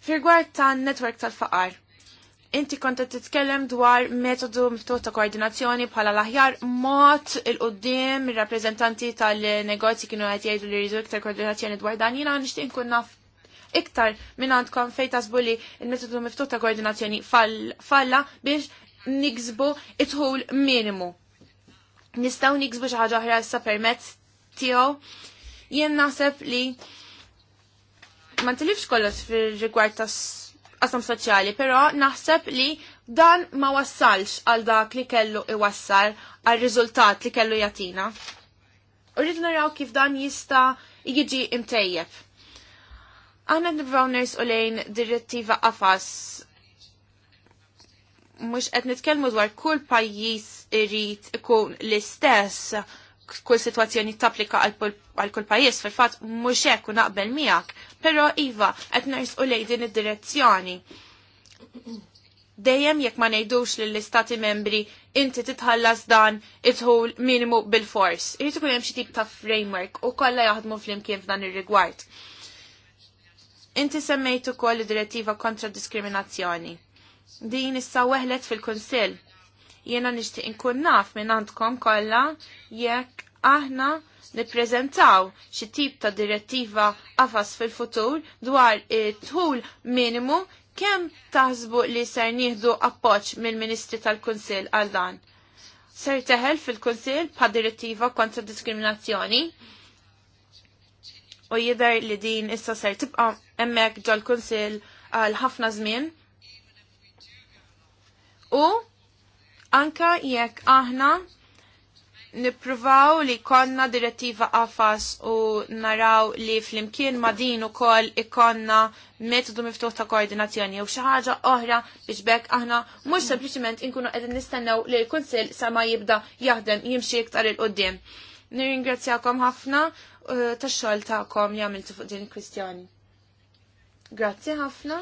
Firgward ta' netwerk tal-faqar. Inti konta titkellem dwar metodu miftuħ ta' koordinazzjoni bħala l-aħjar mod il-qoddim il-rappreżentanti tal-negozji kienu qed jgħidu li jridu iktar koordinazzjoni dwar dan jina nixtieq nkun naf iktar minn għandkom fej tasbu il-metodu miftuħ ta' koordinazzjoni falla biex niksbu it-ħul minimu nistaw nikzbu xi ħaġa oħra issa permezz tiegħu. Jien naħseb li ma ntilifx kollox fir-rigward tas qasam soċjali, però naħseb li dan ma wassalx għal dak li kellu iwassal għal riżultat li kellu jatina. Urrid naraw kif dan jista' jiġi imtejjeb. Aħna nibbaw ners u lejn direttiva qafas mux qed nitkellmu dwar kull pajjiż irid ikun l-istess kull situazzjoni tapplika għal kull pajjiż fil-fatt mhux hekk u naqbel miegħek, però iva qed nersqu lejn din id-direzzjoni. Dejjem jekk ma ngħidux lill-istati membri inti titħallas dan idħul minimu bil-fors. Irid ikun hemm xi tip ta' framework u kollha jaħdmu flimkien f'dan ir-rigward. Inti semmejt ukoll id-direttiva kontra diskriminazzjoni din issa weħlet fil-Kunsill. Jiena nixtieq inkun naf minn għandkom kollha jekk aħna nippreżentaw xi tip ta' direttiva qafas fil-futur dwar it tul minimu kemm taħsbu li ser nieħdu appoġġ mill-Ministri tal-Kunsill għal dan. Ser teħel fil-Kunsill bħal direttiva kontra diskriminazzjoni u jidher li din issa ser tibqa' hemmhekk ġol-Kunsill għal ħafna żmien U anka jekk aħna nipruvaw li konna direttiva għafas u naraw li fl-imkien ma din ukoll ikonna metodu miftuħ ta' koordinazzjoni u xi ħaġa oħra biex bekk aħna mhux sempliciment inkunu qegħdin nistennew li l-Kunsill sa ma jibda jaħdem jimxi iktar il qudiem Nirringrazzjakom ħafna uh, tax-xogħol tagħkom kom għamiltu fuq din il-kwistjoni. Grazzi ħafna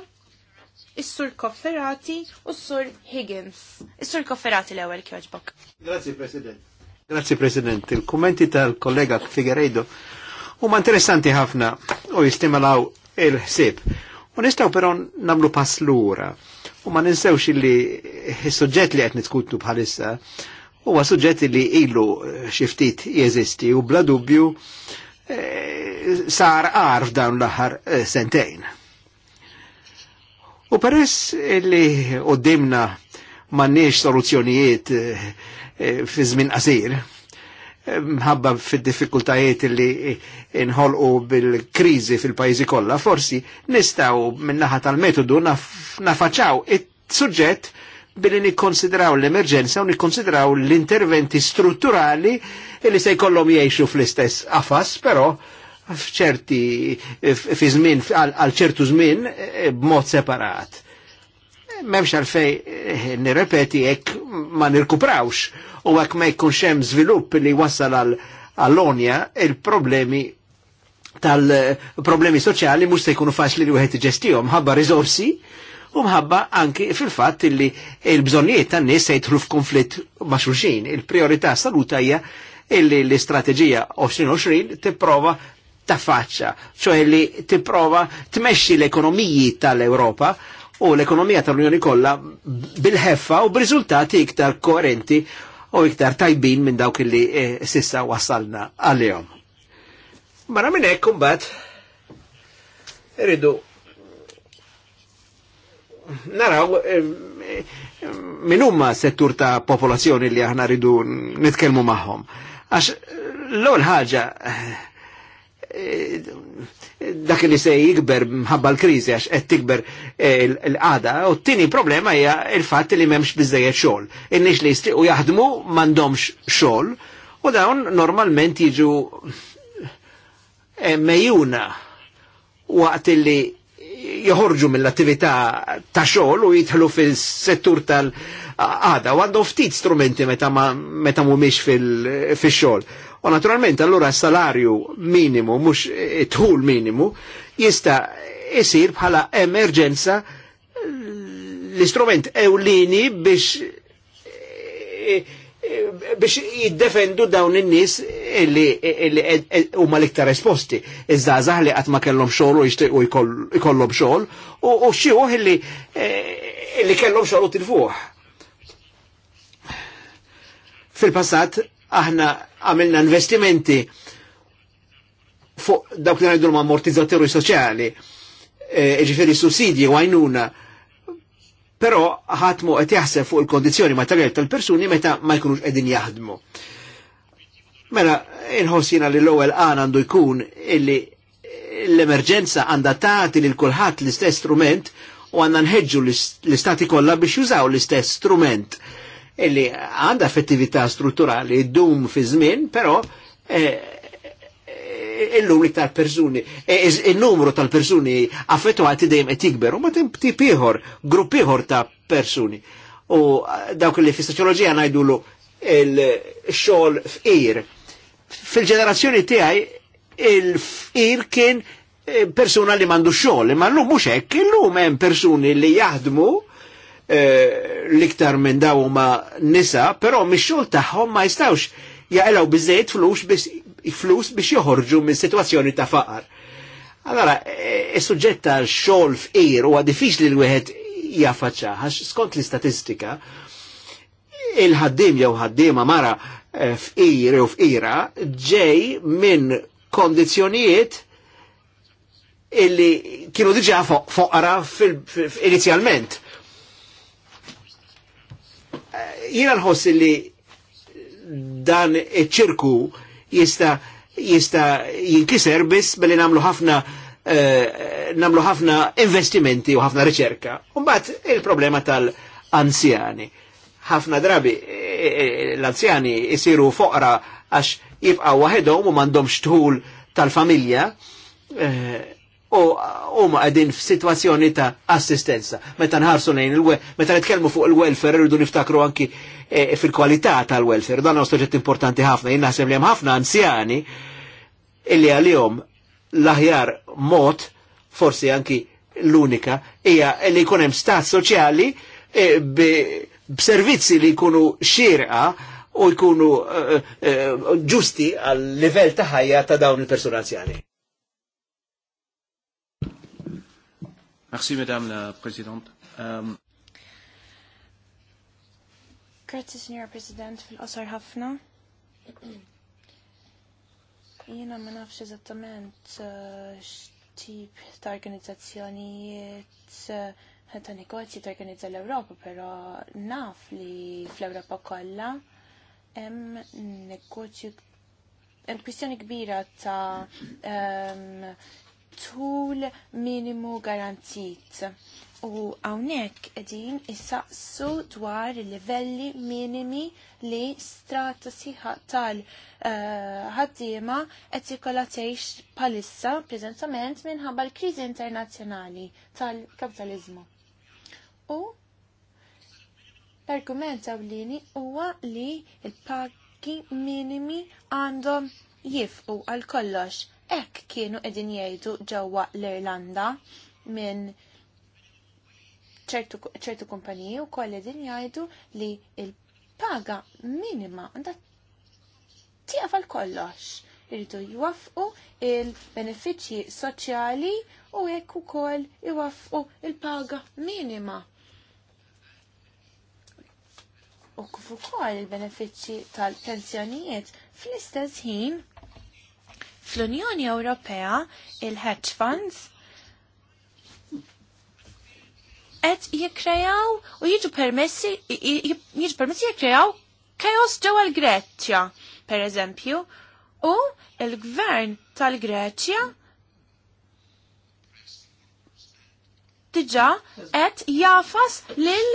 is-sur Kofferati u s-sur Higgins. Is-sur Kofferati l-ewwel kjoġbok. Grazie President. Grazie President. Il-kummenti tal-kollega Figueredo huma interessanti ħafna u jistimalaw il-ħsieb. U nistgħu però nagħmlu pass lura. U ma ninsewx li is suġġett li qed nitkuttu bħalissa huwa suġġett li ilu xiftit jeżisti u bla dubju eh, sar għarf dawn l-aħħar eh, sentejn U peress li qoddimna m'għandniex soluzzjonijiet eh, eh, fi żmien qasir, eh, mħabba fil-diffikultajiet li inħolqu bil-krizi fil-pajzi kollha, forsi nistaw naħa tal-metodu nafaċaw it-suġġett billi nikkonsidraw l-emerġenza u nikkonsidraw l-interventi strutturali li se jkollhom jgħixu fl-istess qafas, però f'ċerti fi żmien għal ċertu żmien e, e, b'mod separat. M'hemmx għalfej e, nirrepeti hekk ma nirkuprawx u hekk ma jkunx hemm żvilupp li wassal għall-onja il-problemi tal-problemi soċjali mhux se jkunu faċli li wieħed iġestihom ħabba riżorsi u mħabba anki fil-fatt li il-bżonnijiet tan-nies se jidħlu f'konflitt ma' xulxin. Il-priorità saluta hija illi l-istrateġija 2020 tipprova ta' faċċa, ċoħe li tipprova tmexxi l-ekonomiji tal-Europa u l-ekonomija tal-Unjoni kollha bil-ħeffa u b'riżultati iktar koerenti u iktar tajbin minn dawk li eh, sissa wasalna għalihom. Mara minn hekk imbagħad irridu naraw eh, minn huma settur ta' popolazzjoni li aħna ridu nitkellmu magħhom. Għax l-ewwel ħaġa eh, dak li se jikber mħabba l-krizi għax qed tikber eh, l-qada u t-tini problema hija il-fatt li m'hemmx biżejjed xogħol. Innix li jistiqu jaħdmu m'għandhomx xogħol u dawn normalment jiġu eh, mejuna waqt li joħorġu mill-attività ta' xogħol u jidħlu fil-settur tal-qada u għandhom ftit strumenti meta mhumiex fil-xogħol. Fil U naturalment allura salarju minimu, mux tħul minimu, jista jisir bħala emerġenza l-istrument ewlini biex eh, eh, biex jiddefendu dawn in-nies li huma l-iktar esposti. Iż-żgħażagħ li qatt ma kellhom xogħol u jixtiequ jkollhom xogħol u xi li eh, li kellhom xogħol u tilfuh. Fil-passat aħna għamilna investimenti fuq dawk li għajdu l-ammortizzatori soċjali, e, ġifiri sussidji għajnuna, pero ħatmu għet jaħseb fuq il-kondizjoni materjali tal-persuni meta ma jkunux edin jaħdmu. Mela, inħossina li l-ewel għan għandu jkun illi l-emerġenza għanda taħti li l-kulħat l-istess strument u għanna nħedġu l-istati kolla biex jużaw l-istess strument illi għanda effettività strutturali dum fi żmien, però eh, eh, illum li tal persuni, eh, il-numru tal persuni affettuati dejjem qed jikberu, ma tip ieħor, grupp ieħor ta' persuni. U dawk li fi soċjoloġija ngħidulu il-xogħol f'qir. Fil-ġenerazzjoni tiegħi il-fqir kien persuna li mandu xogħol, imma llum mhux hekk, illum hemm persuni li jaħdmu Eh, liktar minn daw ma nisa, pero mix-xogħol tagħhom ma jistawx jaqelaw bizzejt flus flus biex joħorġu minn situazzjoni ta' faqar. Allora, eh, il-sujġet ta' xogħol f'qir huwa diffiċli l wieħed jaffaċa, għax skont l-istatistika, il-ħaddim jew ħaddiema mara eh, f'qir u f'qira ġej minn kondizzjonijiet illi kienu diġà foqra inizjalment Jina nħoss li dan ċirku jista jista jinkiser biss billi namlu ħafna uh, eh, namlu ħafna investimenti u ħafna riċerka. Umbat il-problema tal-anzjani. ħafna drabi eh, eh, l-anzjani jisiru foqra għax jibqa' waħedhom u m'għandhomx tħul tal-familja u huma qegħdin f'sitwazzjoni ta' assistenza. Meta nħarsu nejn il meta nitkellmu fuq il-welfare rridu niftakru anki e, fil-kwalità tal-welfare. Dan għu importanti ħafna. jinn naħseb li hemm ħafna anzjani illi għalihom l-aħjar mod forsi anki l-unika hija li jkun hemm stat soċjali e, b'servizzi li jkunu xirqa u jkunu eh, ġusti uh, għal livell ta' ħajja ta' dawn il-persuna anzjani. Merci, Madame la Présidente. Um... Grazie, Signor President, fil-qosar ħafna. Jiena ma nafx eżattament uh, x'tip ta' organizzazzjonijiet uh, ta' negozji torganizza l-Ewropa, però naf li fl-Ewropa kollha hemm negozju hemm kwistjoni kbira ta' um, tul minimu garantit. U għawnek edin issaqsu dwar livelli minimi li strata siħa tal-ħaddima uh, qed jikolla tgħix palissa preżentament minħabba l-kriżi internazzjonali tal-kapitalizmu. U l-argument għawlini huwa li l-pagi minimi għandhom jifqu għal kollox Ek kienu edin jgħidu ġewwa l-Irlanda minn ċertu kumpaniji u koll edin jgħidu li il-paga minima għanda tiqaf kollox irridu jwaffqu il-benefiċċji soċjali u hekk ukoll iwaffqu il-paga minima. U kif ukoll il-benefiċċji tal-pensjonijiet fl-istess ħin Fl-Unjoni Ewropea il-hedge funds qed jikrejaw u jiġu permessi jiġu permessi jikrejaw kajos ġewwa l-Greċja, per eżempju, u l-gvern tal-Greċja diġa' qed jafas lil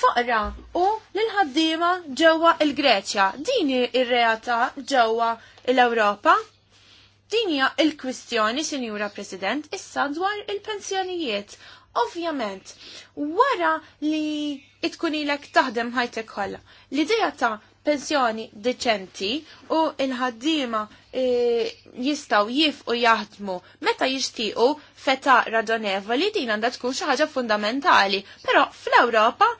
foqra u lil ħaddiema ġewwa l-Greċja. Din ir-realtà ġewwa l-Ewropa. Dinja il-kwistjoni, Sinjura President, issa dwar il-pensjonijiet. Ovvjament, wara li itkunilek taħdem ħajtek kollha. L-idea ta' pensjoni deċenti u il-ħaddima e, jistaw jif u jaħdmu meta jixtiqu feta radonevoli din għandha tkun xi ħaġa fundamentali. Però fl-Ewropa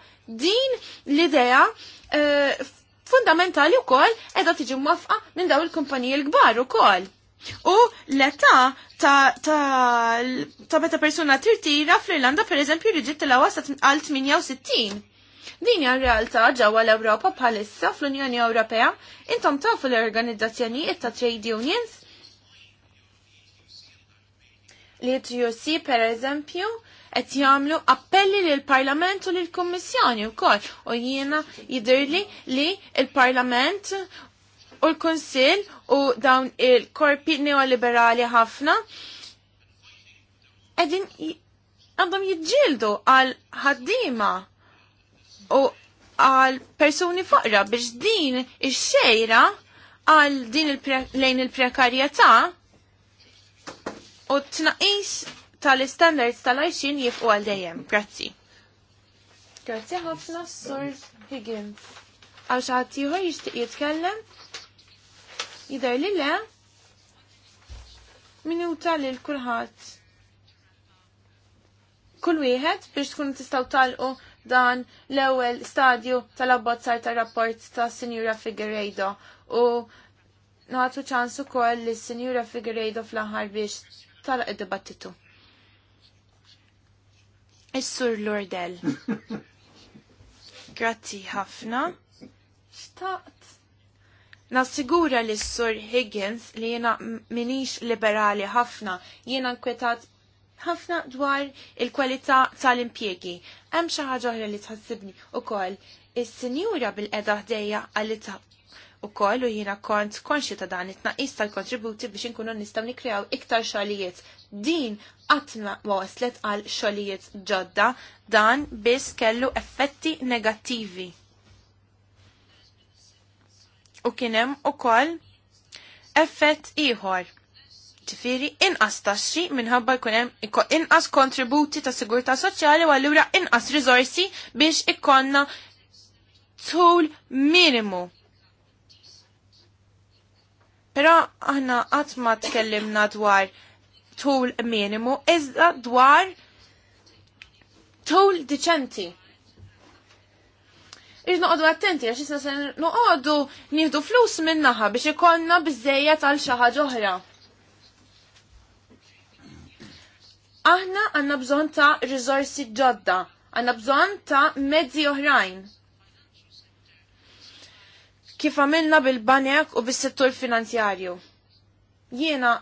din l-idea e, fundamentali wkoll qiegħda tiġi mwafqa minn daw il-kumpaniji l-kbar ukoll. U l-età ta', ta, ta meta persuna tirtira fl-Irlanda per eżempju riġiet il-għawasa għal 68. Din hija realtà ġewwa l-Ewropa bħalissa fl-Unjoni Ewropea intom tafu l-organizzazzjonijiet ta' trade unions li TUC per eżempju qed jagħmlu appelli lil parlament u lil kummissjoni wkoll u jiena jidhirli li l-Parlament u l-Konsil u dawn il-korpi neoliberali ħafna edin għandhom jidġildu għal ħaddima u għal persuni faqra biex din il xejra għal din lejn il-prekarjetà u t-naqis tal-standards tal-għajxin jifqu għal dejjem. Grazzi. Grazzi ħafna Sor Higgins. Għaw xaħat jħor jishtiq jitkellem? Jidher li le, minuta li l-kulħadd. Kull wieħed biex tkun tistgħu talqu dan l-ewwel stadju tal-abbozzar tar-rapport ta' Sinjura Figueiredo u nagħtu ċans ukoll li Sinjura Figueiredo fl-aħħar biex talaq id-dibattitu. Is-Sur Lordel. Grazzi ħafna. Nassigura li s-sur Higgins li jena minix liberali ħafna, jena nkwetat ħafna dwar il-kwalità tal-impjegi. Hemm xi ħaġa oħra li tħassibni ukoll is-sinjura bil-qeda ħdejja għalita ukoll u jiena kont konxi ta' dan it-tnaqqis tal-kontributi biex inkunu nistgħu nikrew iktar xogħlijiet. Din qatt ma waslet għal xogħlijiet ġodda dan biss kellu effetti negattivi u kienem u kol effett iħor. Tifiri, inqas taxxi minħabba jkunem inqas kontributi ta' sigurta soċjali u għallura inqas rizorsi biex ikollna tul minimu. Pero aħna għatma tkellimna dwar tul minimu, iżda dwar tul diċenti. Irrid noqogħdu attenti għax jisna se noqogħdu nieħdu flus minnaħa biex ikollna bizzeja għal xi ħaġa oħra. Aħna għandna bżonn ta' riżorsi ġodda, għandna bżonn ta' mezzi oħrajn kif għamilna bil-banek u bis-settur finanzjarju. Jiena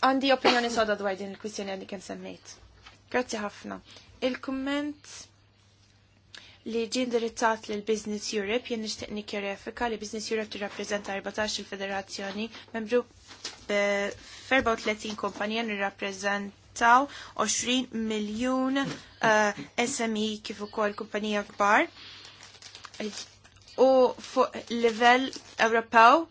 għandi opinjoni soda dwar din il-kwistjoni għandi kien semmejt. Grazzi ħafna. Il-komment li ġi indirizzat lil Business Europe jien nixtieq nikkjerifika li Business Europe tirrappreżenta 14 il-federazzjoni membru eh, b'34 kumpanija nirrappreżentaw 20 miljun uh, eh, SME kif ukoll kumpanija kbar u fuq livell Ewropew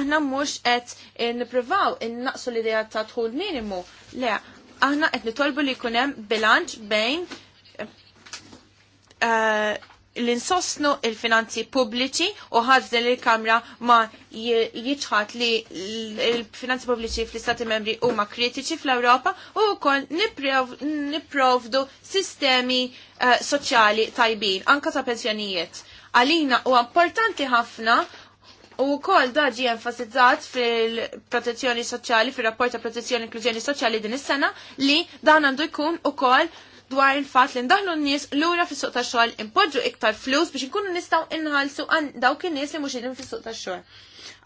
aħna mhux qed nippruvaw innaqsu l-idea ta' tħul minimu. Le, aħna qed nitolbu li jkun hemm bilanċ bejn Eh, l-insostnu il-finanzi pubbliċi u ħadżel il-Kamra ma jitħat li l-finanzi pubbliċi fl-Istati membri huma kritiċi fl-Ewropa u kol niprovdu sistemi eh, soċjali tajbin, anka ta' pensjonijiet. Għalina u importanti ħafna U kol daġi enfasizzat fil-protezzjoni soċjali, fil-rapport ta' protezzjoni e inklużjoni soċjali din is-sena li dan għandu jkun u kol dwar il-fat li ndaħlu n-nies l-ura fis-suq tax-xogħol impoġġu iktar flus biex inkunu nistgħu inħallsu għan dawk in-nies li mhux qegħdin fis-suq tax-xogħol.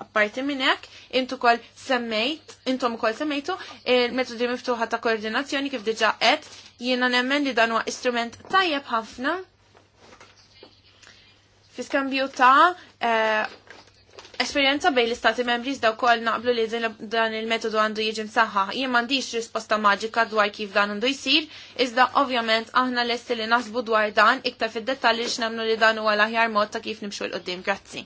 Apparti minn hekk, intu kol semmejt, intom ukoll semmejtu il-metodi miftuħa ta' koordinazzjoni kif diġà qed, jiena nemmen li dan huwa istrument tajjeb ħafna fi skambju ta' eh, esperjenza bej l-istati membri zda wkoll naqblu li dan il-metodu għandu jiġi msaħħa. Jien m'għandix risposta maġika dwar kif dan għandu jsir, iżda ovvjament aħna lesti li nasbu dwar dan iktar fid detalli x'nemmnu li dan huwa l-aħjar mod ta' kif nimxu l qoddim Grazzi.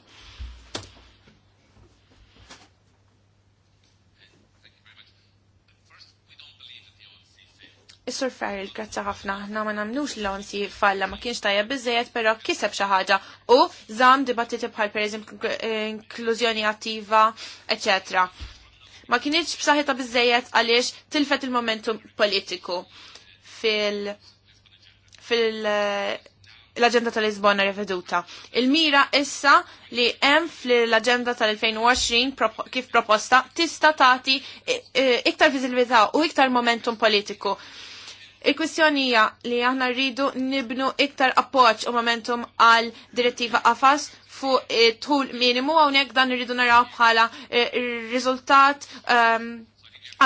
Is-Sur Ferrell, grazzi ħafna, na ma namnux l-onsi falla, ma kienx tajja bizzejet, pero kiseb xaħġa u zam dibattiti bħal per eżempju inklużjoni attiva, eccetera. Ma kienx b'saħħitha bizzejet għaliex tilfet il-momentum politiku fil- fil- l-agenda tal-Lisbona riveduta. Il-mira issa li hemm fl-agenda tal-2020 kif proposta tista' tagħti iktar viżibilità u iktar momentum politiku. Il-kwistjoni hija li aħna rridu nibnu iktar appoġġ u momentum għal direttiva AFAS fuq tul minimu hawnhekk dan irridu naraw bħala eh, riżultat ehm,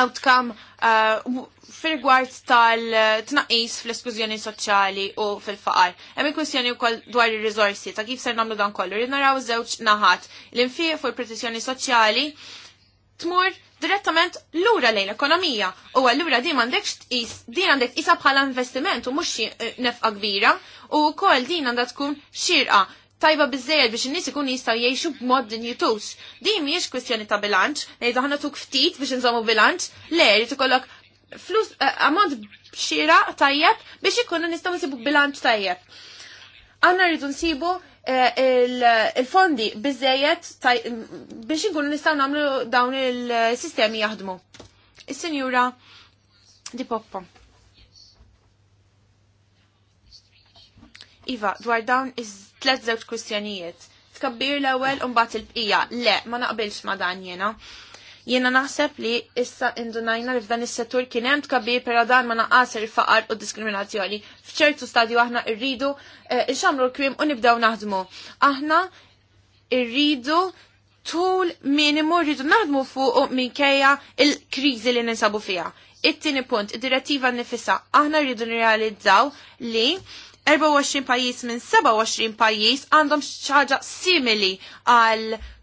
outcome eh, fil-gwart tal-tnaqis fl-eskużjoni soċjali u fil-faqar. Hemm il-kwistjoni wkoll dwar ir-riżorsi ta' kif ser nagħmlu dan kollu. Rid naraw żewġ naħat l-infiq fuq il-protezzjoni soċjali tmur direttament lura lejn ekonomija u għallura din għandek tqis, din għandek isa bħala investiment u mhux eh, nefqa kbira u wkoll din għandha tkun xirqa tajba bizzejed biex n-nis ikun jistaw jiexu b'mod din dinjutux. Din miex kwestjoni ta' bilanċ, nejda ħana tuk ftit biex nżomu bilanċ, le, jrid ikollok flus eh, ammont xira tajjeb biex ikunu nistgħu nsibu bilanċ tajjeb. Aħna rridu nsibu Eh, il-fondi bizzejet biex ikunu nistaw namlu dawn il-sistemi jaħdmu. Is-senjura di poppa. Iva, dwar dawn iż-tlet żewġ kwistjonijiet. Tkabbir l-ewwel u mbagħad il-bqija. Le, ma naqbilx ma dan jiena. Jiena naħseb li issa indunajna li f'dan is-settur kien hemm tkabbir però dan ma naqqas il-faqar u diskriminazzjoni. F'ċertu stadju aħna rridu eh, nxamru l-krim u nibdew naħdmu. Aħna rridu tul minimu rridu naħdmu fuq minkejja il-kriżi li ninsabu fiha. It-tieni punt, id-direttiva nifissa, aħna rridu nirrealizzaw li 24 pajis minn 27 pajis għandhom xaġa simili għal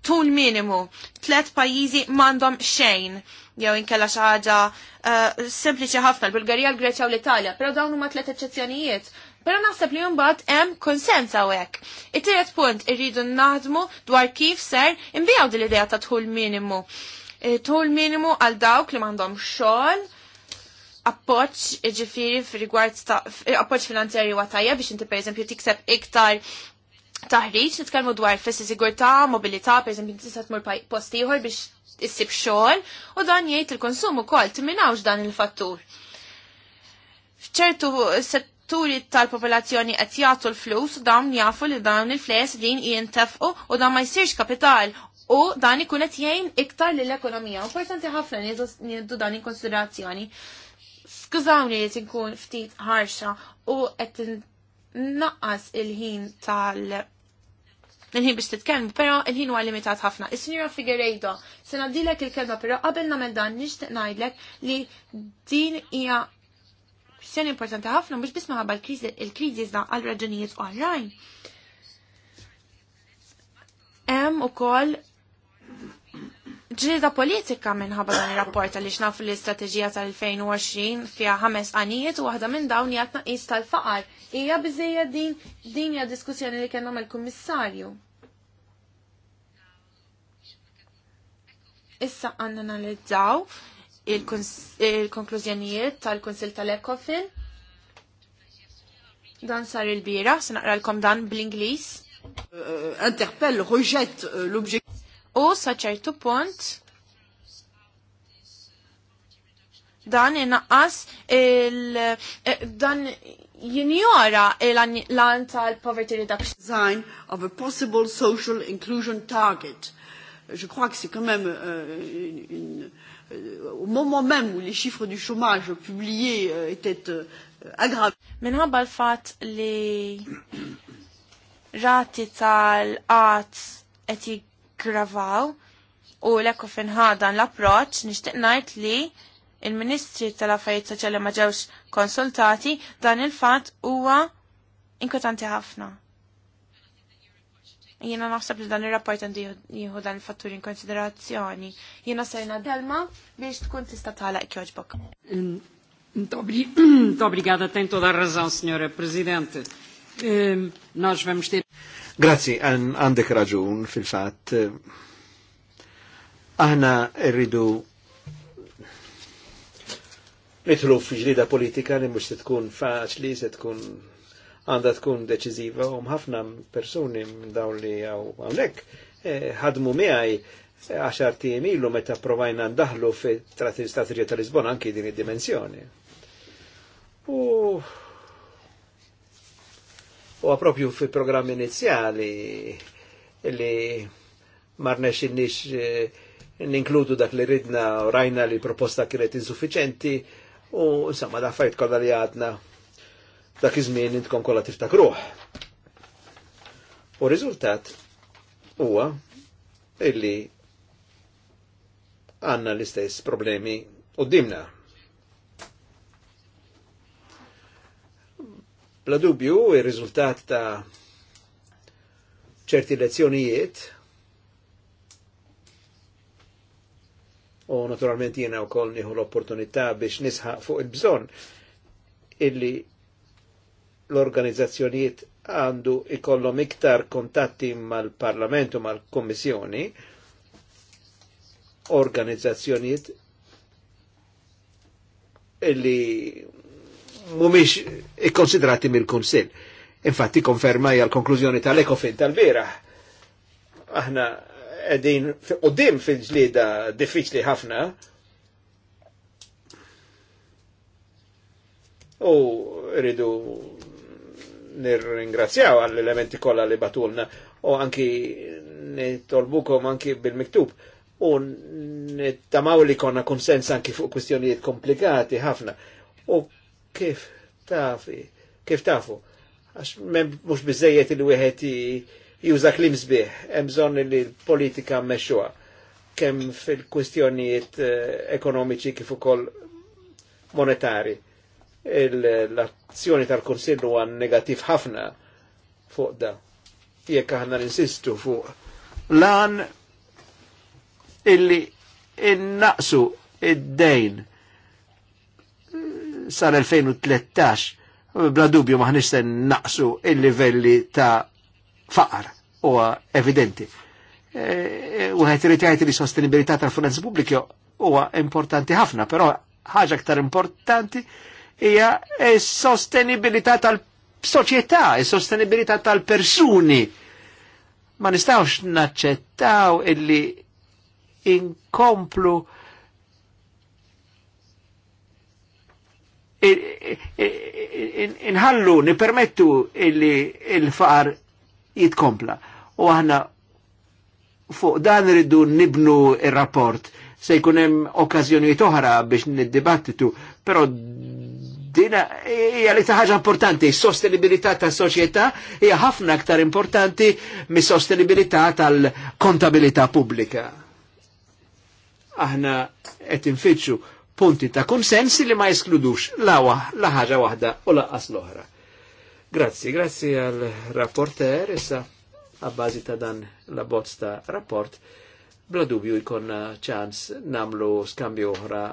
tul minimu. Tlet pajizi mandom xejn. Jew inkella xaġa uh, eh, sempliċi ħafna l-Bulgarija, l-Greċja u l-Italja, pero dawn huma tlet eċċezzjonijiet. Pero naħseb li mbagħad hemm konsens hawnhekk. It-tielet punt irridu naħdmu dwar kif ser imbijaw din l-idea ta' tħul minimu. Eh, tħul minimu għal dawk li m'għandhom xogħol, appoċ ġifiri f'rigward ta' eh, appoċ finanzjarju għatajja biex inti per eżempju tikseb iktar taħriċ, nitkalmu dwar fessi sigurtà, mobilità, per eżempju tista' tmur post ieħor biex issib xogħol u dan jgħid il-konsum ukoll timinawx dan il-fattur. F'ċertu setturi tal-popolazzjoni qed jagħtu l-flus dawn jafu li dawn il-fles din jintefqu u dan ma jsirx kapital u dan ikun qed jgħin iktar lill-ekonomija. Importanti ħafna nieħdu dan in konsiderazzjoni. Skużawni li tinkun ftit ħarxa u qed naqas il-ħin tal- Nħin biex titkellem, però il-ħin huwa limitat ħafna. Is-Sinjura Figueiredo, se ngħaddilek il-kelma, però qabel nagħmel dan nixtieq ngħidlek li din hija kwistjoni importanti ħafna mhux biss ħabba l-kriżi iżda għal raġunijiet oħrajn. Hemm ukoll ġlida politika minħabba dan il rapport għaliex xnaf l-istrateġija tal-2020 fiha ħames għanijiet u waħda minn dawn hija tnaqqis tal-faqar. Hija biżejja din din hija diskussjoni li kellhom mal-Kummissarju. Issa għandna analizzaw il-konklużjonijiet tal-Kunsil tal-Ekofin. Dan sar il-bira, se naqralkom dan bl-Ingliż. Euh, euh, rujġet l euh, l'objectif u saċertu punt dan inaqqas il eh, dan jinjora l-an tal-poverty reduction. Design of a possible social inclusion target. Je crois que c'est quand même euh, une, euh, au moment même où les chiffres du chômage publiés euh, étaient euh, aggravés. Minħabba l-fat li rati tal-qat qed jaggravaw u l-ekofin ħadan l-approċ nixtieq ngħid li il-Ministri tal-Affarijiet Soċjali ma ġewx konsultati dan il-fatt huwa inkwetanti ħafna. Jiena naħseb li dan ir-rapport għandi jieħu dan il-fatturi in konsiderazzjoni. Jiena sejna Delma biex tkun tista' tagħlaq kjoġbok. Obrigada, tem tento dar razão, signore Presidente. Nós vamos ter Grazzi, għandek raġun fil-fat. Aħna rridu nitlu f'ġlida politika li mhux se tkun faċli, se tkun għandha tkun deċiżiva u ħafna persuni minn dawn li hawnhekk eh, ħadmu miegħi eh, għaxar tim ilu meta provajna ndaħlu fit-strategija tal-Lisbona anki din id-dimensjoni. U u għapropju fi program inizjali li marnex innix eh, ninkludu dak li ridna u rajna li proposta kienet insuffiċenti u insomma da fajt kolla li għadna dak iż-żmien intkom kolla ruħ. U riżultat huwa illi għanna l-istess problemi u dimna Bla dubju, il-riżultat ta' ċerti lezzjonijiet u naturalment jiena u koll niħu l-opportunità biex nisħaq fuq il-bżon illi l-organizzazzjonijiet għandu ikollom iktar kontatti mal-Parlamentu mal komissjoni organizzazzjonijiet illi mumiex ikkonsidrati mill kunsil Infatti konferma hija l-konklużjoni tal-Ekofin tal bira Aħna qegħdin qudiem fil-ġlieda diffiċli ħafna. U rridu nirringrazzjaw għall-elementi kollha li batulna u anki nitolbukom anki bil-miktub u nittamaw li konna konsens anki fuq kwistjonijiet komplikati ħafna. U kif tafi, kif tafu, għax mux bizzejiet il-wieħed juża klim sbieħ, hemm li l-politika mmexxuha kem fil-kwistjonijiet eh, ekonomiċi kif ukoll monetari. L-azzjoni tal-Konsillu għan negativ ħafna fuq da. Jekk aħna insistu fuq lan illi innaqsu id-dejn sar 2013 bla dubju ma' nisten naqsu il-livelli ta' faqar u evidenti. E, e, u għet rritajt li sostenibilità tal-finanzi pubbliki huwa importanti ħafna, però ħaġa aktar importanti hija s-sostenibilità tal-soċjetà, s-sostenibilità tal-persuni. Ma nistawx naċċettaw illi inkomplu inħallu, nipermettu illi il-faqar jitkompla. U aħna fuq dan rridu nibnu il-rapport. Se jkunem okkazjoni toħra biex nid-dibattitu, pero dina hija li ħaġa importanti, sostenibilità tas soċjetà hija ħafna aktar importanti mis sostenibilità tal-kontabilità pubblika. Aħna qed infittxu punti ta' konsensi li ma jeskludux la, la ħaġa waħda u laqqas l-oħra. Grazzi, grazzi għal rapporter, issa għabbażi ta' dan la bozz ta' rapport, bla dubju jkonna ċans namlu skambju oħra,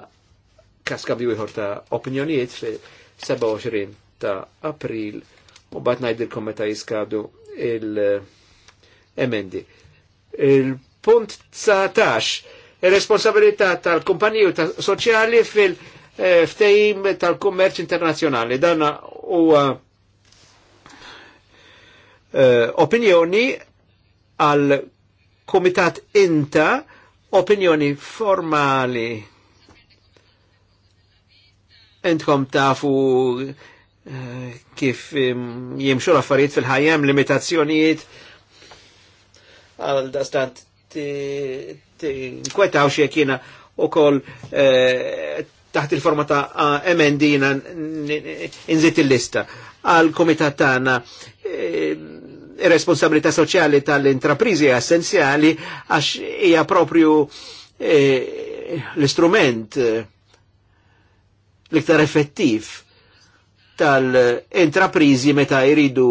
ka skambju oħra ta' opinjonijiet fil-27 ta' april u bat najdilkom meta jiskadu il-emendi. Il-punt 19 responsabilità tal-kumpaniju ta soċjali fil-ftejim eh, tal-kummerċ internazjonali. Dan u eh, opinjoni għal komitat inta opinjoni formali entkom tafu eh, kif jimxu l-affarijiet fil-ħajjem, limitazzjonijiet għal dastant tinkwetaw xie kiena u kol eh, taħt il-forma ta' emendina inżit il-lista għal komitat tagħna eh, responsabilità soċjali tal-intraprizi essenzjali għax hija propju eh, l-istrument l-iktar effettiv tal-intraprizi meta jridu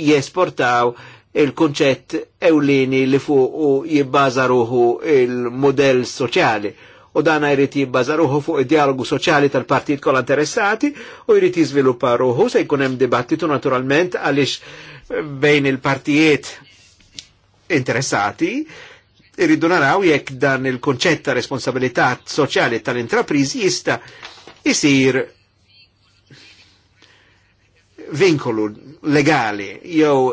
jesportaw il-konċett ewlini li fuq u jibbaza il-modell soċjali u dana jrid jibbaża fuq id-dialogu soċjali tal-partit kollha interessati u jrid jiżviluppa ruħu se jkun hemm dibattitu naturalment għaliex bejn il-partijiet interessati irridu naraw jekk dan il-konċett ta' responsabilità soċjali tal-intrapriżi jista' jisir vinkolu legali jew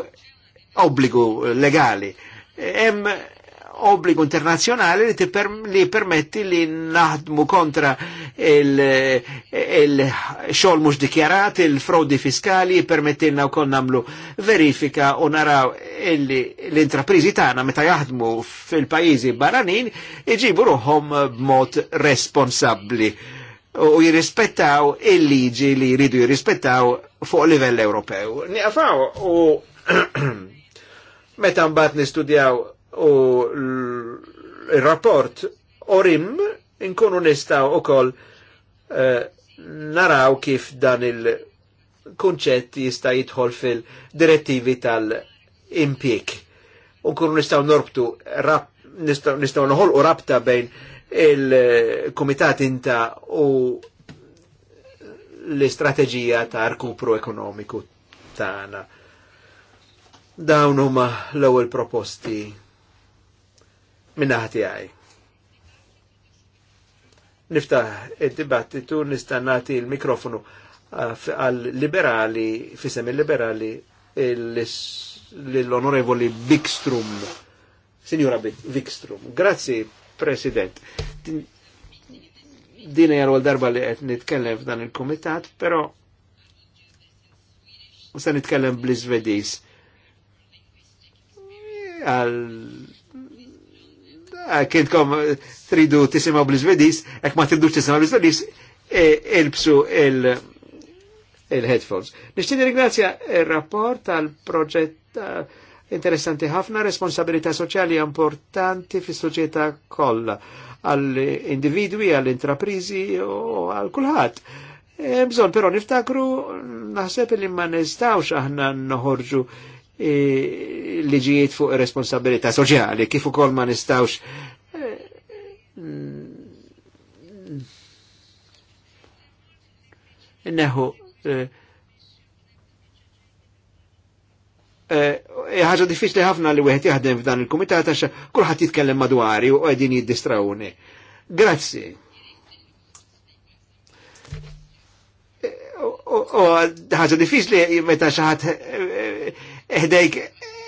obbligu legali. Hemm obbligu internazjonali li, per, li permetti li naħdmu kontra il-xol il, mux dikjarat, il-frodi fiskali, permettilna u konnamlu verifika u naraw l-intraprizi tana meta jaħdmu fil-pajizi baranin iġibu ruħom b'mod responsabli u jirrispettaw il-liġi li jridu jirrispettaw fuq livell Ewropew. Niqafaw u Meta mbagħad nistudjaw u r rapport orim inkunu nistaw ukoll eh, naraw kif dan il-kunċett jista' jidħol fil-direttivi tal-impjek. Unkunu nistaw norbtu rap, nistaw, nistaw noħolqu rabta bejn il-komitat inta u l-istrateġija ta' rkupru ekonomiku tagħna. Ta Dawn huma l-ewwel proposti minnaħti għaj. Niftaħ id-dibattitu nista' nagħti l-mikrofonu uh, għal-liberali, fisem il-liberali, l-onorevoli Bikstrum. Signora Bikstrum, grazzi President. Dina jarwal darba li għet nitkellem f'dan il-komitat, pero se nitkellem bl-Izvedis għal kienkom tridu tisimaw bl-Svedis, ek ma tridu tisimaw bl-Svedis, ilbsu e, il-headphones. Nishtini ringrazja il-rapport tal proġett eh, interessanti ħafna, responsabilità soċjali importanti fi soċieta kolla, għal individwi għal intraprizi u għal kulħat eh, Bżon pero niftakru naħseb li ma nistawx aħna noħorġu liġijiet fuq responsabilità soċjali, kif ukoll ma nistawx eh, neħu eh, eh, ħaġa diffiċli ħafna li wieħed jaħdem f'dan il-kumitat għax kulħadd jitkellem madwari u qegħdin jiddistrawni. Grazzi. U ħaġa diffiċli meta xi ehdejk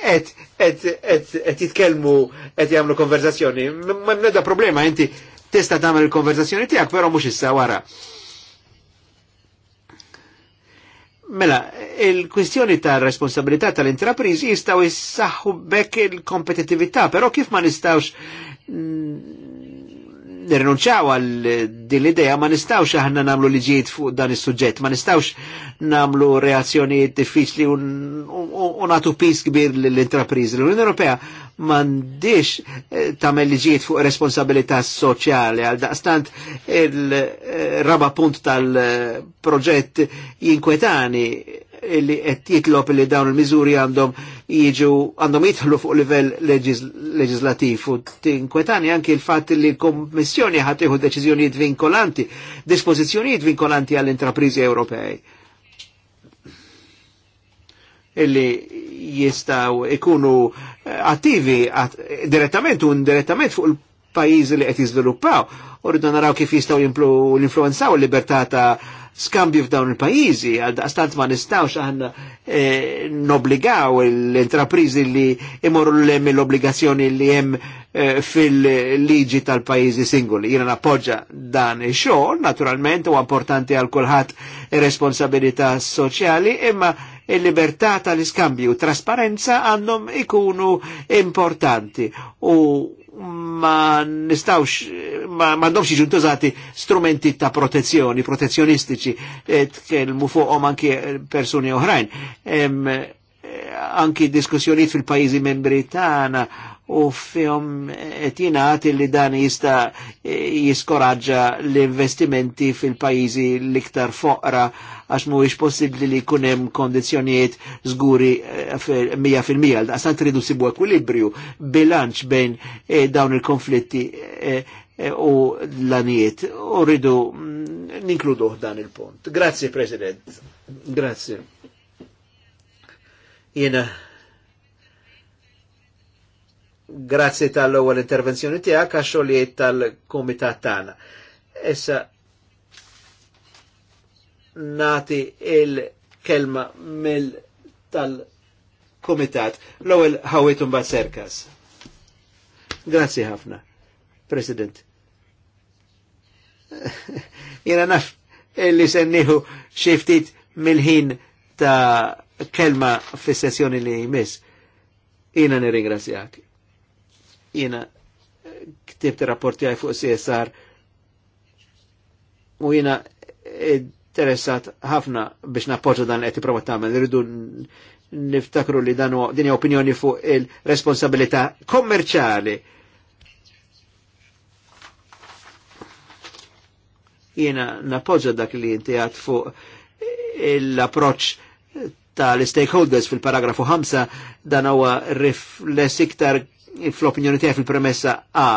et, et, et, et jitkellmu et jamlu konverzazzjoni. Ma neda problema inti testa tamel il-konverzazzjoni tiegħek però mhux issa wara. Mela, il-kwistjoni ta' responsabilità tal-intrapriżi jistaw jissaħħu bekk il-kompetitività, però kif ma nistawx nirrinunċaw għal din l-idea ma nistawx aħna namlu liġijiet fuq dan is-suġġett, ma nistawx namlu reazzjonijiet diffiċli u natu pis kbir l-intrapriż. L-Unjoni Ewropea m'għandix eh, tagħmel liġijiet fuq responsabilità soċjali għal daqstant il-raba eh, punt tal-proġett eh, jinkwetani li qed jitlob li dawn il-miżuri għandhom jiġu għandhom jidħlu fuq livell leġislattiv u tinkwetani anki l-fatt li l-Kommissjoni ħadd tieħu deċiżjonijiet vinkolanti, dispożizzjonijiet vinkolanti għall-intrapriżi Ewropej. Illi jistaw ikunu eh, attivi direttament u indirettament fuq il-pajjiżi li qed jiżviluppaw. Urridu naraw kif jistgħu l-influenzaw il-libertà ta' skambju f'dawn il-pajizi, għal-daqstant ma nistawx għanna eh, nobligaw l-intraprizi li imorru l em l-obbligazzjoni li jem eh, fil-liġi tal-pajizi singoli. Jena nappoġġa dan il-xol, naturalment, u importanti għal kulħat responsabilità soċjali, imma il-libertà tal-iskambju, trasparenza għandhom ikunu importanti u ma nistawx, ma mandomx iġu strumenti ta' protezzjoni, protezzjonistiċi, e, kelmu fuqom anki persuni oħrajn. E, anki diskussjoniet fil-pajizi membri tana u fjom etinat li dan jista jiskoraġġa l-investimenti fil-pajizi l-iktar foqra għax mhuwiex possibbli li jkun hemm kondizzjonijiet eh, mija 100% għal daqsan tridu sibu ekwilibrju bilanċ bejn eh, dawn il-konflitti eh, u l-anijiet u rridu mm, ninkludu dan il-punt. Grazzi, President. Grazie. Jena Grazie tal-ewwel intervenzjoni tiegħek għax tal-kumitat tagħna. Issa nati il-kelma mill tal-komitat. L-ewwel ħawitum ba' serkas. Grazzi ħafna, President. Jena naf li senniħu xiftit mill-ħin ta' kelma fis sessjoni li jmiss. Jena nirringrazzjak. Jena ktibt rapporti għaj fuq CSR u jena eh, interessat ħafna biex nappoġġa dan qed iprova tagħmel. Irridu niftakru li dan din hija opinjoni fuq il-responsabilità kommerċjali. Jiena nappoġġa dak li inti għad fuq l-approċċ tal-stakeholders fil-paragrafu 5 dan huwa rifless iktar fl-opinjoni tiegħi fil-premessa A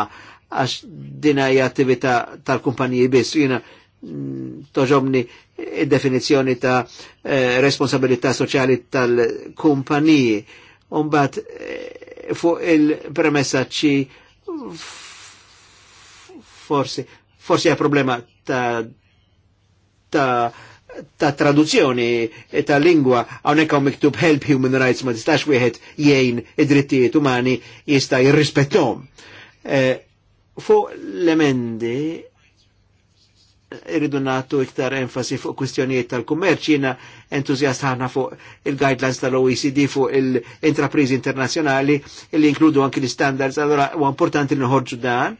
għax din hija attività tal-kumpaniji biss. Jiena mm, toġobni definizjoni ta' eh, responsabilità soċjali tal-kumpaniji. Umbat eh, fuq il-premessa ċi forsi forsi għaj problema ta' ta' ta' traduzzjoni e ta' lingwa għonek għaw miktub help human rights ma distax wieħed jgħin id-drittijiet umani jista' jirrispettom. Eh, fuq l-emendi irridu nagħtu iktar enfasi fuq kustjonijiet tal-kummerċ, jiena entuzjast ħana fuq il-guidelines tal-OECD fuq il-intrapriżi internazjonali li inkludu anki l-standards, allora u importanti nħorġu dan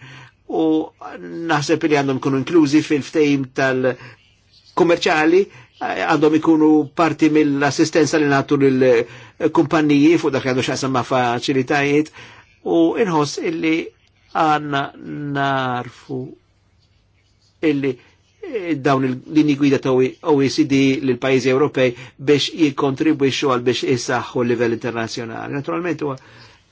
u naħseb li għandhom kunu inklużi fil-ftejim tal-kummerċali għandhom ikunu parti mill-assistenza li nagħtu l kumpanniji fuq dak li għandu xaqsam ma' faċilitajiet u inħoss illi għanna narfu illi dawn il-lini gwida ta' OECD e l-pajizi Ewropej biex jikontribwixu għal biex jissaħħu l-livell internazjonali. Naturalment huwa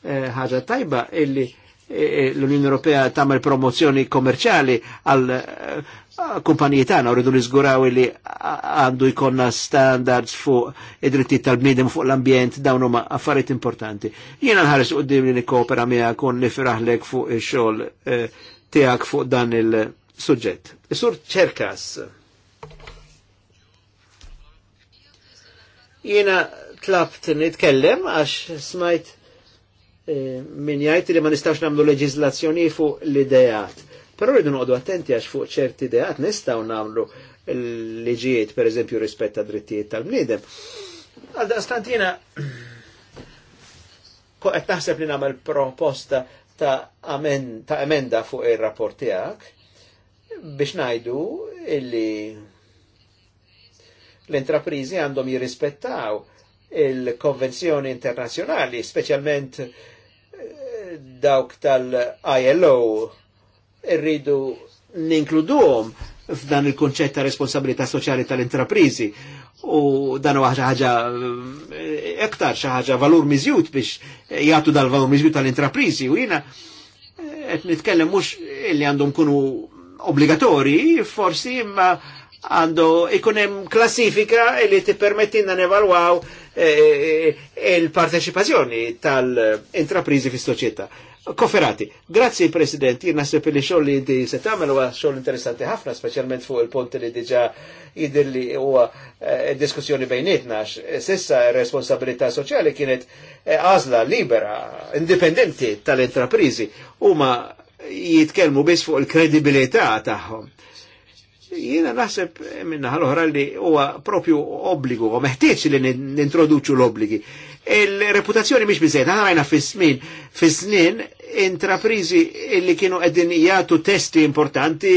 eh, ħaġa tajba illi eh, l-Unjoni Ewropea tagħmel promozzjoni kommerċjali għal eh, kumpaniji tagħna rridu niżguraw li għandu jkollna standards fuq id-dritti tal-bniedem fuq l-ambjent dawn huma affarijiet importanti. Jiena nħares quddiem li nikkopera miegħek u nifraħlek fuq ix-xogħol eh, tiegħek fuq dan il- suġġett. Sur ċerkas. Jiena tlabt nitkellem għax smajt eh, min jgħid li ma nistax nagħmlu leġiżlazzjoni fuq l-idejat. Però rridu noqogħdu attenti għax fuq ċerti ideat nistgħu nagħmlu l-liġijiet pereżempju rispett ta' drittijiet tal bnidem Għal stant jiena qed li namel proposta ta' amenda fuq ir-rapport biex najdu illi l-intraprizi għandhom jirrispettaw il-konvenzjoni internazjonali, specialment eh, dawk tal-ILO, irridu ninkluduhom f'dan il-konċett ta' responsabilità soċjali tal-intraprizi u dan huwa ħaġa eh, iktar xi ħaġa valur miżjud biex jagħtu dal-valur miżjud tal-intraprizi u jiena eh, qed nitkellem mhux illi għandhom kunu obbligatori, forsi ma għandu ikunem klassifika li ti permettina nevalwaw eh, eh, eh, il-parteċipazzjoni tal-intraprizi fi soċjetà. Koferati, grazzi President, jirna sepp li xoll li di setamel u xoll interessanti ħafna, specialment fuq il ponti li diġa jidir li huwa diskussjoni bejnietna, sessa responsabilità soċjali kienet għazla libera, indipendenti tal-intraprizi, u ma jitkelmu biss fuq il-kredibilità tagħhom. Jiena naħseb minna ħal-oħra li huwa propju obbligu, u meħtieġ li nintroduċu l-obbligi. Il-reputazzjoni mhix biżejt, ħana rajna fis-snin, fis-snin intraprizi li kienu qegħdin jagħtu testi importanti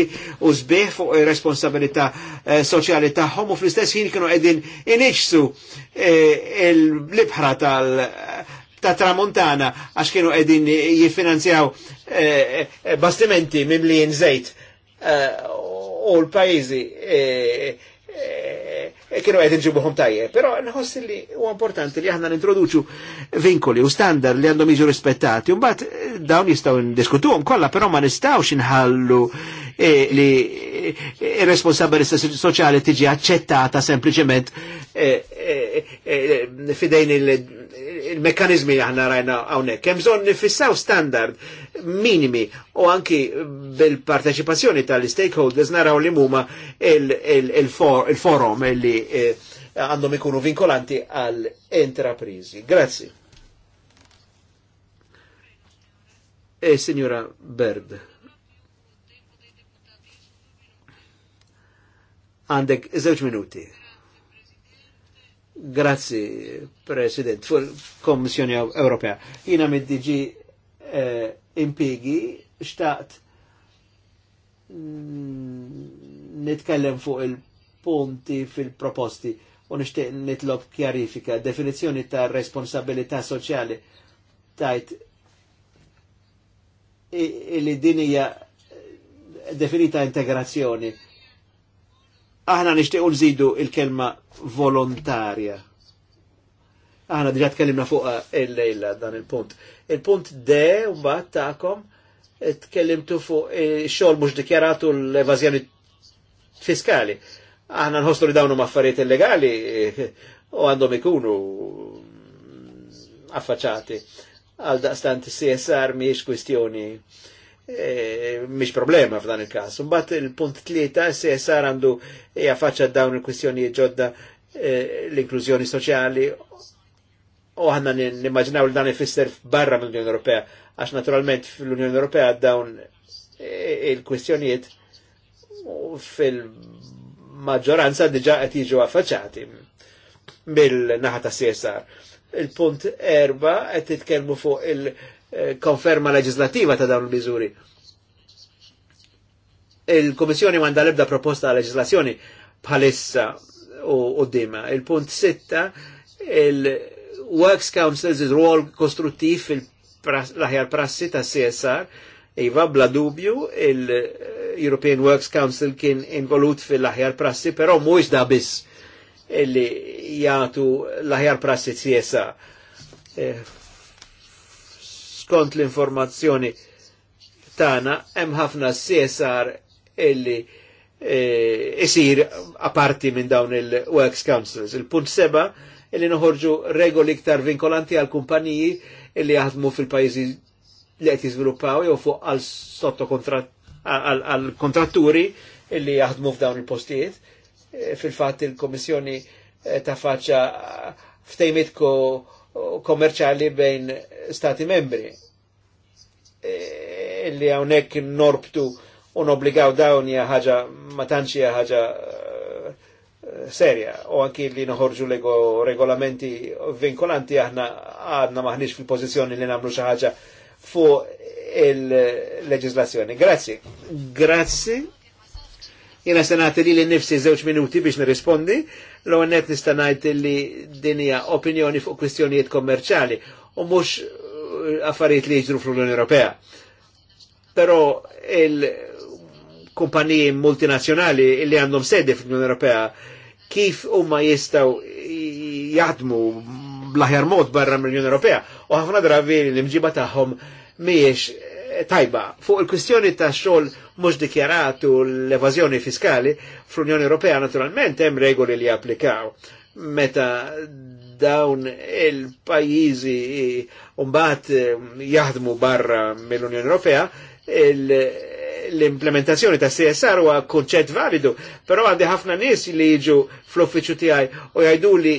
u sbieħ fuq responsabilità eh, soċjali tagħhom u fl-istess ħin kienu qegħdin iniġsu eh, l-libħra tal- ta' tramontana għax kienu għedin jifinanzjaw eh, eh, bastimenti minn zejt eh, u l-pajizi eh, kienu għedin ġibuħom tajje, pero nħoss li u importanti li aħna nintroduċu vinkoli u standard li għandhom jiġu rispettati, un bat dawn jistaw ndiskutuhom kolla, pero ma nistawx nħallu eh, li responsabilità soċjali tiġi accettata sempliciment fidejn il- il-mekkanizmi aħna rajna għawnek. Kem zon nifissaw standard minimi u anki bil-parteċipazzjoni tal-stakeholders naraw li muma il-forum il li eh, għandhom eh, ikunu vinkolanti għal enterprizi. Grazie. E signora Bird. Għandek zewġ minuti. Grazzi, President, fu l Kommissjoni Ewropea. Jina mid-DG eh, impigi xtaqt mm, nitkellem fuq il-punti fil-proposti u nishtiq nitlob kjarifika. Definizjoni ta' responsabilità soċjali tajt li dinija definita integrazzjoni aħna nixtiequ nżidu il-kelma volontarja. Aħna diġa tkellimna fuq il-lejla dan il-punt. Il-punt D, mbagħad tagħkom, tkellimtu fuq eh, xogħol mhux dikjaratu l-evażjoni fiskali. Aħna nħossu li dawn huma affarijiet illegali eh, u għandhom ikunu affaċati. Għal daqstant CSR miex kwistjoni E, mish problema f'dan il-kas. Mbatt il-punt tlieta se jessar għandu jaffaċċa e, dawn il-kwistjoni ġodda e, l-inklużjoni soċjali u ħanna nimmaġinaw l-dan ifisser barra mill-Unjoni Ewropea, għax naturalment fl-Unjoni Ewropea dawn e, il-kwistjonijiet fil-maġġoranza diġa qed jiġu affaċċati mill-naħa ta' CSR. Il-punt erba qed titkellmu fuq il- Eh, konferma leġislativa ta' dawn il-miżuri. Il-Komissjoni manda l-ebda proposta leġislazzjoni bħalissa u d-dima. Il-punt sitta, il-Works Councils il-rol kostruttiv fil-laħjar prassi ta' CSR, Iva, bla dubju, il-European Works Council kien involut fil-laħjar prassi, però mux da biss illi jgħatu laħjar prassi CSR. Eh, skont l-informazzjoni tana hemm ħafna CSR illi e, isir aparti minn dawn il-Works Councils. Il-punt seba illi noħorġu regoli iktar vinkolanti għal kumpaniji illi jaħdmu fil-pajjiżi li qed jiżviluppaw jew fuq għal sotto għal kontratturi illi jaħdmu f'dawn il-postijiet. E, fil-fatt il-Komissjoni e, ta' faċċa ftejmitko kommerċali bejn stati membri. E, illi hawnhekk norbtu un obbligaw dawn hija ħaġa ma tantx ħaġa e, serja u anki li noħorġu lego regolamenti vinkolanti aħna għadna maħniex fil pozizjoni li namlu xaħġa fu il-leġislazzjoni. Grazzi. Grazzi. Jena senati li l-nifsi zewċ minuti biex nirrispondi l net nistanajt li dinija opinjoni fuq kwistjonijiet kommerċali u mux eh, affarijiet li jġru fl-Unjoni Ewropea. Pero il-kumpaniji multinazzjonali li għandhom sedi fl-Unjoni Ewropea kif huma jistaw jaħdmu bl-aħjar mod barra mill-Unjoni Ewropea u ħafna drabi l-imġiba tagħhom miex tajba. Fuq il-kwistjoni ta' xol mux dikjaratu l evazjoni fiskali fl-Unjoni Ewropea naturalment hemm regoli li japplikaw meta dawn il-pajjiżi mbagħad um, jaħdmu barra mill-Unjoni Ewropea l-implementazzjoni ta' CSR huwa kunċett validu, però għandi ħafna nies li jiġu fl-uffiċċju tiegħi u jgħidu li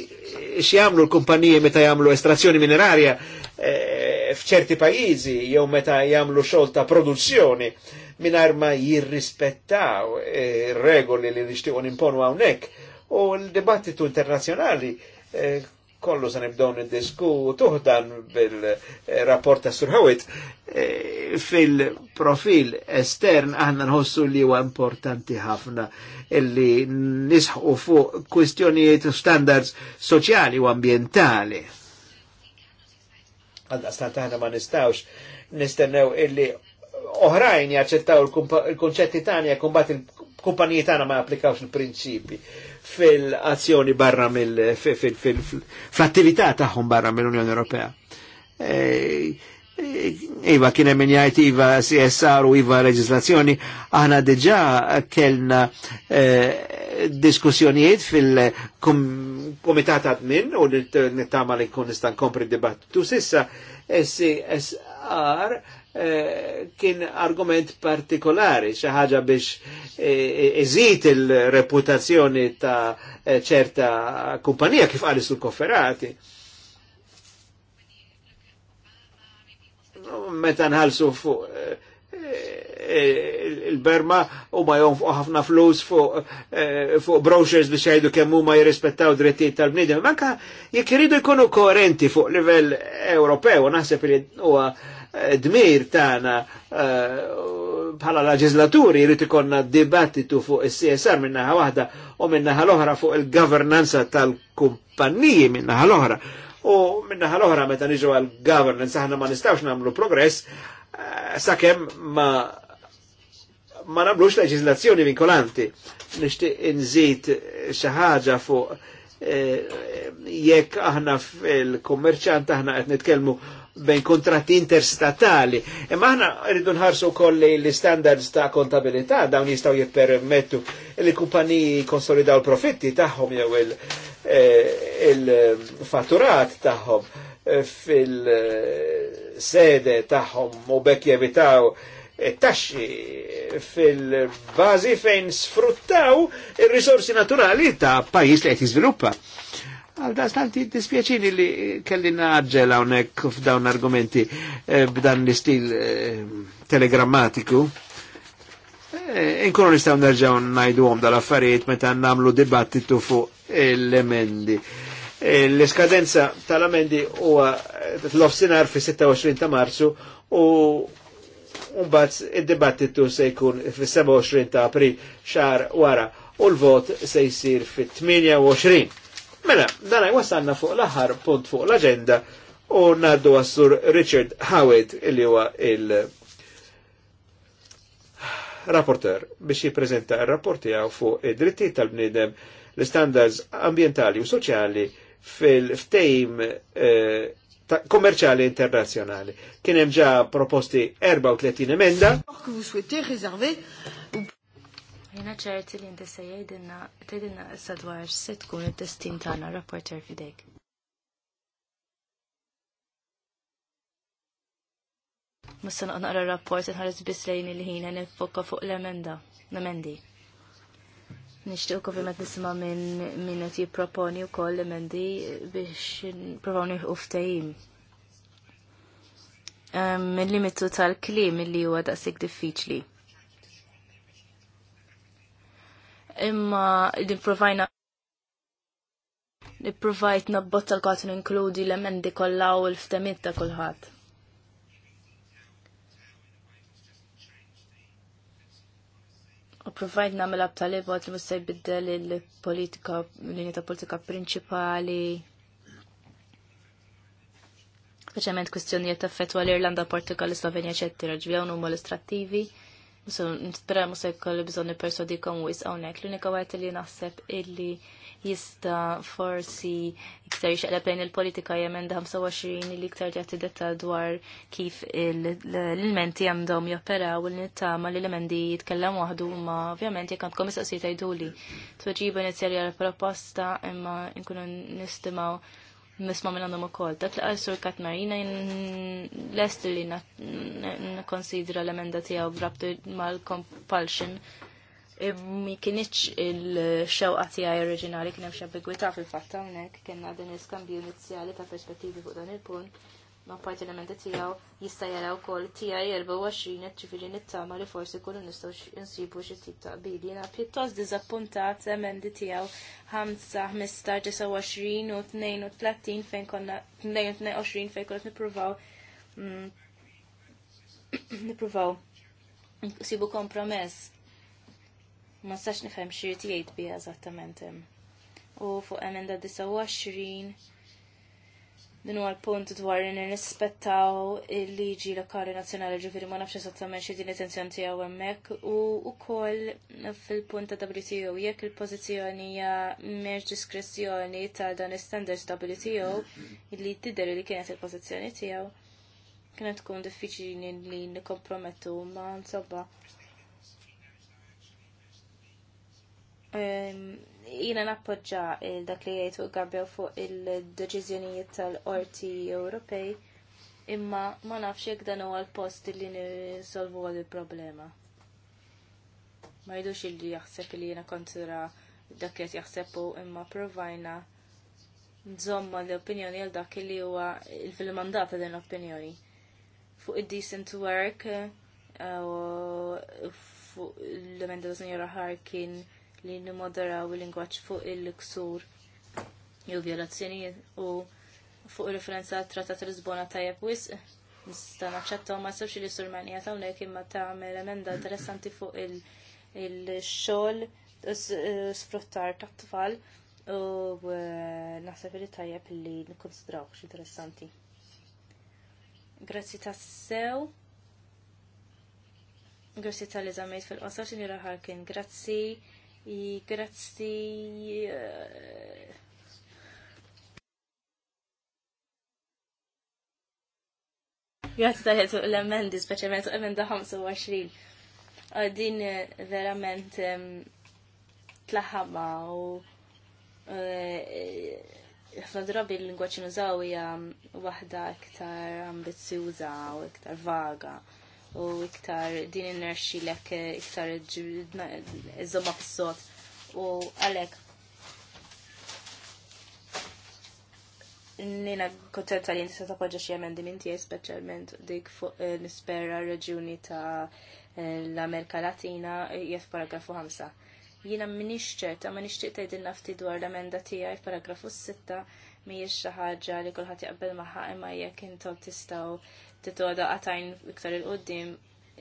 x'jagħmlu l-kumpaniji meta jagħmlu estrazzjoni minerarja e fċerti pajjiżi jew meta jagħmlu xogħol ta' produzzjoni mingħajr ma jirrispettaw eh, regoli li nixtiequ nimponu hawnhekk. U l-dibattitu internazzjonali eh, kollu se nibdew niddiskutuh dan bil-rapport ta' Surħawit eh, fil-profil estern aħna nħossu li huwa importanti ħafna illi nisħu fuq kwistjonijiet standards soċjali u ambientali Għaldaqstan taħna ma nistawx nistennew illi oħrajn jaċċettaw il-konċetti tani kumbat il-kumpaniji tana ma japplikawx il-prinċipi fil-azzjoni barra mill-attività tagħhom barra mill-Unjoni Ewropea. E, Iva kien hemm jgħid iva CSR u iva leġislazzjoni, aħna diġà kellna eh, diskussjonijiet fil-komitat admin u u nittama li kun nista' nkompri dibattitu sissa CSR eh, kien argument partikolari, xi ħaġa biex eh, iżid il-reputazzjoni ta' ċerta kumpanija kif qalis sul-kofferati meta nħalsu fuq eh, eh, il-Berma u ma fuq ħafna flus fuq eh, brochures biex jajdu kemm huma jirrispettaw drittijiet tal bnidem Manka jek iridu jkunu koerenti fuq livell Ewropew u naħseb li huwa dmir tagħna bħala leġislaturi jrid ikonna dibattitu fuq is-CSR minnaħa waħda u minnaħa l-oħra fuq il-governanza tal-kumpanniji minnaħa l-oħra u ħal oħra meta niġu għal governance aħna ma nistawx namlu progress eh, sakemm ma ma namlux leġislazzjoni vinkolanti. Nixtieq inżid xi ħaġa fuq eh, jekk aħna fil-kummerċant aħna qed nitkellmu bejn kontratti interstatali. Imma aħna rridu nħarsu koll l-standards ta' kontabilità dawn jistgħu jippermettu li kumpaniji konsolidaw l-profitti tagħhom jew il-fatturat eh, tagħhom eh, fil-sede tagħhom u bekk jevitaw eh, taxxi fil-bażi fejn sfruttaw ir-risorsi naturali ta' pajjiż li qed jiżviluppa. Għalda, stanti dispieċini li kelli naġġel hawnhekk f'dawn argumenti eh, b'dan l-istil eh, telegrammatiku. Eh, inkunu nerġaw najdu għom dal-affarijiet meta namlu dibattitu fuq l-emendi. l eskadenza tal emendi huwa l-offsinar fi 26 ta' Marzu u mbagħad id-dibattitu se jkun fi 27 ta' April xar wara u l-vot se jsir fi 28 Mela, dan wasanna fuq l-aħħar punt fuq l-agenda u naddu għassur Richard Howard il huwa il-rapporter biex jiprezenta il-rapport tiegħu fuq id-dritti tal-bniedem l-standards ambientali u soċjali fil-ftejm eh, internazzjonali. internazjonali. Kien hemm ġa proposti 34 emenda. Jena ċerti li jinti dinna jgħidinna, tgħidilna sadwar dwar se tkun id-destin tagħna rapporter fidejk. Mussa naqra rapport nħares bislejni lejn il-ħin nifokka fuq l-emenda, l-emendi. Nishtiq kofi ma nisma minn min qed jipproponi wkoll emendi biex nipprovaw uftajim. mill limitu tal-klim li huwa daqsik diffiċli. imma nipprovajna nipprovajt nabbozza l-kwat inkludi l-emendi kollha u l-ftemiet ta' kulħadd. U provajt namel ab talibot li musta jibiddel il-politika, l-linja ta' politika prinċipali. Speċjalment kwistjonijiet ta' fetwa l-Irlanda, Portugal, Slovenja, ċettira, ġbjaw numma l-istrattivi. So, nispera musa jkollu bżonni persodikom wis għonek. L-unika għajt li naħseb illi jista forsi iktar jxaqleb bejn il-politika jemen 25 li iktar jgħati detta dwar kif l-elementi għandhom jopera u l ma l-elementi jitkellem waħdu ma ovvjament jekant għandkom jistaqsi tajduli. Tweġiba inizjali l proposta imma nkunu nistimaw nisma minn għandhom ukoll. Dak li qal Sur Katmarina lest li nikkonsidra l-emenda tiegħu b'rabtu mal-compulsion e mi kienieċ il-xewqa tiegħi oriġinali kien hemm xi ambigwità fil-fatt hawnhekk kien din l-iskambju inizjali ta' perspettivi fuq dan il-punt ma parti l tijaw jista jaraw kol tijaj 24 ċifiri nittama li forsi kullu nistaw nsibu xie tip ta' bili. Na pjuttos dizappuntat emendi tijaw 5, 15, 29 u 32 fejn konna 22 fejn konna nipruvaw mm, nipruvaw nsibu kompromess. Ma stax nifhem xirti jgħid biha eżattament hemm. U fuq emenda 29 din huwa l-punt dwar li nispettaw il-liġi lokali nazzjonali ġifiri ma nafx esattament xi din it-tensjoni tiegħu hemmhekk u wkoll fil-punt ta' WTO jekk il-pożizzjoni hija meġ diskrezzjoni ta' dan is-standards WTO li tidher li kienet il-pożizzjoni tiegħu kienet tkun diffiċli li nikkompromettu ma' nsobba. Ehm, jina nappoġġa dak li jgħidu għabjaw fuq il-deċiżjonijiet tal-Qorti Ewropej imma ma nafx jekk dan huwa l-post li nisolvu għal il-problema. Ma jidux illi jaħseb li jiena kontra dak li jaħsebu imma provajna nżomma l-opinjoni għal dak li huwa fil mandata din l-opinjoni. Fuq id-decent work eh, u fuq l-emenda ta' Sinjora Harkin li nimoderaw il-lingwaġġ fuq il-ksur jew violazzjonijiet u fuq referenza għat trattat Lisbona tajjeb wisq. Nista' naċċettaw ma sebx li Sulmanija hawnhekk imma tagħmel emenda interessanti fuq il-xogħol sfruttar tat tfal u e, naħseb li tajjeb li nikkonsidrawx interessanti. Grazzi tassew. Grazzi tal-li fil-qosor, Sinjura Harkin. Grazzi I Grazzi. Eh, grazzi ta' taħet l-emendi, speċjalment emenda 25. Din eh, verament tlaħama u eh, ħafna drabi l-lingwaċi nużaw hija waħda iktar ambizzjuża u iktar vaga u iktar din inerxi lek eh, iktar iżomma fis-sot u għalek nina kontenta li jinti tappoġġa xi emendi minn speċjalment dik fuq eh, nispera reġjuni ta' eh, l-Amerika Latina hija paragrafu 5. Jiena m'iniex ċerta ma nixtieq tgħidilna nafti dwar l-emenda tiegħi f'paragrafu 6 mhijiex xi ħaġa li kulħadd jaqbel magħha imma jekk intom tistgħu titoda għatajn iktar il-qoddim,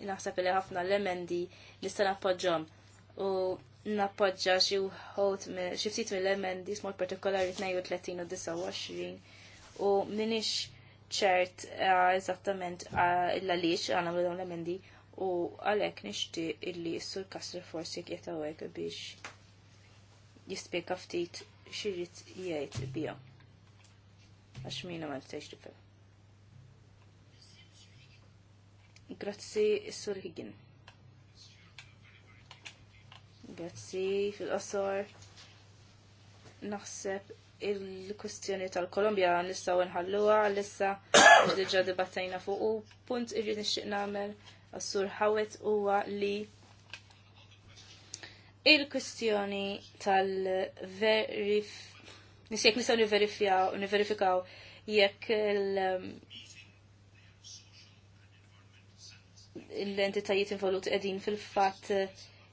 naħseb li ħafna l-emendi nista nappoġġhom u nappoġġa xi wħud xi ftit mill-emendi smol partikolari 32 u 29 u minix ċert eh, eżattament eh, l-għaliex għana dawn l-emendi u għalek nishti illi s-sur kastri forsi kjetawek biex jispiega ftit xirrit jgħid bija. Għax mina ma nistax tifhem. Grazzi, Sur Higgin. Grazzi, fil-qosor. Naħseb il-kustjoni tal-Kolombja nistaw nħalluha lissa diġà dibattajna fuq u punt irrid nixxiq nagħmel għas-sur ħawet huwa li il-kustjoni tal-verif nisjek nistgħu niverifjaw niverifikaw jekk il- l-entitajiet involuti qegħdin fil-fatt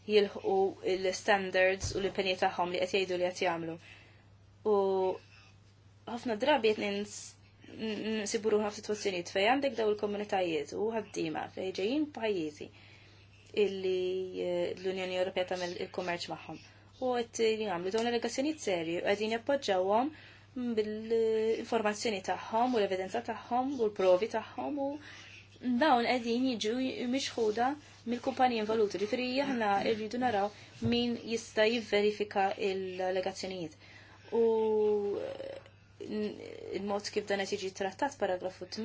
jilħqu l-standards u l-impenji tagħhom li qed jgħidu li qed jagħmlu. U ħafna drabi qed nsiburu ħafna sitwazzjonijiet fejn għandek daw il-komunitajiet u ħaddiema fejn ġejjin pajjiżi illi eh, l-Unjoni Ewropea tagħmel il-kummerċ magħhom. U qed jagħmlu dawn allegazzjonijiet serji u qegħdin jappoġġawhom bil-informazzjoni tagħhom u l-evidenza tagħhom u l-provi tagħhom u dawn qegħdin jiġu mixħuda mill-kumpanija involuti. Ġifieri aħna rridu naraw min jista' jivverifika l-allegazzjonijiet. U eh, il-mod kif dan qed jiġi trattat paragrafu 8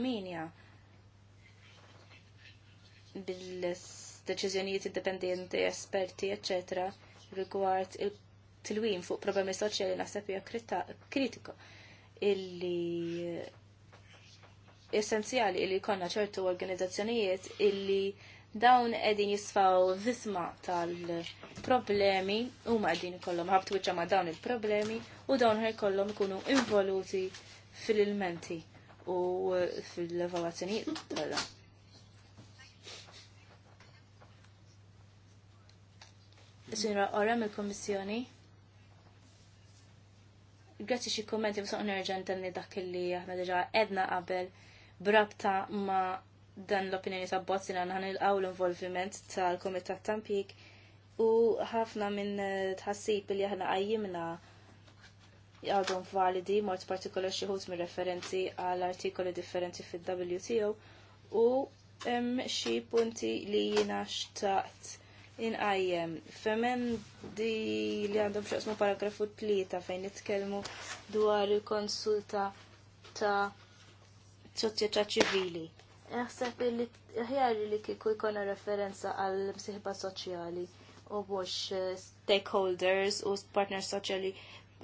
bil-deċiżjonijiet indipendenti, esperti, ecc. rigward il-tilwim fuq problemi soċjali naħseb hija illi essenzjali li konna ċertu organizzazzjonijiet illi dawn edin jisfaw visma tal-problemi u ma edin kollom ħabtu ma dawn il-problemi u dawn ħaj kollom kunu involuti fil-ilmenti u fil-evaluazzjonijiet tal-da. Sinra, orem il-Komissjoni. Grazzi xie kommenti b'soq nerġan tenni dak li aħna deġa edna qabel brabta ma' dan l-opinjoni ta' bozzi li għan il-għaw l-involviment tal-Komitat Tampik u ħafna minn eh, tħassib li aħna għajjimna għadhom validi mort partikolar xieħut minn referenzi għal artikoli differenti fil-WTO u xie xi punti li jiena xtaqt għajjem. Femen di li għandhom xaqsmu paragrafu tlieta fejn nitkellmu dwar il-konsulta ta' soċjetà ċivili. Naħseb li ħjar li kieku jkollna referenza għal msiħba soċjali u mhux eh, stakeholders u partners soċjali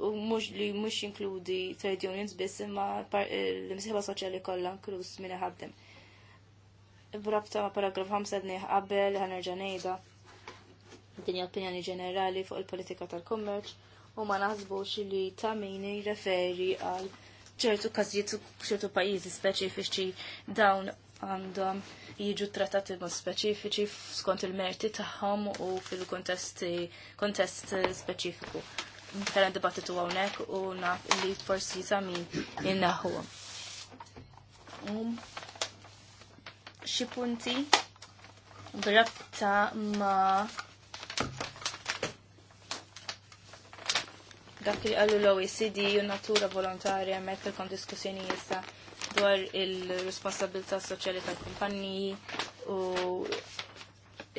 u mhux li mhux inkludi trade unions biss imma eh, l-msiħba soċjali kollha inkluż minn ħaddem. Brabta ma' paragraf 5 dni qabel ħanerġa' ngħidha dinja opinjoni ġenerali fuq il-politika tal-kummerċ u ma naħsbux li ta' min jirreferi għal ċertu każijiet u ċertu pajjiżi speċifiċi dawn għandhom jiġu trattati mod speċifiċi skont il-merti tagħhom u fil-kontest speċifiku. Kena dibattitu hawnhekk u naf li forsi samin innaħuhom. Um, xi punti drabta ma' dak li għallu l-OECD u natura volontarja mekk il-kom diskussjoni jissa dwar il-responsabilità soċjali tal-kumpanniji u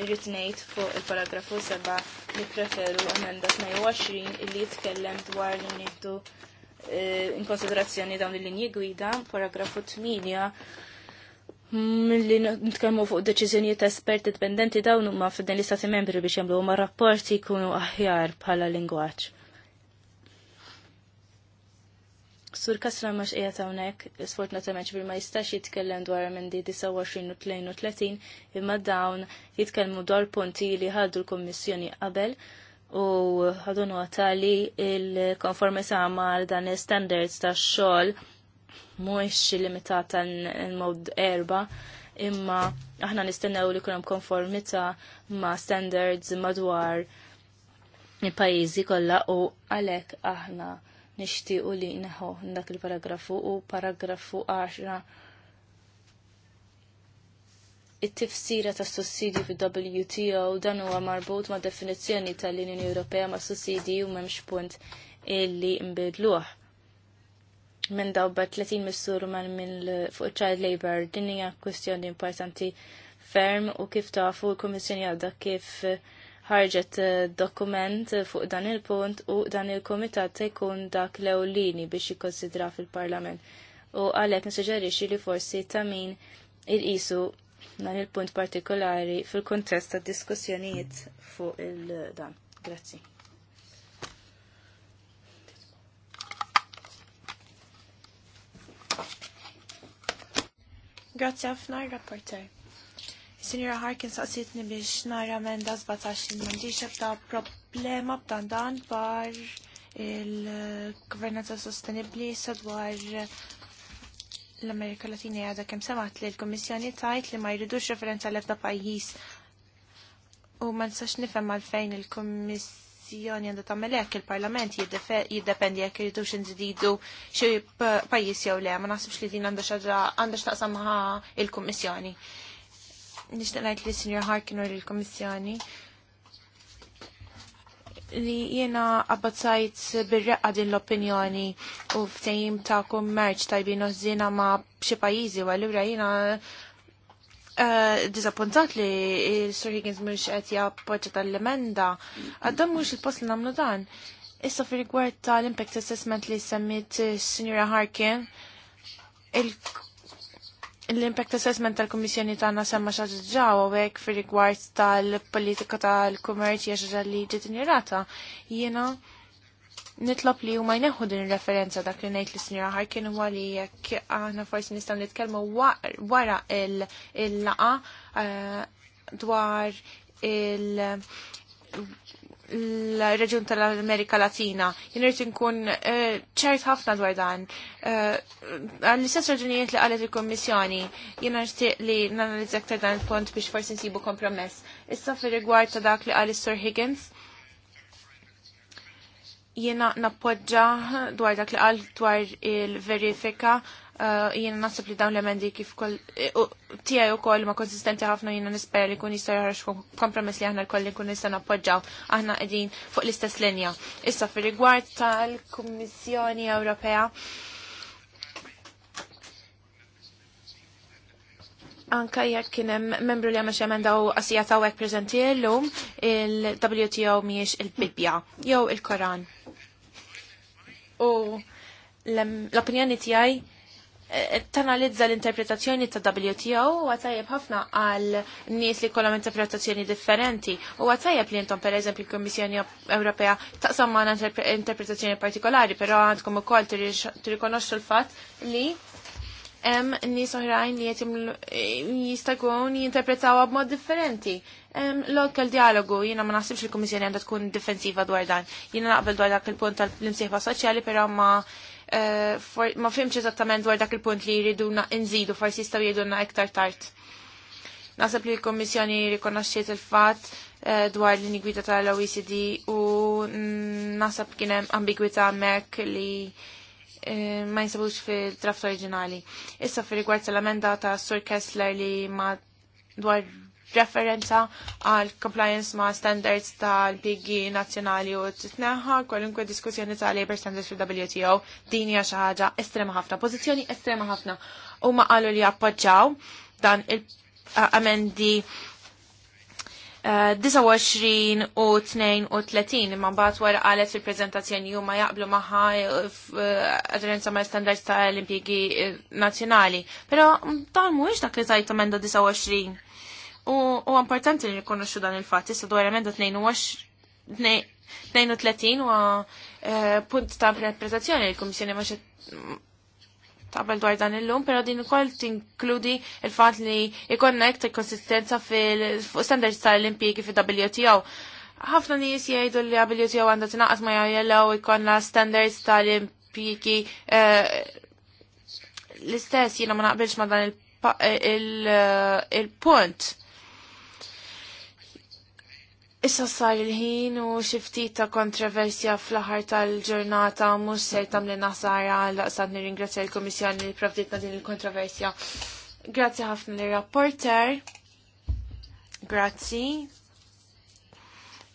ritnejt fuq il-paragrafu 7 li preferu emenda 22 illi jitkellem dwar li niddu eh, in konsiderazzjoni dawn il-linji gwida, paragrafu 8 Mill-li nitkellmu fuq deċiżjonijiet ta' esperti dipendenti dawn huma f'din l-istati membri biex jagħmlu ma' rapporti jkunu aħjar bħala lingwaġġ. Sur kasra max qiegħed hawnhekk, sfortunatament bil ma jistax jitkellem dwar di 29 u 32 imma dawn jitkellmu dwar punti li ħaddu l-Kummissjoni qabel u ħadu nota li il-konformità mal dan standards ta' xogħol mhuwiex limitata l-mod erba' imma aħna nistennew li kunem konformita ma' standards madwar il-pajizi kollha u għalhekk aħna nixtiequ li naħu dak il-paragrafu u paragrafu 10 it-tifsira ta' sussidi fi WTO dan huwa marbut ma' definizzjoni tal-Unjoni Ewropea ma' sussidi u m'hemmx punt illi nbidluh. Minn daw 30 missur man minn fuq child labor din hija kwestjoni importanti ferm u kif tafu l-Kummissjoni għadha kif uh, ħarġet eh, dokument eh, fuq dan il-punt u dan il-komitat se jkun dak l-ewlini biex jikkonsidra fil-parlament. U għalhekk nisuġġerixxi li forsi ta' min il-qisu dan il-punt partikolari fil-kontest ta' diskussjonijiet fuq il-dan. Grazzi. Grazie ħafna, rapporter. Sinjura Harkin saqsitni biex nara menda 17 mandiċ ta' problema b'dan dan dwar il gvernanza sostenibli sadwar l-Amerika Latina għadha kemm samat li l komissjoni tajt li ma jridux referenza l-ebda pajjiż u ma nistax nifhem għalfejn il komissjoni għanda għandha tagħmel hekk il-Parlament jiddependi jekk iridux nżididu xi pajjiż jew le, ma nasibx li din għandha xi għandha x'taqsam il-Kummissjoni nixtieq ngħid li Senior Harkin u l-Komissjoni li jiena abbazzajt bir-reqqa din l-opinjoni u ftehim ta' kummerċ tajbin użina ma' xi pajjiżi u għallura jiena Uh, eh, Dizappuntat li Sir Higgins mux qed jappoġġa tal-emenda, għaddam mux il-post li namlu dan. Issa fi rigward tal-impact assessment li semmit eh, Signora Harkin, L-impact assessment tal-Kommissjoni tagħna semma xi ġa hawnhekk fir-rigward tal-politika tal-kummerċ hija xi li ġiet injorata. Jiena nitlob li huma jneħħu din ir-referenza dak li ngħid lis-Sinjora kien huwa li jekk aħna forsi nistgħu nitkellmu wara il-laqa eh, dwar il- l-reġun tal-Amerika Latina. Jinirrit nkun eh, ċert ħafna dwar dan. Eh, Għall-istess raġunijiet li għalet il-Kommissjoni, jinirrit li nanalizza ktar dan il-pont biex forsi nsibu kompromess. Issa fil rigward ta' dak li għalis Sir Higgins, Jiena nappoġġa dwar dak li għal dwar il-verifika Eh, jiena naħseb li dawn l-emendi kif kol eh, tiegħi ukoll ma konsistenti ħafna jiena nispera li kun jista' joħroġ kompromess li aħna l-koll nkun nista' nappoġġaw aħna qegħdin fuq l-istess linja. Issa fir-rigward tal-Kummissjoni Ewropea Anka jekk kien hemm membru li għamel xemmen daw qasija tawek preżenti llum il-WTO miex il-Bibja jew il-Koran. U l-opinjoni tiegħi Eh, tanalizza l-interpretazzjoni ta' WTO u għatajab ħafna għal nies li kollha interpretazzjoni differenti u għatajab li intom per eżempju l-Kommissjoni Ewropea taqsam ma' interpretazzjoni partikolari, però għandkom ukoll tirrikonoxxu l-fatt li hemm nies oħrajn li eh, jistagun jinterpretaw għab b'mod differenti. Lokal dialogu, jina ma naħsibx il-Kommissjoni għandha tkun difensiva dwar dan. Jina naqbel dwar dak il-punt tal-imsieħba soċjali, però ma' Eh, ma fimx eżattament dwar dak il-punt li jriduna nżidu, forsi jistaw jriduna iktar tard. Nasab li l-Kommissjoni rikonoxxiet il-fatt eh, dwar l gwida tal-OECD u nasab kien hemm mek li eh, ma jinsabux fil-draft oriġinali. Issa fil rigward tal amenda ta' Sur Kessler li ma dwar referenza għal compliance ma' standards tal pg nazjonali u t-tneħħa kwalunkwe diskussjoni ta' labor standards fil WTO din hija xi ħaġa estrema ħafna, pożizzjoni estrema ħafna. U ma qalu li appoġġaw dan il-amendi 29 eh, u 32 imma mbagħad wara qalet fil-preżentazzjoni huma jaqblu magħha eh, eh, aderenza ma' standards ta' l-impjegi nazzjonali. Però mm, dan mhuwiex dak li tajt emenda 29. U importanti li nikonoxxu dan il-fatt, issa dwar emenda 32 u eh, punt ta' interpretazzjoni l-Kummissjoni ma tabel dwar dan il-lum, pero din ukoll tinkludi il-fatt li ikonna iktar konsistenza fil-standards tal impiegi fil-WTO. Ħafna nies jgħidu li WTO għandha tinaqas ma jgħajjellaw ikonna standards tal-impjegi eh, l-istess jiena ma naqbilx ma dan il-punt. Issa sar il-ħin u xiftit ta' kontroversja fl-aħħar tal-ġurnata mhux se nasar għal laqsad nirringrazzja l komissjoni li provditna din il-kontroversja. Grazzi ħafna l rapporter Grazzi.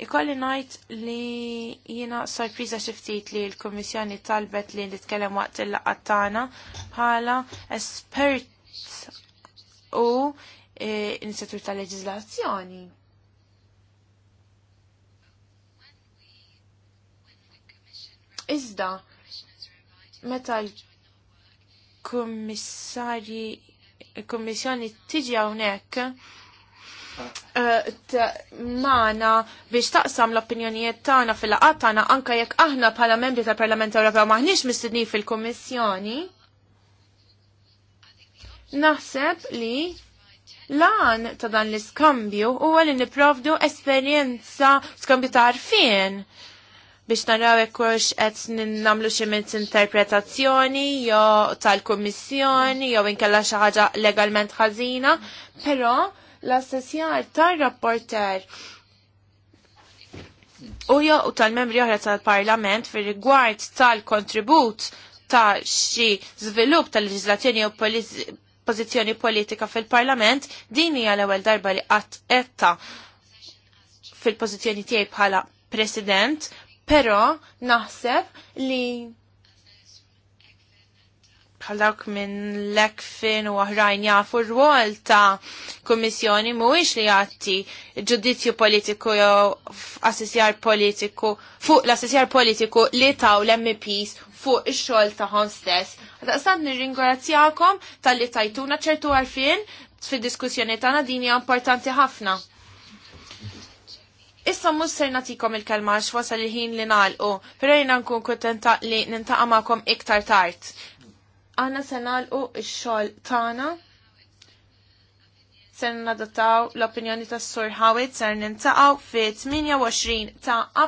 Ikolli najt li jina sorpriza xiftit li l-Komissjoni talbet li nitkellem waqt il-laqattana bħala espert u e, eh, Institut tal-Leġizlazzjoni. Iżda, meta l-kummissarji, l-kummissjoni tiġi hawnhekk, eh, Mana biex taqsam l-opinjonijiet tagħna fil-laqat tagħna anke jekk aħna bħala membri tal-Parlament Ewropew maħniex mistednin fil-Kummissjoni. Naħseb li lan ta' dan l-iskambju huwa li nipprovdu esperjenza skambju ta' arfien biex naraw ekkux qed namlu xi minn interpretazzjoni jew tal-Kummissjoni jew inkella xi ħaġa legalment ħażina, però l-assessjar tar-rapporter u jo u tal-membri oħra tal-Parlament fir-rigward tal-kontribut ta' xi żvilupp tal-leġiżlazzjoni u pożizzjoni politika fil-Parlament, din hija l-ewwel darba li qatt etta fil-pożizzjoni tiegħi bħala President, Però naħseb li bħalak minn Lekfin u oħrajn jafu r-rwol ta' kummissjoni mhuwiex li għatti ġudizzju politiku jew assessjar politiku fuq l-assessjar politiku li taw l-MPs fuq ix-xogħol tagħhom stess. Daqstant nirringrazzjakom tal-li tajtuna ċertu għarfien fid-diskussjoni tagħna din hija importanti ħafna. Issa mhux ser nagħtikom il-kelma għax wasal il-ħin li nalqu, pero jina nkun kontenta li nintaqa' magħkom iktar tard. Aħna se nagħlqu x-xogħol tagħna. Ser nadattaw l-opinjoni tas-Sur Hawit ser nintaqgħu fi 28 ta'